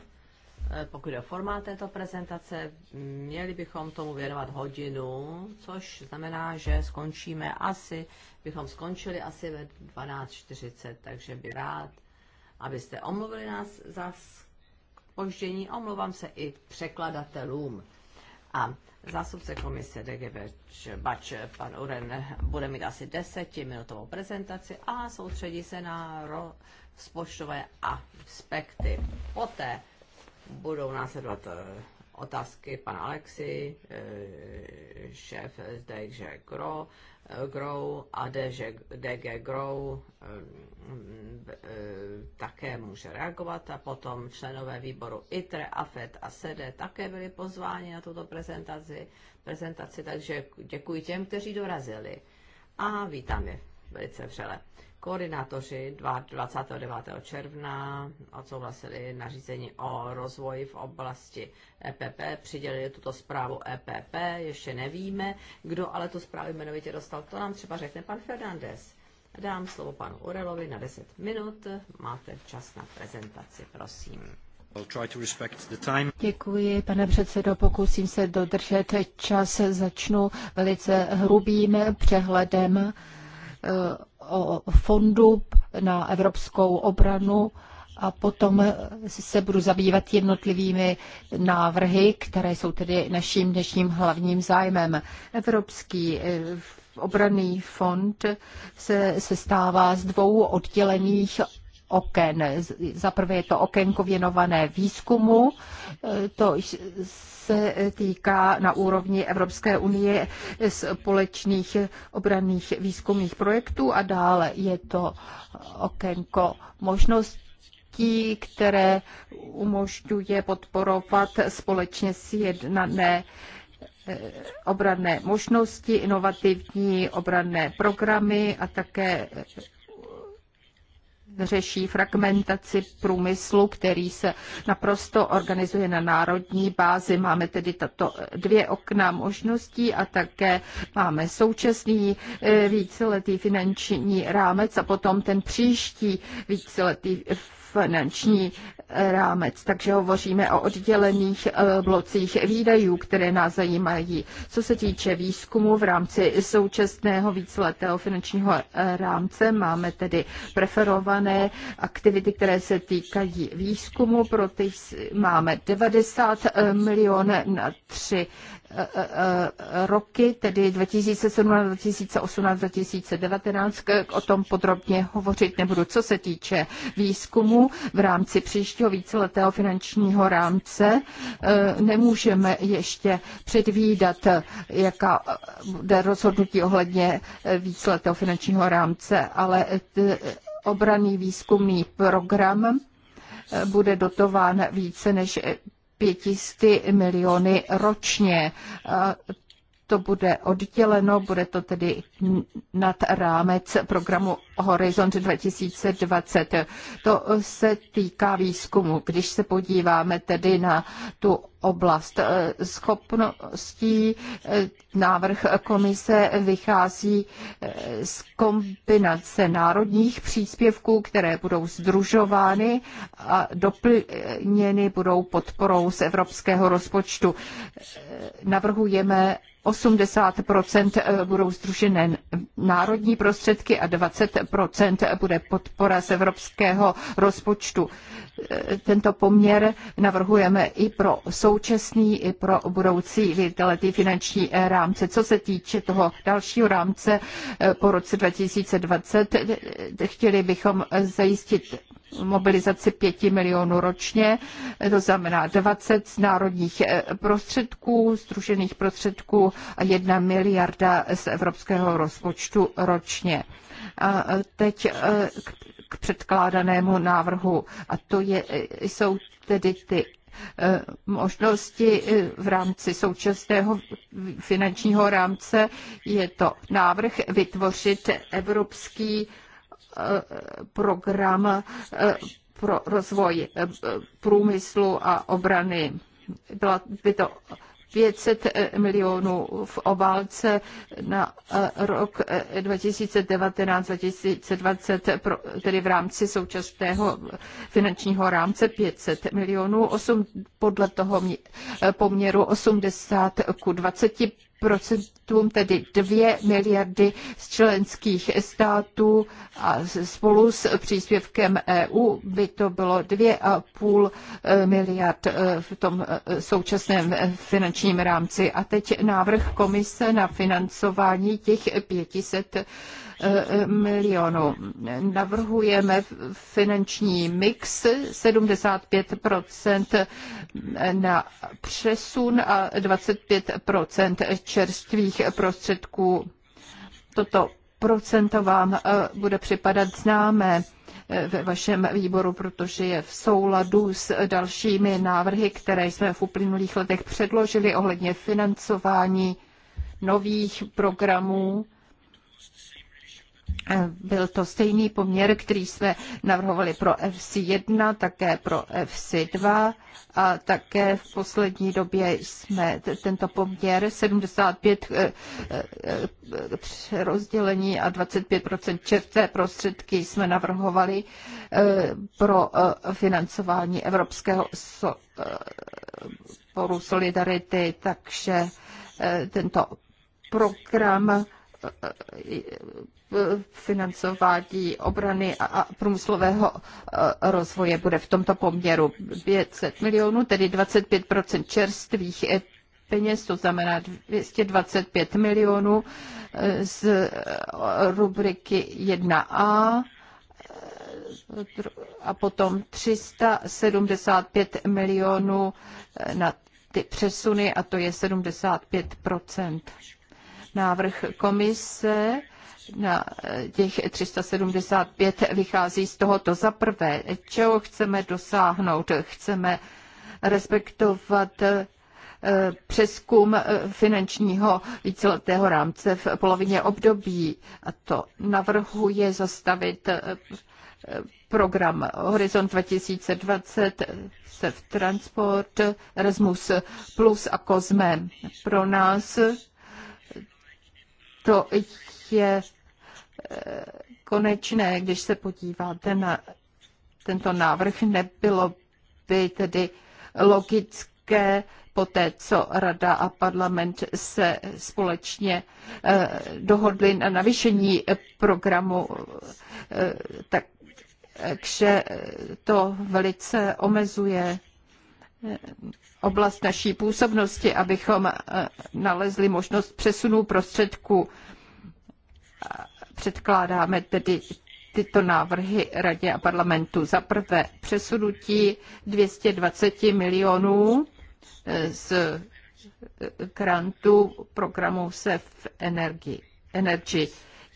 pokud je formát této prezentace, měli bychom tomu věnovat hodinu, což znamená, že skončíme asi, bychom skončili asi ve 12.40, takže bych rád, abyste omluvili nás za spoždění a omlouvám se i překladatelům. A zásupce komise DGB Bač, pan Uren, bude mít asi desetiminutovou prezentaci a soustředí se na rozpočtové aspekty. Poté budou následovat eh, otázky pan Alexi, eh, šéf že Gro, Grow a DG, Grow eh, také může reagovat a potom členové výboru ITRE, AFED a SEDE také byli pozváni na tuto prezentaci, prezentaci takže děkuji těm, kteří dorazili a vítám je velice vřele. Koordinátoři 29. června odsouhlasili nařízení o rozvoji v oblasti EPP, přidělili tuto zprávu EPP, ještě nevíme, kdo ale tu zprávu jmenovitě dostal, to nám třeba řekne pan Fernandez. Dám slovo panu Urelovi na 10 minut, máte čas na prezentaci, prosím. Děkuji, pane předsedo. Pokusím se dodržet čas. Začnu velice hrubým přehledem eh, fondu na evropskou obranu a potom se budu zabývat jednotlivými návrhy, které jsou tedy naším dnešním hlavním zájmem. Evropský eh, obranný fond se, se stává z dvou oddělených oken. Za prvé je to okénko věnované výzkumu, e, to se týká na úrovni Evropské unie společných obranných výzkumných projektů a dále je to okénko možností Tí, které umožňuje podporovat společně sjednané e, obranné možnosti, inovativní obranné programy a také řeší fragmentaci průmyslu, který se naprosto organizuje na národní bázi. Máme tedy tato dvě okna možností a také máme současný eh, víceletý finanční rámec a potom ten příští víceletý finanční eh, rámec. Takže hovoříme o oddělených eh, blocích výdajů, které nás zajímají. Co se týče výzkumu v rámci současného víceletého finančního rámce, máme tedy preferované plánované aktivity, které se týkají výzkumu, pro ty máme 90 eh, milion na tři eh, eh, roky, tedy 2017, 2018, 2019. O tom podrobně hovořit nebudu. Co se týče výzkumu v rámci příštího víceletého finančního rámce, nemůžeme ještě předvídat, jaká bude rozhodnutí ohledně víceletého finančního rámce, ale obraný výzkumný program eh, bude dotován více než 500 miliony ročně. Eh, to bude odděleno, bude to tedy nad rámec programu Horizont 2020. To se týká výzkumu. Když se podíváme tedy na tu oblast eh, schopností. Eh, návrh komise vychází eh, z kombinace národních příspěvků, které budou združovány a doplněny budou podporou z evropského rozpočtu. Navrhujeme 80 budou združené národní prostředky a 20 bude podpora z evropského rozpočtu. Tento poměr navrhujeme i pro současný, i pro budoucí víteletý finanční rámce. Co se týče toho dalšího rámce eh, po roce 2020, chtěli bychom zajistit mobilizaci 5 milionů ročně, to znamená 20 z národních eh, prostředků, združených prostředků a 1 miliarda z evropského rozpočtu ročně teď e, k předkládanému návrhu. A to je, e, jsou tedy ty e, možnosti v rámci současného finančního rámce. Je to návrh vytvořit evropský program pro rozvoj průmyslu a obrany. Byla by to 500 eh, milionů v obálce na eh, rok 2019-2020, eh, tedy v rámci současného finančního rámce 500 milionů, 8, podle toho poměru 80 ku 20 procentům, tedy 2 miliardy z členských států a spolu s příspěvkem EU by to bylo 2,5 e, miliard e, v tom e, současném finančním rámci. A teď návrh komise na financování těch 500 milionů. Navrhujeme finanční mix 75 na přesun a 25 čerstvých prostředků. Toto procento vám eh, bude připadat známé eh, ve vašem výboru, protože je v souladu s dalšími návrhy, které jsme v uplynulých letech předložili ohledně financování nových programů byl to stejný poměr, který jsme navrhovali pro FC1, také pro FC2 a také v poslední době jsme tento poměr 75 eh, eh, rozdělení a 25 čerté prostředky jsme navrhovali eh, pro financování Evropského sporu Solidarity, takže tento program financování obrany a průmyslového e, rozvoje bude v tomto poměru 500 milionů, tedy 25 čerstvých e, peněz, to znamená 225 milionů e, z rubriky 1a a potom 375 milionů na ty přesuny a to je 75 Návrh komise na eh, těch 375 vychází z tohoto. Za prvé, čeho chceme dosáhnout? Chceme respektovat eh, přeskum eh, finančního víceletého rámce v polovině období. A to navrhuje zastavit program Horizont 2020 se v Transport, Erasmus Plus a Cosme. Pro nás to je eh, konečné, když se podíváte na tento návrh, nebylo by tedy logické po té, co Rada a parlament se společně eh, dohodli na navýšení programu, eh, takže to velice omezuje oblast naší působnosti, abychom nalezli možnost přesunu prostředků Předkládáme tedy tyto návrhy Radě a parlamentu. Za prvé přesunutí 220 milionů eh, z eh, grantu programu SEF Energy. Energy.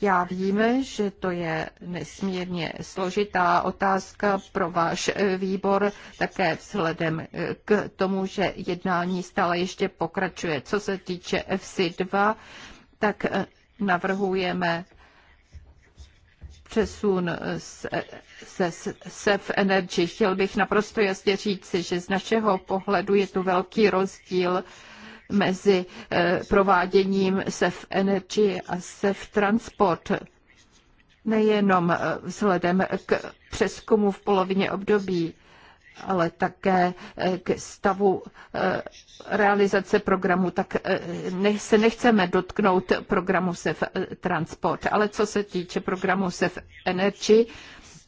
Já vím, že to je nesmírně složitá otázka pro váš eh, výbor, také vzhledem k tomu, že jednání stále ještě pokračuje. Co se týče FC2, tak navrhujeme přesun se SEF Energy. Chtěl bych naprosto jasně říci, že z našeho pohledu je tu velký rozdíl mezi eh, prováděním SEF Energy a SEF Transport. Nejenom eh, vzhledem k přeskumu v polovině období, ale také eh, k stavu eh, realizace programu, tak eh, se nechceme dotknout programu SEF Transport. Ale co se týče programu SEF Energy,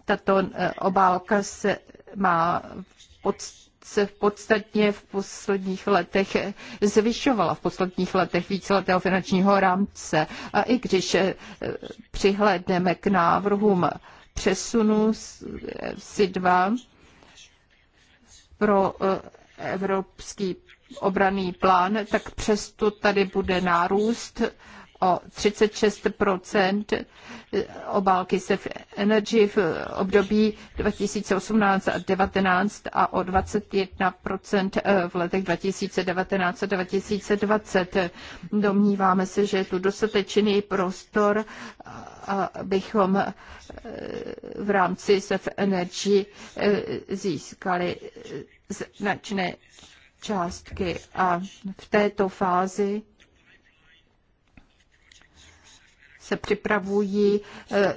tato obálka se má se v podstatně v posledních letech zvyšovala, v posledních letech víceletého finančního rámce. A i když přihlédneme k návrhům přesunu SI2, pro eh, evropský obraný plán, tak přesto tady bude nárůst o 36 obálky se v Energy v období 2018 a 2019 a o 21 v letech 2019 a 2020. Domníváme se, že je tu dostatečný prostor, abychom eh, v rámci v Energy eh, získali značné částky a v této fázi se připravují eh,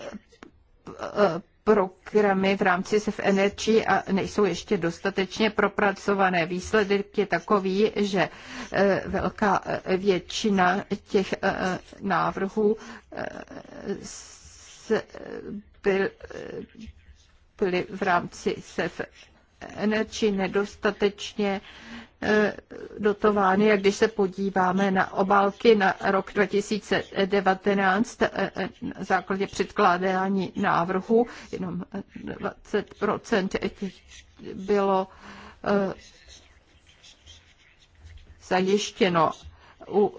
eh, programy v rámci SEF Energy a nejsou ještě dostatečně propracované. Výsledek je takový, že eh, velká většina těch návrhů byly v rámci SEF Energy nedostatečně eh, dotovány. A když se podíváme na obálky na rok 2019 eh, eh, na základě předkládání návrhu, jenom 20% bylo zajištěno u,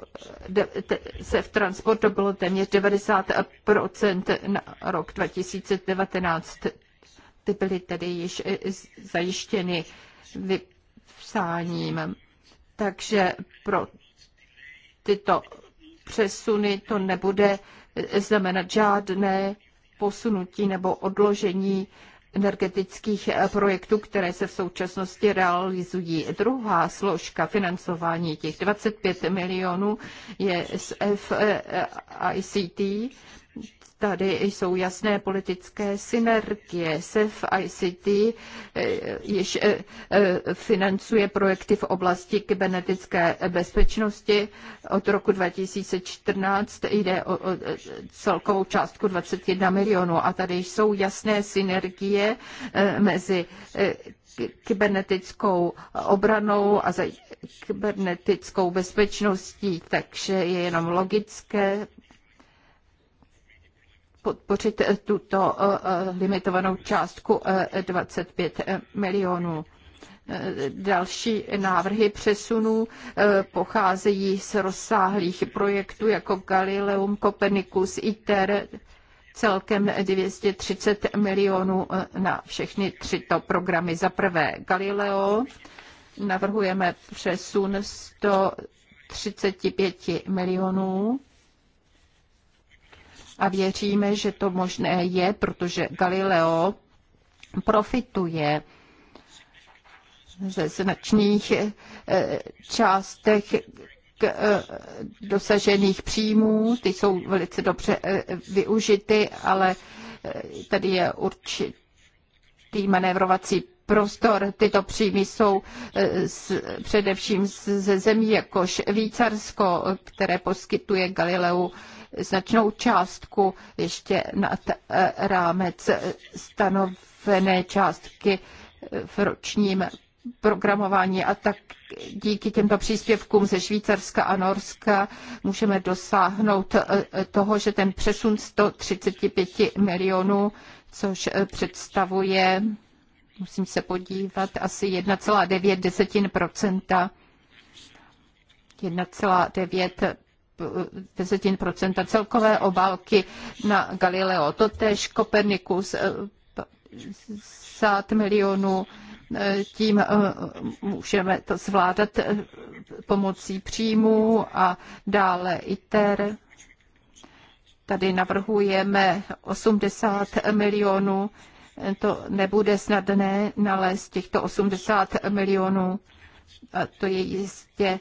de, te, se v transportu bylo téměř 90 na rok 2019, ty byly tedy již e, e, zajištěny vypsáním. Takže pro tyto přesuny to nebude e, znamenat žádné posunutí nebo odložení energetických projektů, které se v současnosti realizují. Druhá složka financování těch 25 milionů je z FICT Tady jsou jasné politické synergie. SEF ICT eh, již eh, eh, financuje projekty v oblasti kybernetické bezpečnosti. Od roku 2014 jde o celkovou částku 21 milionů a tady jsou jasné synergie mezi kybernetickou obranou a kybernetickou bezpečností, takže je jenom logické podpořit eh, tuto eh, eh, limitovanou částku 25 milionů. Další návrhy přesunů pocházejí z rozsáhlých projektů jako Galileum, Copernicus, ITER, celkem 230 milionů na všechny tři to programy. Za prvé Galileo navrhujeme přesun 135 milionů a věříme, že to možné je, protože Galileo profituje ze značných eh, částech eh, dosažených příjmů. Ty jsou velice dobře eh, využity, ale tady je určitý manévrovací prostor. Tyto příjmy jsou z, především ze zemí jako Švýcarsko, které poskytuje Galileu značnou částku ještě nad eh, rámec stanovené částky v ročním programování a tak díky těmto příspěvkům ze Švýcarska a Norska můžeme dosáhnout eh, toho, že ten přesun 135 milionů, což eh, představuje, musím se podívat, asi 1,9 1,9 desetin procenta celkové obálky na Galileo. Totež Kopernikus 10 eh, milionů eh, tím eh, můžeme to zvládat pomocí příjmů a dále ITER. Tady navrhujeme 80 milionů. To nebude snadné nalézt těchto 80 milionů. A to je jistě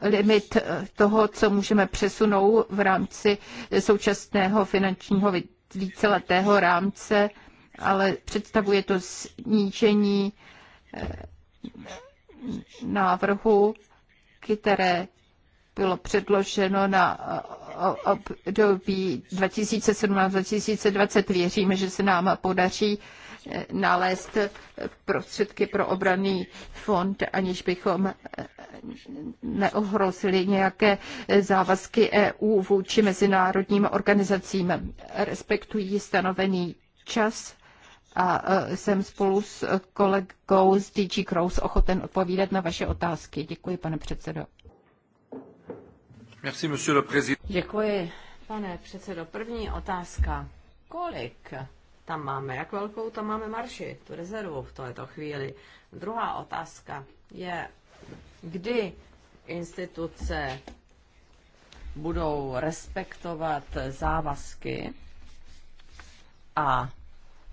limit toho, co můžeme přesunout v rámci současného finančního víceletého rámce, ale představuje to snížení eh, návrhu, které bylo předloženo na eh, období 2017-2020. Věříme, že se nám podaří nalézt prostředky pro obranný fond, aniž bychom neohrozili nějaké závazky EU vůči mezinárodním organizacím. Respektují stanovený čas a e, jsem spolu s kolegou z DG Crows ochoten odpovídat na vaše otázky. Děkuji, pane předsedo. Děkuji, pane předsedo. První otázka. Kolik tam máme, jak velkou tam máme marši, tu rezervu v této chvíli. Druhá otázka je, kdy instituce budou respektovat závazky a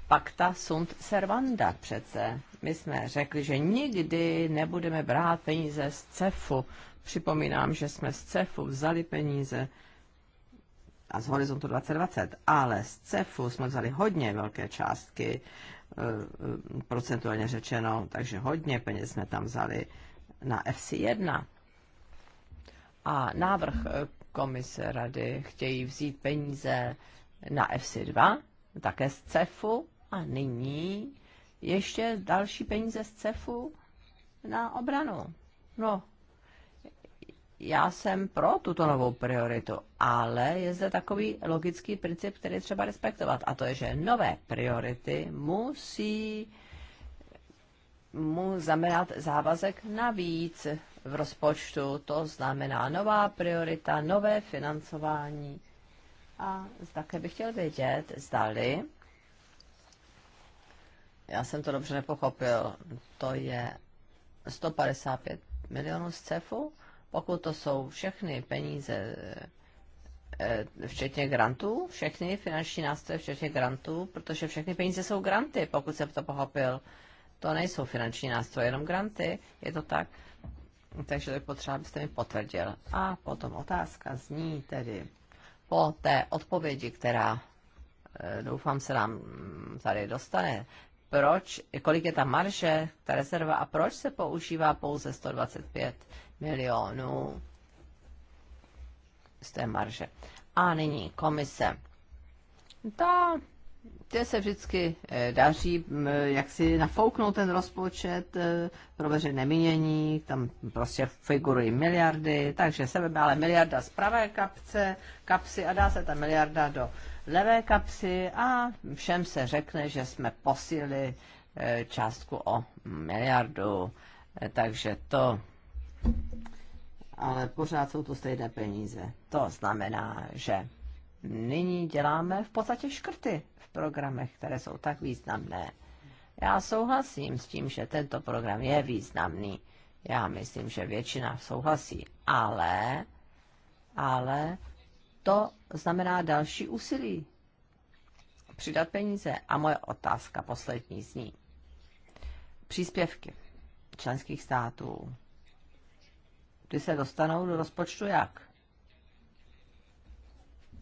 pacta sunt servanda přece. My jsme řekli, že nikdy nebudeme brát peníze z CEFu. Připomínám, že jsme z CEFu vzali peníze a z Horizontu 2020, ale z CEFu jsme vzali hodně velké částky, eh, eh, procentuálně řečeno, takže hodně peněz jsme tam vzali na FC1. A návrh eh, komise rady chtějí vzít peníze na FC2, také z CEFu, a nyní ještě další peníze z CEFu na obranu. No, já jsem pro tuto novou prioritu, ale je zde takový logický princip, který třeba respektovat, a to je, že nové priority musí mu znamenat závazek navíc v rozpočtu. To znamená nová priorita, nové financování. A také bych chtěl vědět, zdali, já jsem to dobře nepochopil, to je 155 milionů z CEFu, pokud to jsou všechny peníze, eh, eh, včetně grantů, všechny finanční nástroje, včetně grantů, protože všechny peníze jsou granty, pokud jsem to pochopil. To nejsou finanční nástroje, jenom granty, je to tak. Takže to je potřeba, abyste mi potvrdil. A potom otázka zní tedy po té odpovědi, která eh, doufám se nám mm, tady dostane, proč, kolik je ta marže, ta rezerva a proč se používá pouze 125 milionů z té marže. A nyní komise. Ta tě se vždycky eh, daří, mm, eh, jak si nafouknout ten rozpočet eh, pro veřejné mínění, tam prostě figurují miliardy, takže se veme ale miliarda z pravé kapce, kapsy a dá se ta miliarda do levé kapsy a všem se řekne, že jsme posílili částku o miliardu, takže to ale pořád jsou to stejné peníze. To znamená, že nyní děláme v podstatě škrty v programech, které jsou tak významné. Já souhlasím s tím, že tento program je významný. Já myslím, že většina souhlasí, ale, ale to znamená další úsilí. Přidat peníze. A moje otázka poslední zní. Příspěvky členských států ty se dostanou do rozpočtu jak?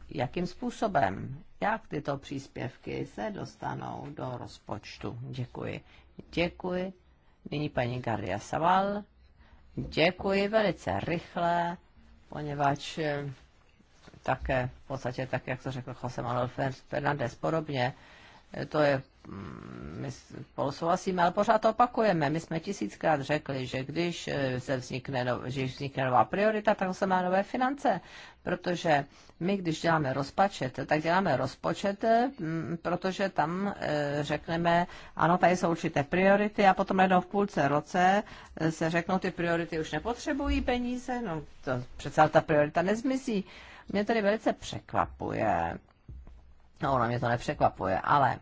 Jakým způsobem? Jak tyto příspěvky se dostanou do rozpočtu? Děkuji. Děkuji. Nyní paní Gardia Saval. Děkuji velice rychle, poněvadž eh, také, v podstatě tak, jak to řekl Jose Manuel Fernández, podobně, to je, mm, my spolu souhlasíme, ale pořád to opakujeme. My jsme tisíckrát řekli, že když eh, se vznikne, no, že vznikne nová priorita, tak se má nové finance. Protože my, když děláme rozpočet, tak děláme rozpočet, eh, mm, protože tam eh, řekneme, ano, tady jsou určité priority a potom jednou v půlce roce se řeknou, ty priority už nepotřebují peníze, no to přece ta priorita nezmizí. Mě tady velice překvapuje, No, ona mě to nepřekvapuje, ale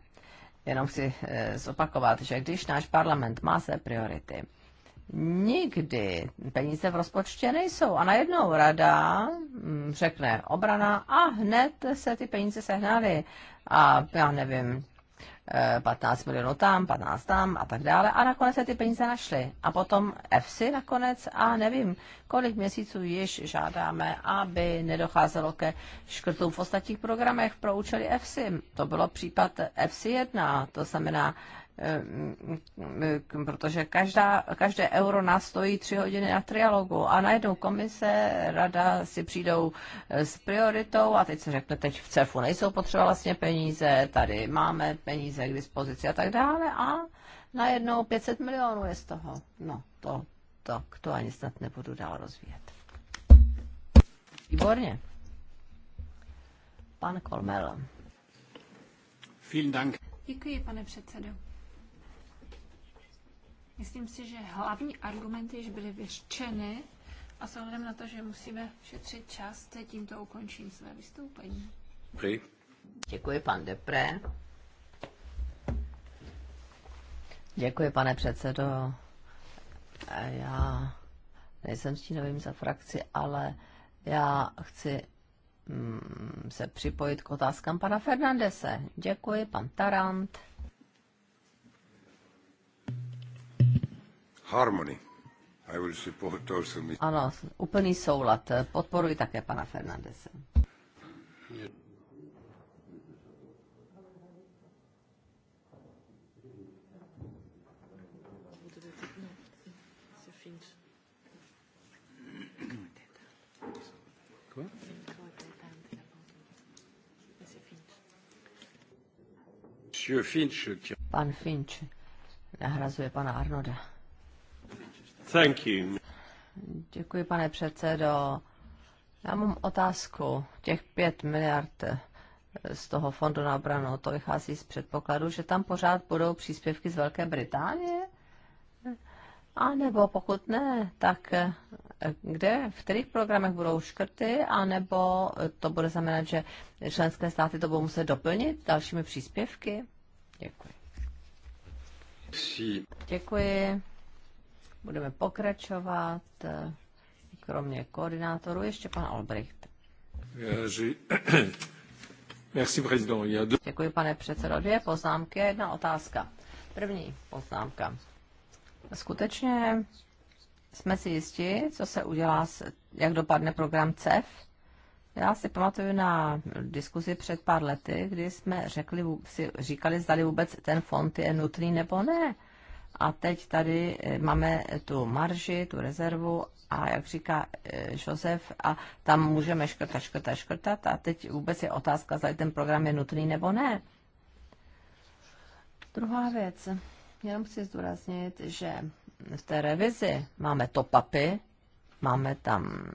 jenom chci eh, zopakovat, že když náš parlament má své priority, nikdy peníze v rozpočtě nejsou. A najednou rada mm, řekne obrana a hned se ty peníze sehnaly. A já nevím, 15 milionů tam, 15 tam a tak dále. A nakonec se ty peníze našly. A potom EFSI nakonec a nevím, kolik měsíců již žádáme, aby nedocházelo ke škrtům v ostatních programech pro účely FSI. To bylo případ FSI 1, to znamená Ehm, protože každá, každé euro nás stojí tři hodiny na trialogu a najednou komise, rada si přijdou eh, s prioritou a teď se řekne, teď v CEFu nejsou potřeba vlastně peníze, tady máme peníze k dispozici a tak dále a najednou 500 milionů je z toho. No, to, to, to ani snad nebudu dál rozvíjet. Výborně. Pan Kolmel. Vielen Dank. Děkuji, pane předsedo. Myslím si, že hlavní argumenty již byly vyřčeny a s ohledem na to, že musíme šetřit čas, tímto ukončím své vystoupení. Prý. Děkuji, pan Depré. Děkuji, pane předsedo. Já nejsem stínovým za frakci, ale já chci mm, se připojit k otázkám pana Fernandese. Děkuji, pan Tarant. harmony. I will support also Ano, úplný soulad. Podporuji také pana Fernandese. Pan Finch nahrazuje pana Arnoda. Thank you. Děkuji, pane předsedo. Já mám otázku. Těch pět miliard z toho fondu na obranu, to vychází z předpokladu, že tam pořád budou příspěvky z Velké Británie? A nebo pokud ne, tak eh, kde, v kterých programech budou škrty, nebo to bude znamenat, že členské státy to budou muset doplnit dalšími příspěvky? Děkuji. Děkuji. Budeme pokračovat, eh, kromě koordinátorů, ještě pan Albrecht. Eh, Děkuji, pane předsedo. Dvě poznámky a jedna otázka. První poznámka. Skutečně jsme si jisti, co se udělá, jak dopadne program CEF? Já si pamatuju na diskuzi před pár lety, kdy jsme řekli, si říkali, zdali vůbec ten fond je nutný nebo ne. A teď tady eh, máme tu marži, tu rezervu a jak říká eh, Josef, a tam můžeme škrtat, škrtat, škrtat a teď vůbec je otázka, zda ten program je nutný nebo ne. Druhá věc. Jenom chci zdůraznit, že v té revizi máme to papy, máme tam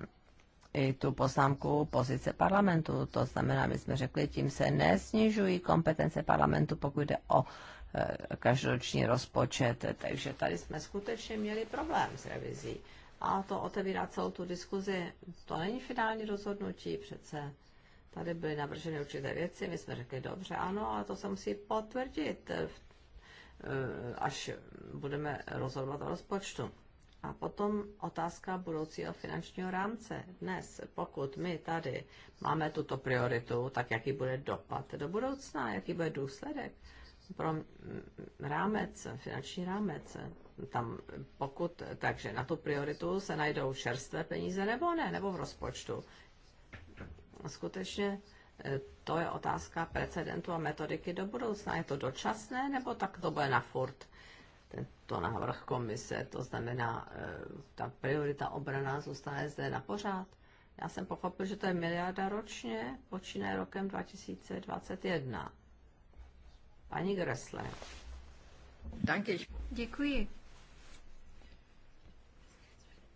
i tu poznámku pozice parlamentu. To znamená, my jsme řekli, tím se nesnižují kompetence parlamentu, pokud jde o Eh, každoroční rozpočet. Takže tady jsme skutečně měli problém s revizí. A to otevírá celou tu diskuzi. To není finální rozhodnutí přece. Tady byly navrženy určité věci, my jsme řekli dobře, ano, ale to se musí potvrdit, eh, eh, až budeme rozhodovat o rozpočtu. A potom otázka budoucího finančního rámce. Dnes, pokud my tady máme tuto prioritu, tak jaký bude dopad do budoucna, jaký bude důsledek? pro rámec, finanční rámec, tam pokud, takže na tu prioritu se najdou čerstvé peníze nebo ne, nebo v rozpočtu. Skutečně eh, to je otázka precedentu a metodiky do budoucna. Je to dočasné, nebo tak to bude na furt? Tento návrh komise, to znamená, eh, ta priorita obrana zůstane zde na pořád. Já jsem pochopil, že to je miliarda ročně, počínaje rokem 2021. Pani Gressle. Danke. Děkuji.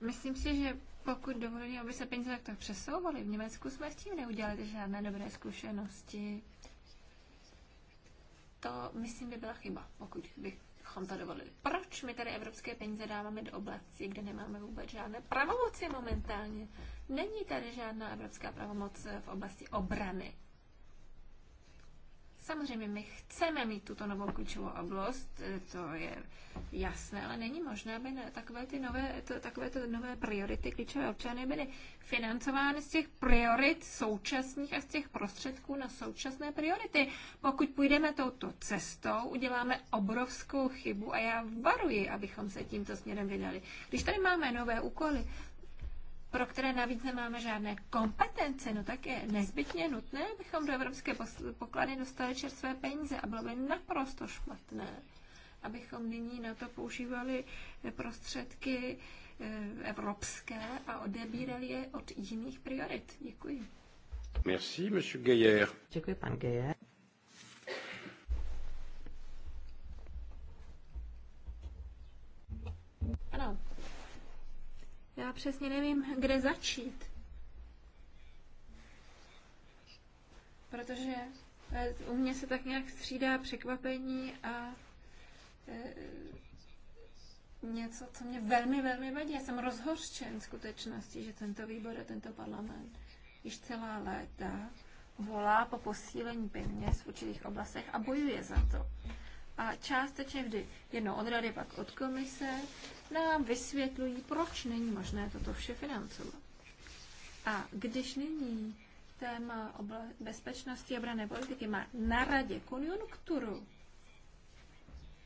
Myslím si, že pokud dovolí, aby se peníze takto přesouvaly, v Německu jsme s tím neudělali žádné dobré zkušenosti. To, myslím, by byla chyba, pokud bychom to dovolili. Proč my tady evropské peníze dáváme do oblasti, kde nemáme vůbec žádné pravomoci momentálně? Není tady žádná evropská pravomoc v oblasti obrany. Samozřejmě my chceme mít tuto novou klíčovou oblast, e, to je jasné, ale není možné, aby takové ty nové, to, takové ty nové priority klíčové občany byly financovány z těch priorit současných a z těch prostředků na současné priority. Pokud půjdeme touto cestou, uděláme obrovskou chybu a já varuji, abychom se tímto směrem vydali. Když tady máme nové úkoly, pro které navíc nemáme žádné kompetence, no tak je nezbytně nutné, abychom do evropské poklady dostali čerstvé peníze a bylo by naprosto špatné, abychom nyní na to používali prostředky eh, evropské a odebírali je od jiných priorit. Děkuji. Merci, monsieur Geyer. Děkuji, pan Geyer. Ano, já přesně nevím, kde začít. Protože eh, u mě se tak nějak střídá překvapení a eh, něco, co mě velmi, velmi vadí. Já jsem rozhořčen skutečností, že tento výbor a tento parlament již celá léta volá po posílení peněz v určitých oblastech a bojuje za to a částečně vždy jedno od rady, pak od komise, nám vysvětlují, proč není možné toto vše financovat. A když nyní téma bezpečnosti a obrané politiky má na radě konjunkturu,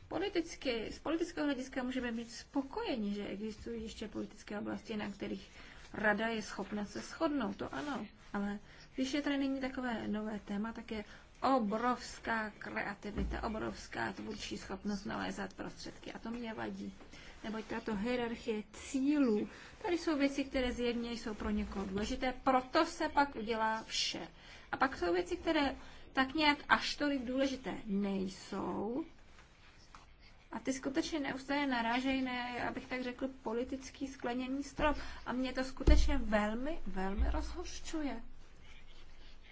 politicky, z politického hlediska můžeme být spokojeni, že existují ještě politické oblasti, na kterých rada je schopna se shodnout, to ano. Ale když je tady nyní takové nové téma, tak je obrovská kreativita, obrovská tvůrčí schopnost nalézat prostředky. A to mě vadí. Neboť tato hierarchie cílů, tady jsou věci, které zjevně jsou pro někoho důležité, proto se pak udělá vše. A pak jsou věci, které tak nějak až tolik důležité nejsou. A ty skutečně neustále narážejí na, abych tak řekl, politický skleněný strop. A mě to skutečně velmi, velmi rozhořčuje.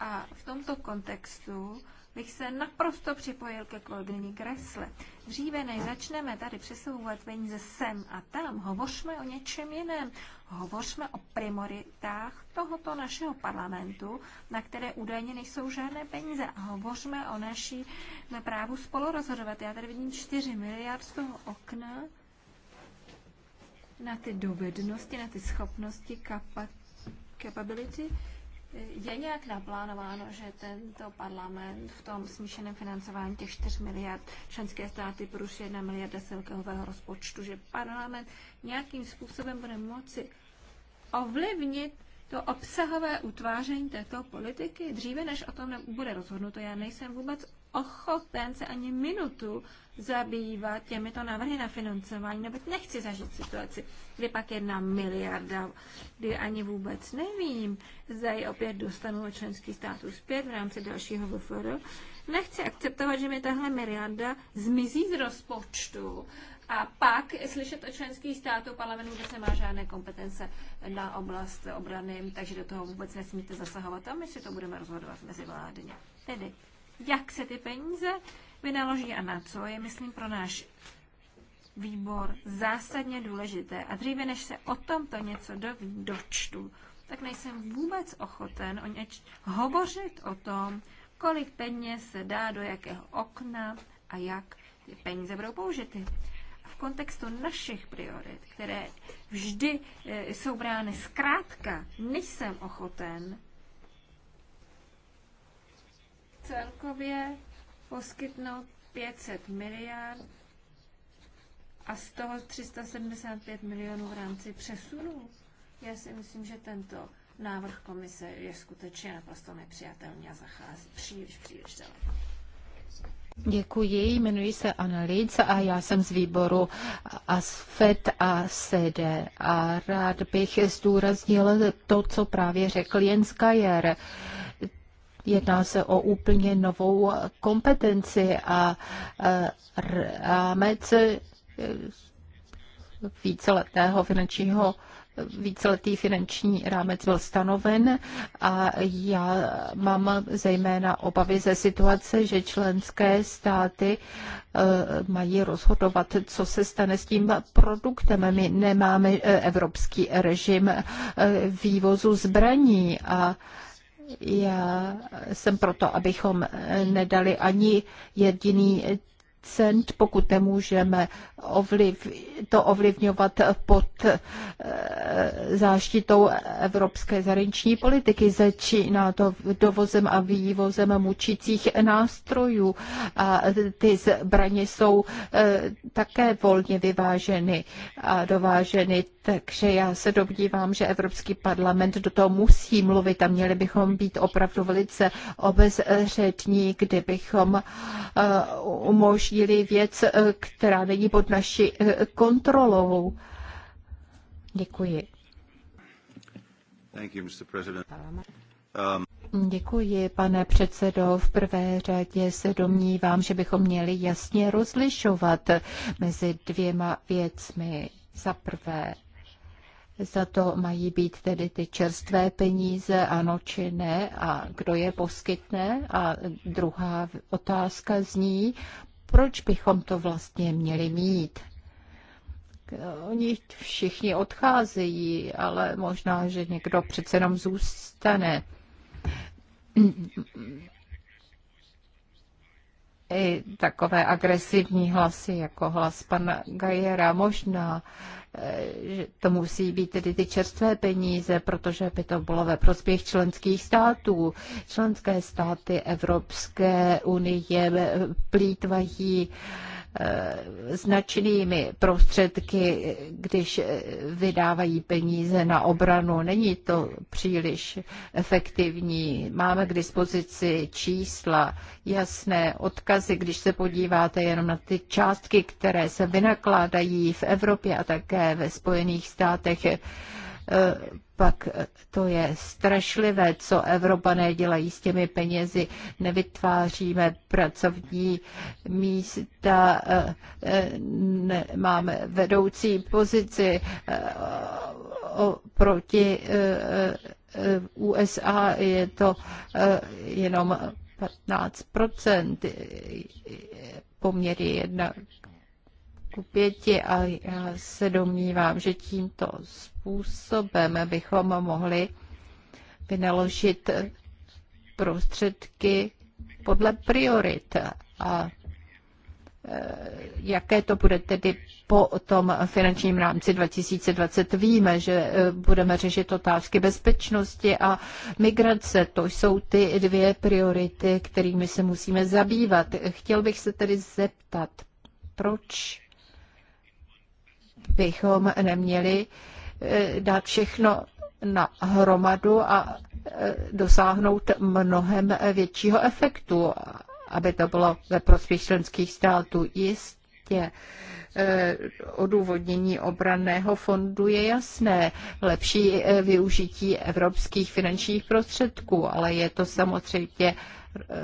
A v tomto kontextu bych se naprosto připojil ke kolegyni Kresle. Dříve než začneme tady přesouvat peníze sem a tam, hovořme o něčem jiném. Hovořme o primoritách tohoto našeho parlamentu, na které údajně nejsou žádné peníze. A hovořme o naší na právu spolurozhodovat. Já tady vidím 4 miliard z toho okna na ty dovednosti, na ty schopnosti, kapacity, capability, je nějak naplánováno, že tento parlament v tom smíšeném financování těch 4 miliard členské státy plus 1 miliarda celkového rozpočtu, že parlament nějakým způsobem bude moci ovlivnit to obsahové utváření této politiky dříve, než o tom bude rozhodnuto. Já nejsem vůbec ochoten se ani minutu zabývat těmito návrhy na financování, neboť nechci zažít situaci, kdy pak jedna miliarda, kdy ani vůbec nevím, zda ji opět dostanu od členský států zpět v rámci dalšího VFR. Nechci akceptovat, že mi tahle miliarda zmizí z rozpočtu a pak slyšet o členských států parlamentu, že se má žádné kompetence na oblast obrany, takže do toho vůbec nesmíte zasahovat a my si to budeme rozhodovat mezi vládně. Tedy jak se ty peníze vynaloží a na co, je, myslím, pro náš výbor zásadně důležité. A dříve, než se o tomto něco doví, dočtu, tak nejsem vůbec ochoten o něč hovořit o tom, kolik peněz se dá do jakého okna a jak ty peníze budou použity. A v kontextu našich priorit, které vždy eh, jsou brány zkrátka, nejsem ochoten celkově poskytnout 500 miliard a z toho 375 milionů v rámci přesunů. Já si myslím, že tento návrh komise je skutečně naprosto nepřijatelný a zachází příliš, příliš daleko. Děkuji, jmenuji se Annelic a já jsem z výboru ASFED a SED. a rád bych zdůraznil to, co právě řekl Jens Kajer. Uh, Jedná se o úplně novou kompetenci a e, rámec e, víceletého finančního víceletý finanční rámec byl stanoven a já mám zejména obavy ze situace, že členské státy e, mají rozhodovat, co se stane s tím produktem. My nemáme evropský režim vývozu zbraní a já jsem proto, abychom nedali ani jediný cent, pokud nemůžeme ovliv, to ovlivňovat pod eh, záštitou evropské zahraniční politiky. Začíná to dovozem a vývozem mučících nástrojů a ty zbraně jsou eh, také volně vyváženy a dováženy. Takže já se domnívám, že Evropský parlament do toho musí mluvit a měli bychom být opravdu velice obezřetní, kdybychom eh, umožnili učinili věc, eh, která není pod naší eh, kontrolou. Děkuji. Thank you, Mr. Um, děkuji, pane předsedo. V prvé řadě se domnívám, že bychom měli jasně rozlišovat mezi dvěma věcmi. Za prvé, za to mají být tedy ty čerstvé peníze, ano či ne, a kdo je poskytne. A druhá otázka zní, proč bychom to vlastně měli mít? Oni všichni odcházejí, ale možná, že někdo přece jenom zůstane. I takové agresivní hlasy, jako hlas pana Gajera, možná Eh, že to musí být tedy ty čerstvé peníze, protože by to bylo ve prospěch členských států. Členské státy Evropské unie plítvají Eh, značnými prostředky, když eh, vydávají peníze na obranu. Není to příliš efektivní. Máme k dispozici čísla, jasné odkazy, když se podíváte jenom na ty částky, které se vynakládají v Evropě a také ve Spojených státech Eh, pak eh, to je strašlivé, co Evropané dělají s těmi penězi. Nevytváříme pracovní místa, eh, máme vedoucí pozici proti USA je to jenom 15 poměry jedna ku pěti a já se domnívám, že tímto způsobem bychom mohli vynaložit prostředky podle priorit a e, jaké to bude tedy po tom finančním rámci 2020. Víme, že e, budeme řešit otázky bezpečnosti a migrace. To jsou ty dvě priority, kterými se musíme zabývat. Chtěl bych se tedy zeptat, proč bychom neměli uh, Eh, dát všechno na hromadu a eh, dosáhnout mnohem většího efektu, aby to bylo ve prospěch členských států. Jistě eh, odůvodnění obranného fondu je jasné, lepší využití evropských finančních prostředků, ale je to samozřejmě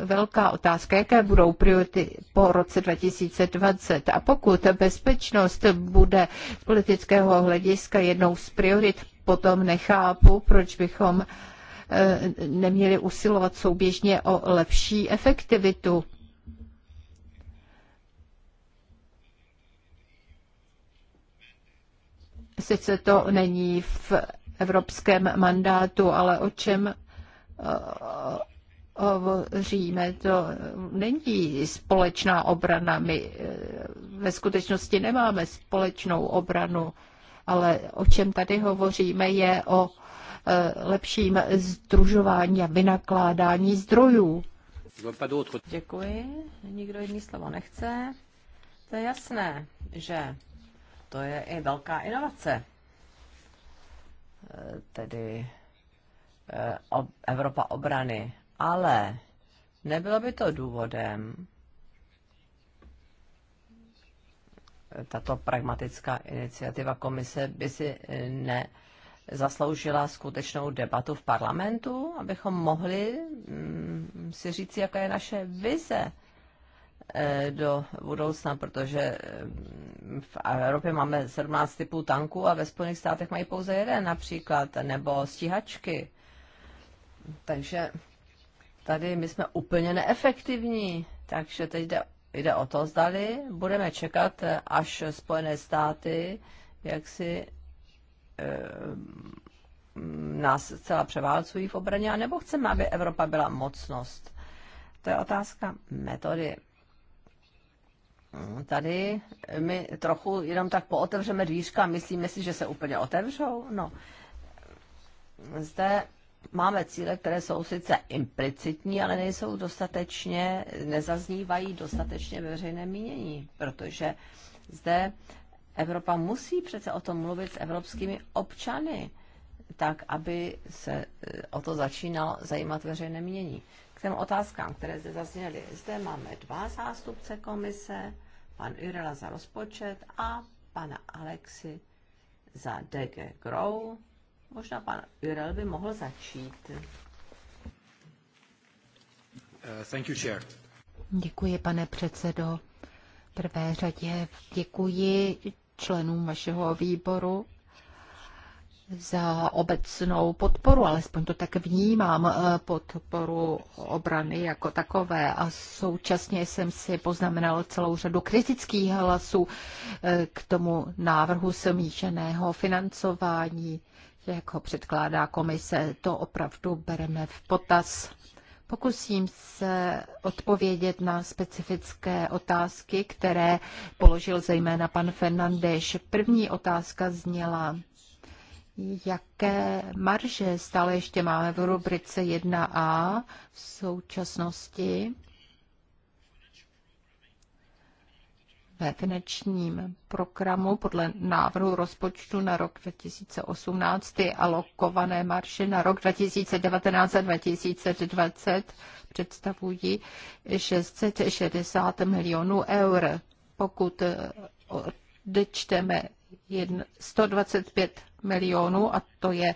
velká otázka, jaké budou priority po roce 2020. A pokud bezpečnost bude z politického hlediska jednou z priorit, potom nechápu, proč bychom e, neměli usilovat souběžně o lepší efektivitu. Sice to není v evropském mandátu, ale o čem e, hovoříme, to není společná obrana. My eh, ve skutečnosti nemáme společnou obranu, ale o čem tady hovoříme je o eh, lepším združování a vynakládání zdrojů. Děkuji. Nikdo jiný slovo nechce. To je jasné, že to je i velká inovace. Eh, tedy Evropa obrany ale nebylo by to důvodem, tato pragmatická iniciativa komise by si eh, ne zasloužila skutečnou debatu v parlamentu, abychom mohli mm, si říct, jaká je naše vize eh, do budoucna, protože mm, v Evropě máme 17 typů tanků a ve Spojených státech mají pouze jeden například, nebo stíhačky. Takže tady my jsme úplně neefektivní. Takže teď jde, jde o to, zdali budeme čekat, eh, až Spojené státy jak si e, nás celá převálcují v obraně, anebo chceme, aby Evropa byla mocnost. To je otázka metody. Tady my trochu jenom tak pootevřeme dvířka a myslíme si, že se úplně otevřou. No, zde máme cíle, které jsou sice implicitní, ale nejsou dostatečně, nezaznívají dostatečně ve veřejném mínění, protože zde Evropa musí přece o tom mluvit s evropskými občany, tak aby se eh, o to začínalo zajímat veřejné mínění. K těm otázkám, které zde zazněly, zde máme dva zástupce komise, pan Urela za rozpočet a pana Alexi za DG Grow Možná pan Jurel by mohl začít. Uh, thank you, chair. Děkuji, pane předsedo. V prvé řadě děkuji členům vašeho výboru za obecnou podporu, alespoň to tak vnímám, eh, podporu obrany jako takové. A současně jsem si poznamenal celou řadu kritických hlasů eh, k tomu návrhu smíšeného financování jak ho předkládá komise, to opravdu bereme v potaz. Pokusím se odpovědět na specifické otázky, které položil zejména pan Fernandeš. První otázka zněla, jaké marže stále ještě máme v rubrice 1a v současnosti. ve finančním programu podle návrhu rozpočtu na rok 2018 ty alokované marše na rok 2019 a 2020 představují 660 milionů eur. Pokud odečteme 125 milionů, a to je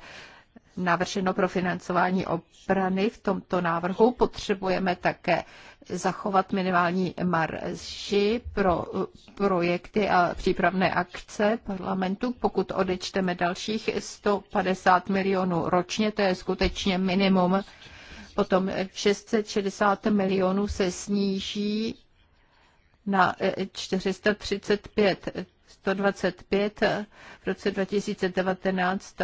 navrženo pro financování obrany v tomto návrhu. Potřebujeme také zachovat minimální marži pro projekty a přípravné akce parlamentu. Pokud odečteme dalších 150 milionů ročně, to je skutečně minimum. Potom 660 milionů se sníží na 435, e, 125 v roce 2019,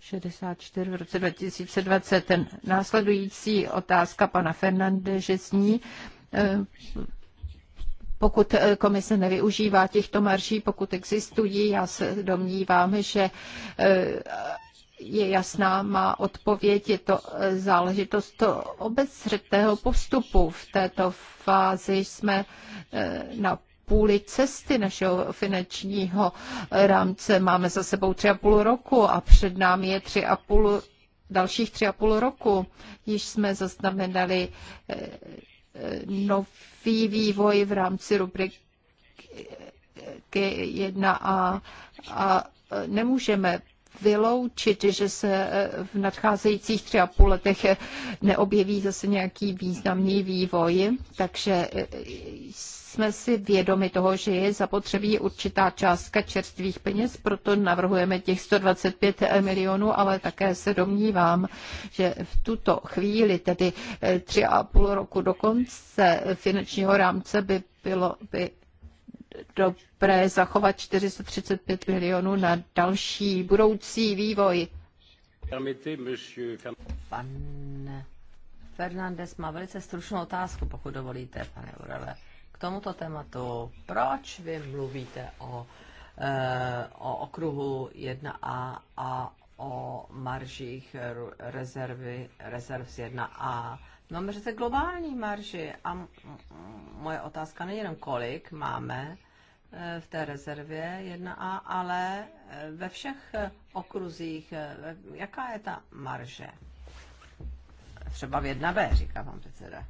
164 v roce 2020. Ten následující otázka pana Fernandeže zní, e, pokud e, komise nevyužívá těchto marží, pokud existují, já se domnívám, že je jasná má odpověď. Je to eh, záležitost obezřetného postupu. V této fázi jsme eh, na půli cesty našeho finančního eh, rámce. Máme za sebou tři a půl roku a před námi je tři a půl, dalších tři a půl roku. Již jsme zaznamenali nový vývoj v rámci rubriky 1a a nemůžeme vyloučit, že se eh, v nadcházejících tři a půl letech eh, neobjeví zase nějaký významný vývoj, takže eh, jsme si vědomi toho, že je zapotřebí určitá částka čerstvých peněz, proto navrhujeme těch 125 milionů, ale také se domnívám, že v tuto chvíli, tedy tři a půl roku do konce finančního rámce, by bylo by dobré zachovat 435 milionů na další budoucí vývoj. Pan Fernandez má velice stručnou otázku, pokud dovolíte, pane Urele. K tomuto tématu, proč vy mluvíte o, eh, o okruhu 1A a o maržích rezervy, rezerv z 1A? No, přece globální marži. A moje otázka není jenom kolik máme eh, v té rezervě 1A, ale eh, ve všech eh, okruzích, jaká je ta marže? Třeba v 1B, říká vám předseda.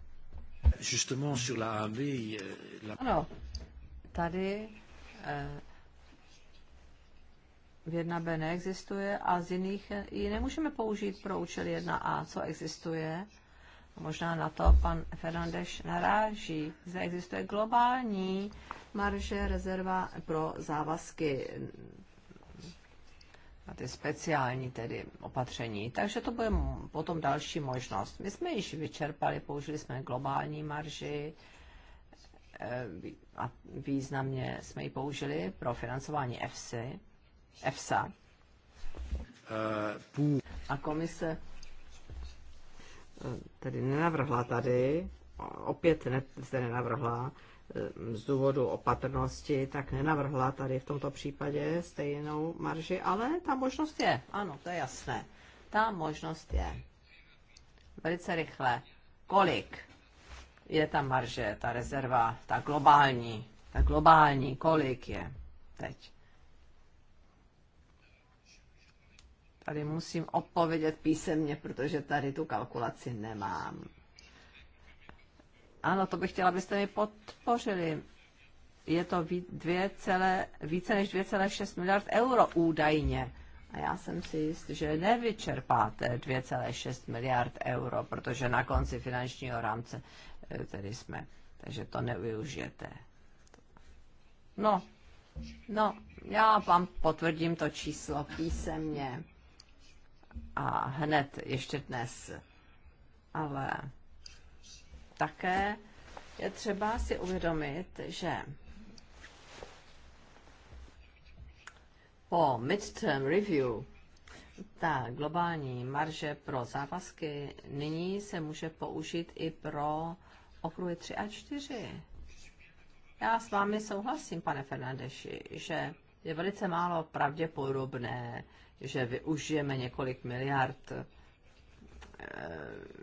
Justement sur la AB, la... Ano, tady v 1B neexistuje a z jiných ji nemůžeme použít pro účel 1A, co existuje možná na to pan Fernandeš naráží, že existuje globální marže rezerva pro závazky na ty speciální tedy opatření. Takže to bude potom další možnost. My jsme již vyčerpali, použili jsme globální marži eh, a významně jsme ji použili pro financování EFSA. Eh, a komise tedy nenavrhla tady, opět ne, zde nenavrhla eh, z důvodu opatrnosti, tak nenavrhla tady v tomto případě stejnou marži, ale ta možnost je, ano, to je jasné. Ta možnost je. Velice rychle. Kolik je ta marže, ta rezerva, ta globální, ta globální, kolik je teď? tady musím odpovědět písemně, protože tady tu kalkulaci nemám. Ano, to bych chtěla, abyste mi podpořili. Je to dvě celé, více než 2,6 miliard euro údajně. A já jsem si jist, že nevyčerpáte 2,6 miliard euro, protože na konci finančního rámce eh, tedy jsme, takže to nevyužijete. No, no, já vám potvrdím to číslo písemně a hned ještě dnes. Ale také je třeba si uvědomit, že po midterm review ta globální marže pro závazky nyní se může použít i pro okruhy 3 a 4. Já s vámi souhlasím, pane Fernandeši, že je velice málo pravděpodobné, že využijeme několik miliard eh,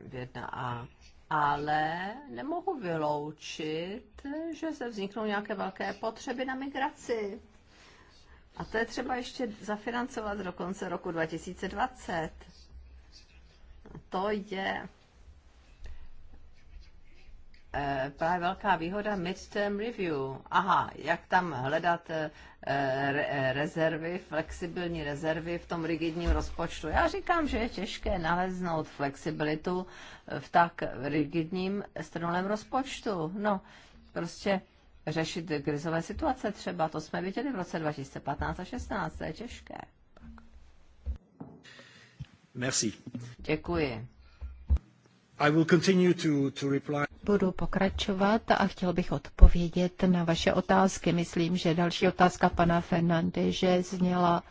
v 1A, ale nemohu vyloučit, že se vzniknou nějaké velké potřeby na migraci. A to je třeba ještě zafinancovat do konce roku 2020. To je Eh, právě velká výhoda midterm review. Aha, jak tam hledat eh, eh, rezervy, flexibilní rezervy v tom rigidním rozpočtu. Já říkám, že je těžké naleznout flexibilitu v tak rigidním strnulém rozpočtu. No, prostě řešit krizové situace třeba, to jsme viděli v roce 2015 a 16, to je těžké. Merci. Děkuji. Budu pokračovat a chtěl bych odpovědět na vaše otázky. Myslím, že další otázka pana Fernandeže zněla,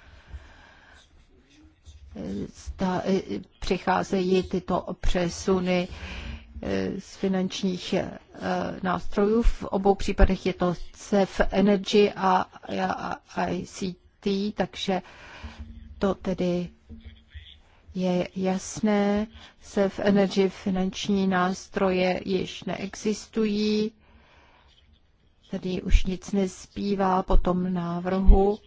zda e, přicházejí tyto přesuny e, z finančních e, nástrojů. V obou případech je to CEF Energy a ICT, takže to tedy je jasné, se v Energy finanční nástroje již neexistují, tedy už nic nezbývá po tom návrhu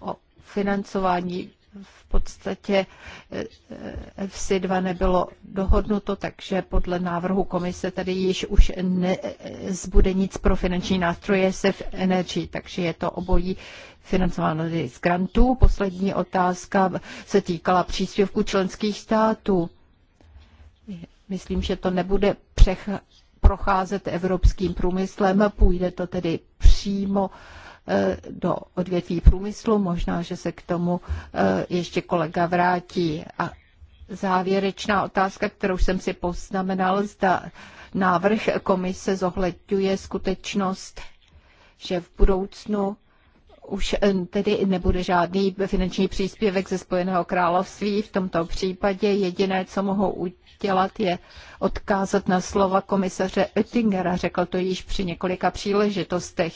o financování v podstatě eh, FC2 nebylo dohodnuto, takže podle návrhu komise tady již už nezbude eh, nic pro finanční nástroje SEF Energy, takže je to obojí financováno z grantů. Poslední otázka se týkala příspěvku členských států. Myslím, že to nebude přech, procházet evropským průmyslem, půjde to tedy přímo uh, Eh, do odvětví průmyslu. Možná, že se k tomu eh, ještě kolega vrátí. A závěrečná otázka, kterou jsem si poznamenal, zda návrh komise zohledňuje skutečnost, že v budoucnu už eh, tedy nebude žádný finanční příspěvek ze Spojeného království. V tomto případě jediné, co mohou udělat, je odkázat na slova komisaře Oettingera. Řekl to již při několika příležitostech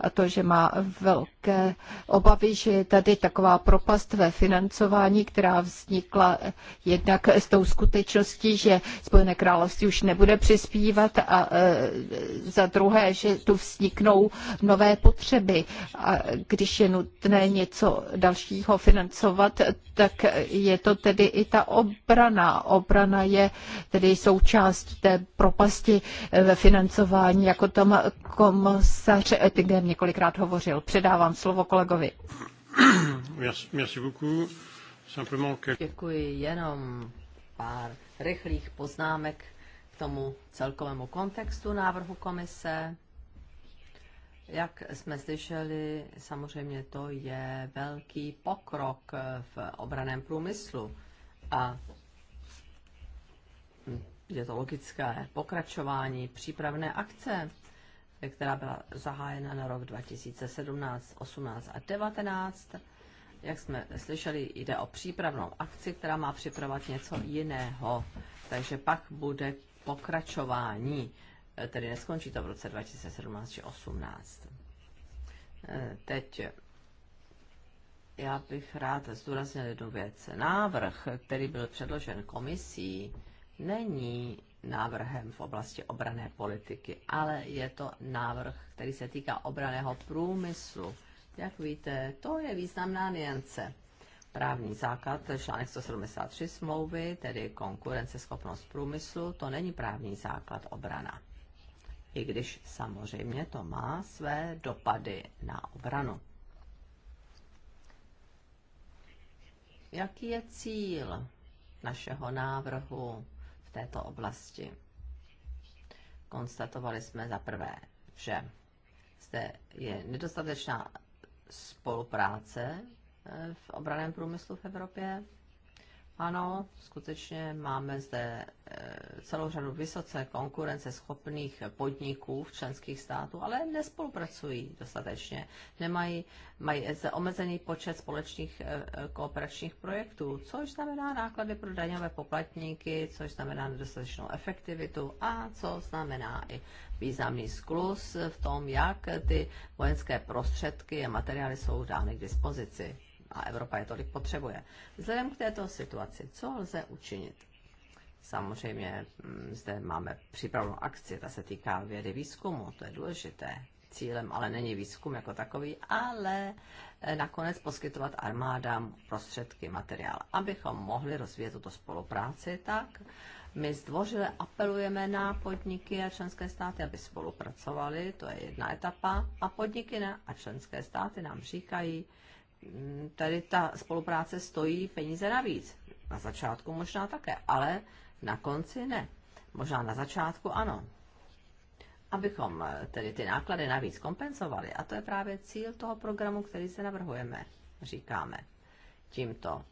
a to, že má velké obavy, že je tady taková propast ve financování, která vznikla jednak s tou skutečností, že Spojené království už nebude přispívat a e, za druhé, že tu vzniknou nové potřeby. A když je nutné něco dalšího financovat, tak je to tedy i ta obrana. Obrana je tedy součást té propasti ve financování, jako tam komisař Etigen několikrát hovořil. Předávám slovo kolegovi. Merci beaucoup. que... Děkuji jenom pár rychlých poznámek k tomu celkovému kontextu návrhu komise. Jak jsme slyšeli, samozřejmě to je velký pokrok v obraném průmyslu a je to logické pokračování přípravné akce která byla zahájena na rok 2017, 18 a 19. Jak jsme slyšeli, jde o přípravnou akci, která má připravovat něco jiného. Takže pak bude pokračování, eh, tedy neskončí to v roce 2017 či 2018. Eh, teď já bych rád zdůraznil jednu věc. Návrh, který byl předložen komisí, není návrhem v oblasti obrané politiky, ale je to návrh, který se týká obraného průmyslu. Jak víte, to je významná niance. Právní základ, článek 173 smlouvy, tedy konkurenceschopnost průmyslu, to není právní základ obrana. I když samozřejmě to má své dopady na obranu. Jaký je cíl našeho návrhu této oblasti. Konstatovali jsme za prvé, že zde je nedostatečná spolupráce eh, v obraném průmyslu v Evropě, ano, skutečně máme zde eh, celou řadu vysoce konkurenceschopných podniků v členských států, ale nespolupracují dostatečně. Nemají, mají zde omezený počet společných eh, eh, kooperačních projektů, což znamená náklady pro daňové poplatníky, což znamená nedostatečnou efektivitu a co znamená i významný sklus v tom, jak ty vojenské prostředky a materiály jsou dány k dispozici a Evropa je tolik potřebuje. Vzhledem k této situaci, co lze učinit? Samozřejmě mm, zde máme přípravnou akci, ta se týká vědy výzkumu, to je důležité. Cílem ale není výzkum jako takový, ale eh, nakonec poskytovat armádám prostředky, materiál. Abychom mohli rozvíjet tuto spolupráci, tak my zdvořile apelujeme na podniky a členské státy, aby spolupracovali, to je jedna etapa, a podniky ne, a členské státy nám říkají, tady ta spolupráce stojí peníze navíc. Na začátku možná také, ale na konci ne. Možná na začátku ano. Abychom eh, tedy ty náklady navíc kompenzovali, a to je právě cíl toho programu, který se navrhujeme, říkáme tímto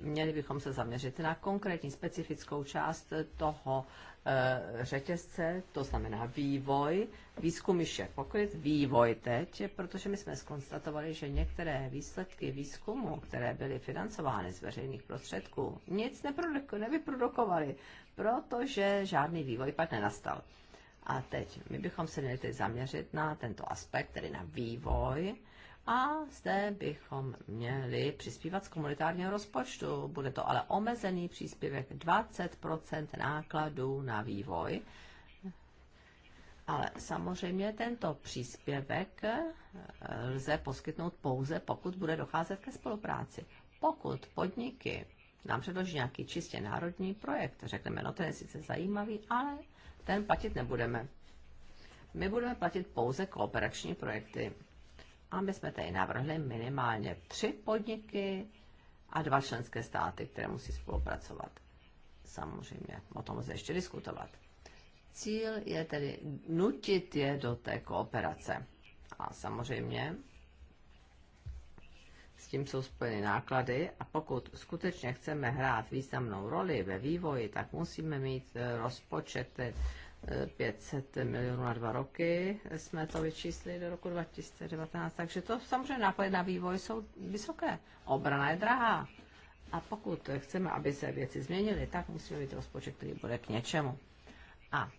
měli bychom se zaměřit na konkrétní specifickou část toho eh, řetězce, to znamená vývoj. Výzkum je pokryt, vývoj teď, protože my jsme skonstatovali, že některé výsledky výzkumu, které byly financovány z veřejných prostředků, nic nevyprodukovaly, protože žádný vývoj pak nenastal. A teď my bychom se měli teď zaměřit na tento aspekt, tedy na vývoj, a zde bychom měli přispívat z komunitárního rozpočtu. Bude to ale omezený příspěvek 20 nákladů na vývoj. Ale samozřejmě tento příspěvek eh, lze poskytnout pouze, pokud bude docházet ke spolupráci. Pokud podniky nám předloží nějaký čistě národní projekt, řekneme, no ten je sice zajímavý, ale ten platit nebudeme. My budeme platit pouze kooperační projekty. A my jsme tady navrhli minimálně tři podniky a dva členské státy, které musí spolupracovat. Samozřejmě, o tom se ještě diskutovat. Cíl je tedy nutit je do té kooperace. A samozřejmě s tím jsou spojeny náklady a pokud skutečně chceme hrát významnou roli ve vývoji, tak musíme mít eh, rozpočet, eh, 500 milionů na dva roky jsme to vyčíslili do roku 2019, takže to samozřejmě náklady na vývoj jsou vysoké. Obrana je drahá. A pokud chceme, aby se věci změnily, tak musíme mít rozpočet, který bude k něčemu. A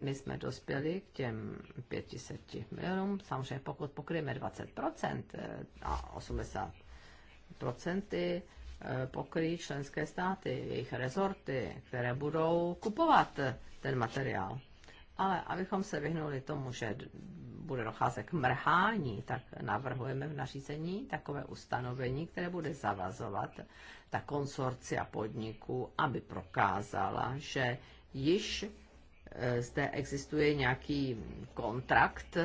my jsme dospěli k těm 500 milionům. Samozřejmě pokud pokryjeme 20% a 80% pokryjí členské státy, jejich rezorty, které budou kupovat ten materiál. Ale abychom se vyhnuli tomu, že bude docházet k mrhání, tak navrhujeme v nařízení takové ustanovení, které bude zavazovat ta konsorcia podniků, aby prokázala, že již e, zde existuje nějaký kontrakt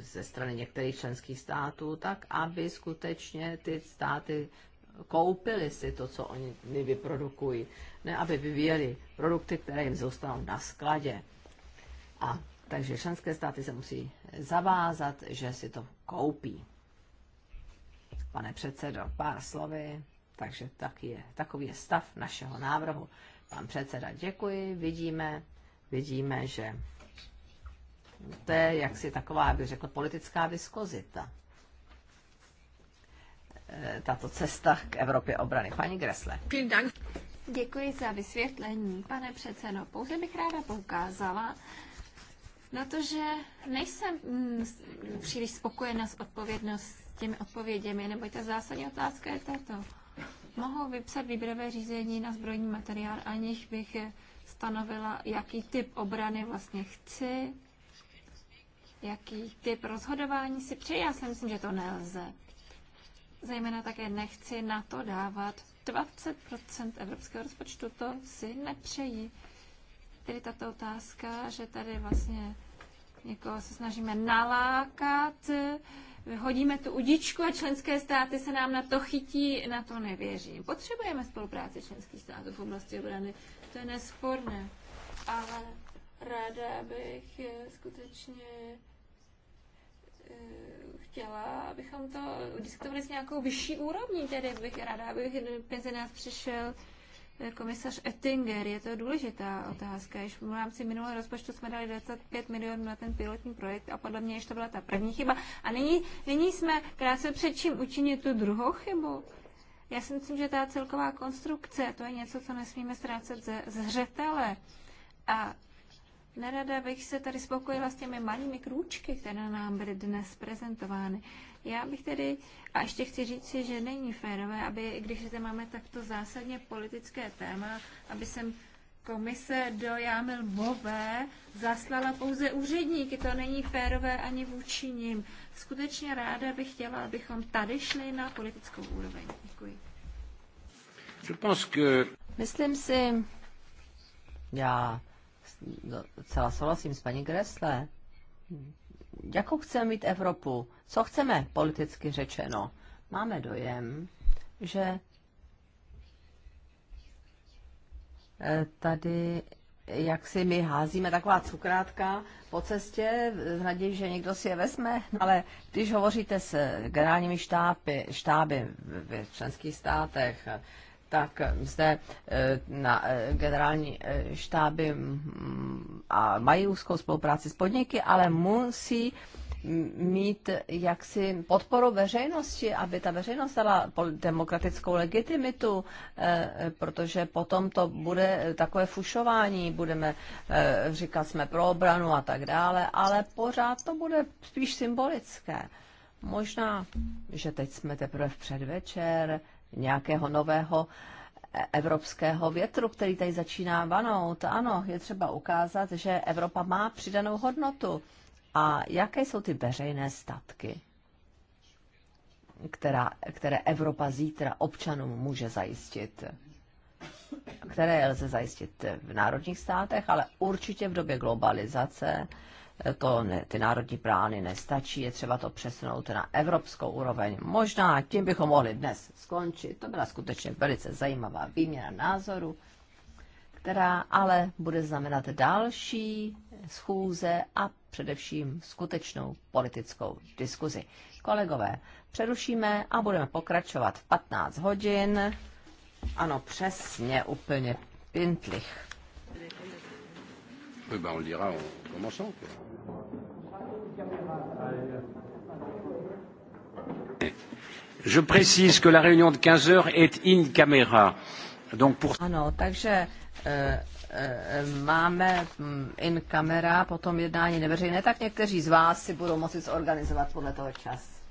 ze strany některých členských států, tak aby skutečně ty státy koupili si to, co oni vyprodukují, ne aby vyvíjeli produkty, které jim zůstanou na skladě. A takže členské státy se musí zavázat, že si to koupí. Pane předsedo, pár slovy, takže tak je, takový je stav našeho návrhu. Pan předseda, děkuji, vidíme, vidíme, že to je jaksi taková, bych řekl, politická viskozita. E, tato cesta k Evropě obrany. Paní Gresle. Děkuji za vysvětlení, pane předsedo. Pouze bych ráda poukázala, na to, že nejsem mm, příliš spokojena s odpovědností těmi odpověděmi, nebo ta zásadní otázka je tato. Mohou vypsat výběrové řízení na zbrojní materiál, aniž bych stanovila, jaký typ obrany vlastně chci, jaký typ rozhodování si přeji. Já si myslím, že to nelze. Zejména také nechci na to dávat 20 evropského rozpočtu. To si nepřeji. Tedy tato otázka, že tady vlastně někoho se snažíme nalákat, hodíme tu udičku a členské státy se nám na to chytí, na to nevěřím. Potřebujeme spolupráci členských států v oblasti obrany, to je nesporné. Ale ráda bych skutečně Eh, chtěla, abychom to diskutovali s nějakou vyšší úrovní, tedy bych ráda, abych mezi nás přišel eh, komisař Ettinger. Je to důležitá otázka. Již v rámci minulého rozpočtu jsme dali 25 milionů na ten pilotní projekt a podle mě ještě to byla ta první chyba. A nyní, nyní jsme krátce před čím učinit tu druhou chybu. Já si myslím, že ta celková konstrukce, to je něco, co nesmíme ztrácet ze zřetele. A Nerada bych se tady spokojila s těmi malými krůčky, které nám byly dnes prezentovány. Já bych tedy, a ještě chci říct, že není férové, aby, když zde máme takto zásadně politické téma, aby sem komise do Jámel Bové zaslala pouze úředníky. To není férové ani vůči ním. Skutečně ráda bych chtěla, abychom tady šli na politickou úroveň. Děkuji. Myslím si, já No, celá souhlasím s paní Gresle. Jakou chceme mít Evropu? Co chceme politicky řečeno? Máme dojem, že eh, tady jak si my házíme taková cukrátka po cestě, v naději, že někdo si je vezme, no, ale když hovoříte s generálními štáby, štáby v členských státech, tak zde eh, na eh, generální eh, štáby mm, a mají úzkou spolupráci s podniky, ale musí mít jaksi podporu veřejnosti, aby ta veřejnost dala demokratickou legitimitu, protože potom to bude takové fušování, budeme říkat jsme pro obranu a tak dále, ale pořád to bude spíš symbolické. Možná, že teď jsme teprve v předvečer, nějakého nového evropského větru, který tady začíná vanout. Ano, je třeba ukázat, že Evropa má přidanou hodnotu. A jaké jsou ty veřejné statky, která, které Evropa zítra občanům může zajistit? Které lze zajistit v národních státech, ale určitě v době globalizace to ne, ty národní plány nestačí, je třeba to přesunout na evropskou úroveň. Možná tím bychom mohli dnes skončit. To byla skutečně velice zajímavá výměna názoru, která ale bude znamenat další schůze a především skutečnou politickou diskuzi. Kolegové, přerušíme a budeme pokračovat v 15 hodin. Ano, přesně, úplně pintlich. Eh ben, on le dira en commençant. Je précise que la réunion de 15 heures est in camera. Donc pour... Ano, takže e, máme mm, in camera, potom jednání neveřejné, tak někteří z vás si budou moci zorganizovat podle toho čas.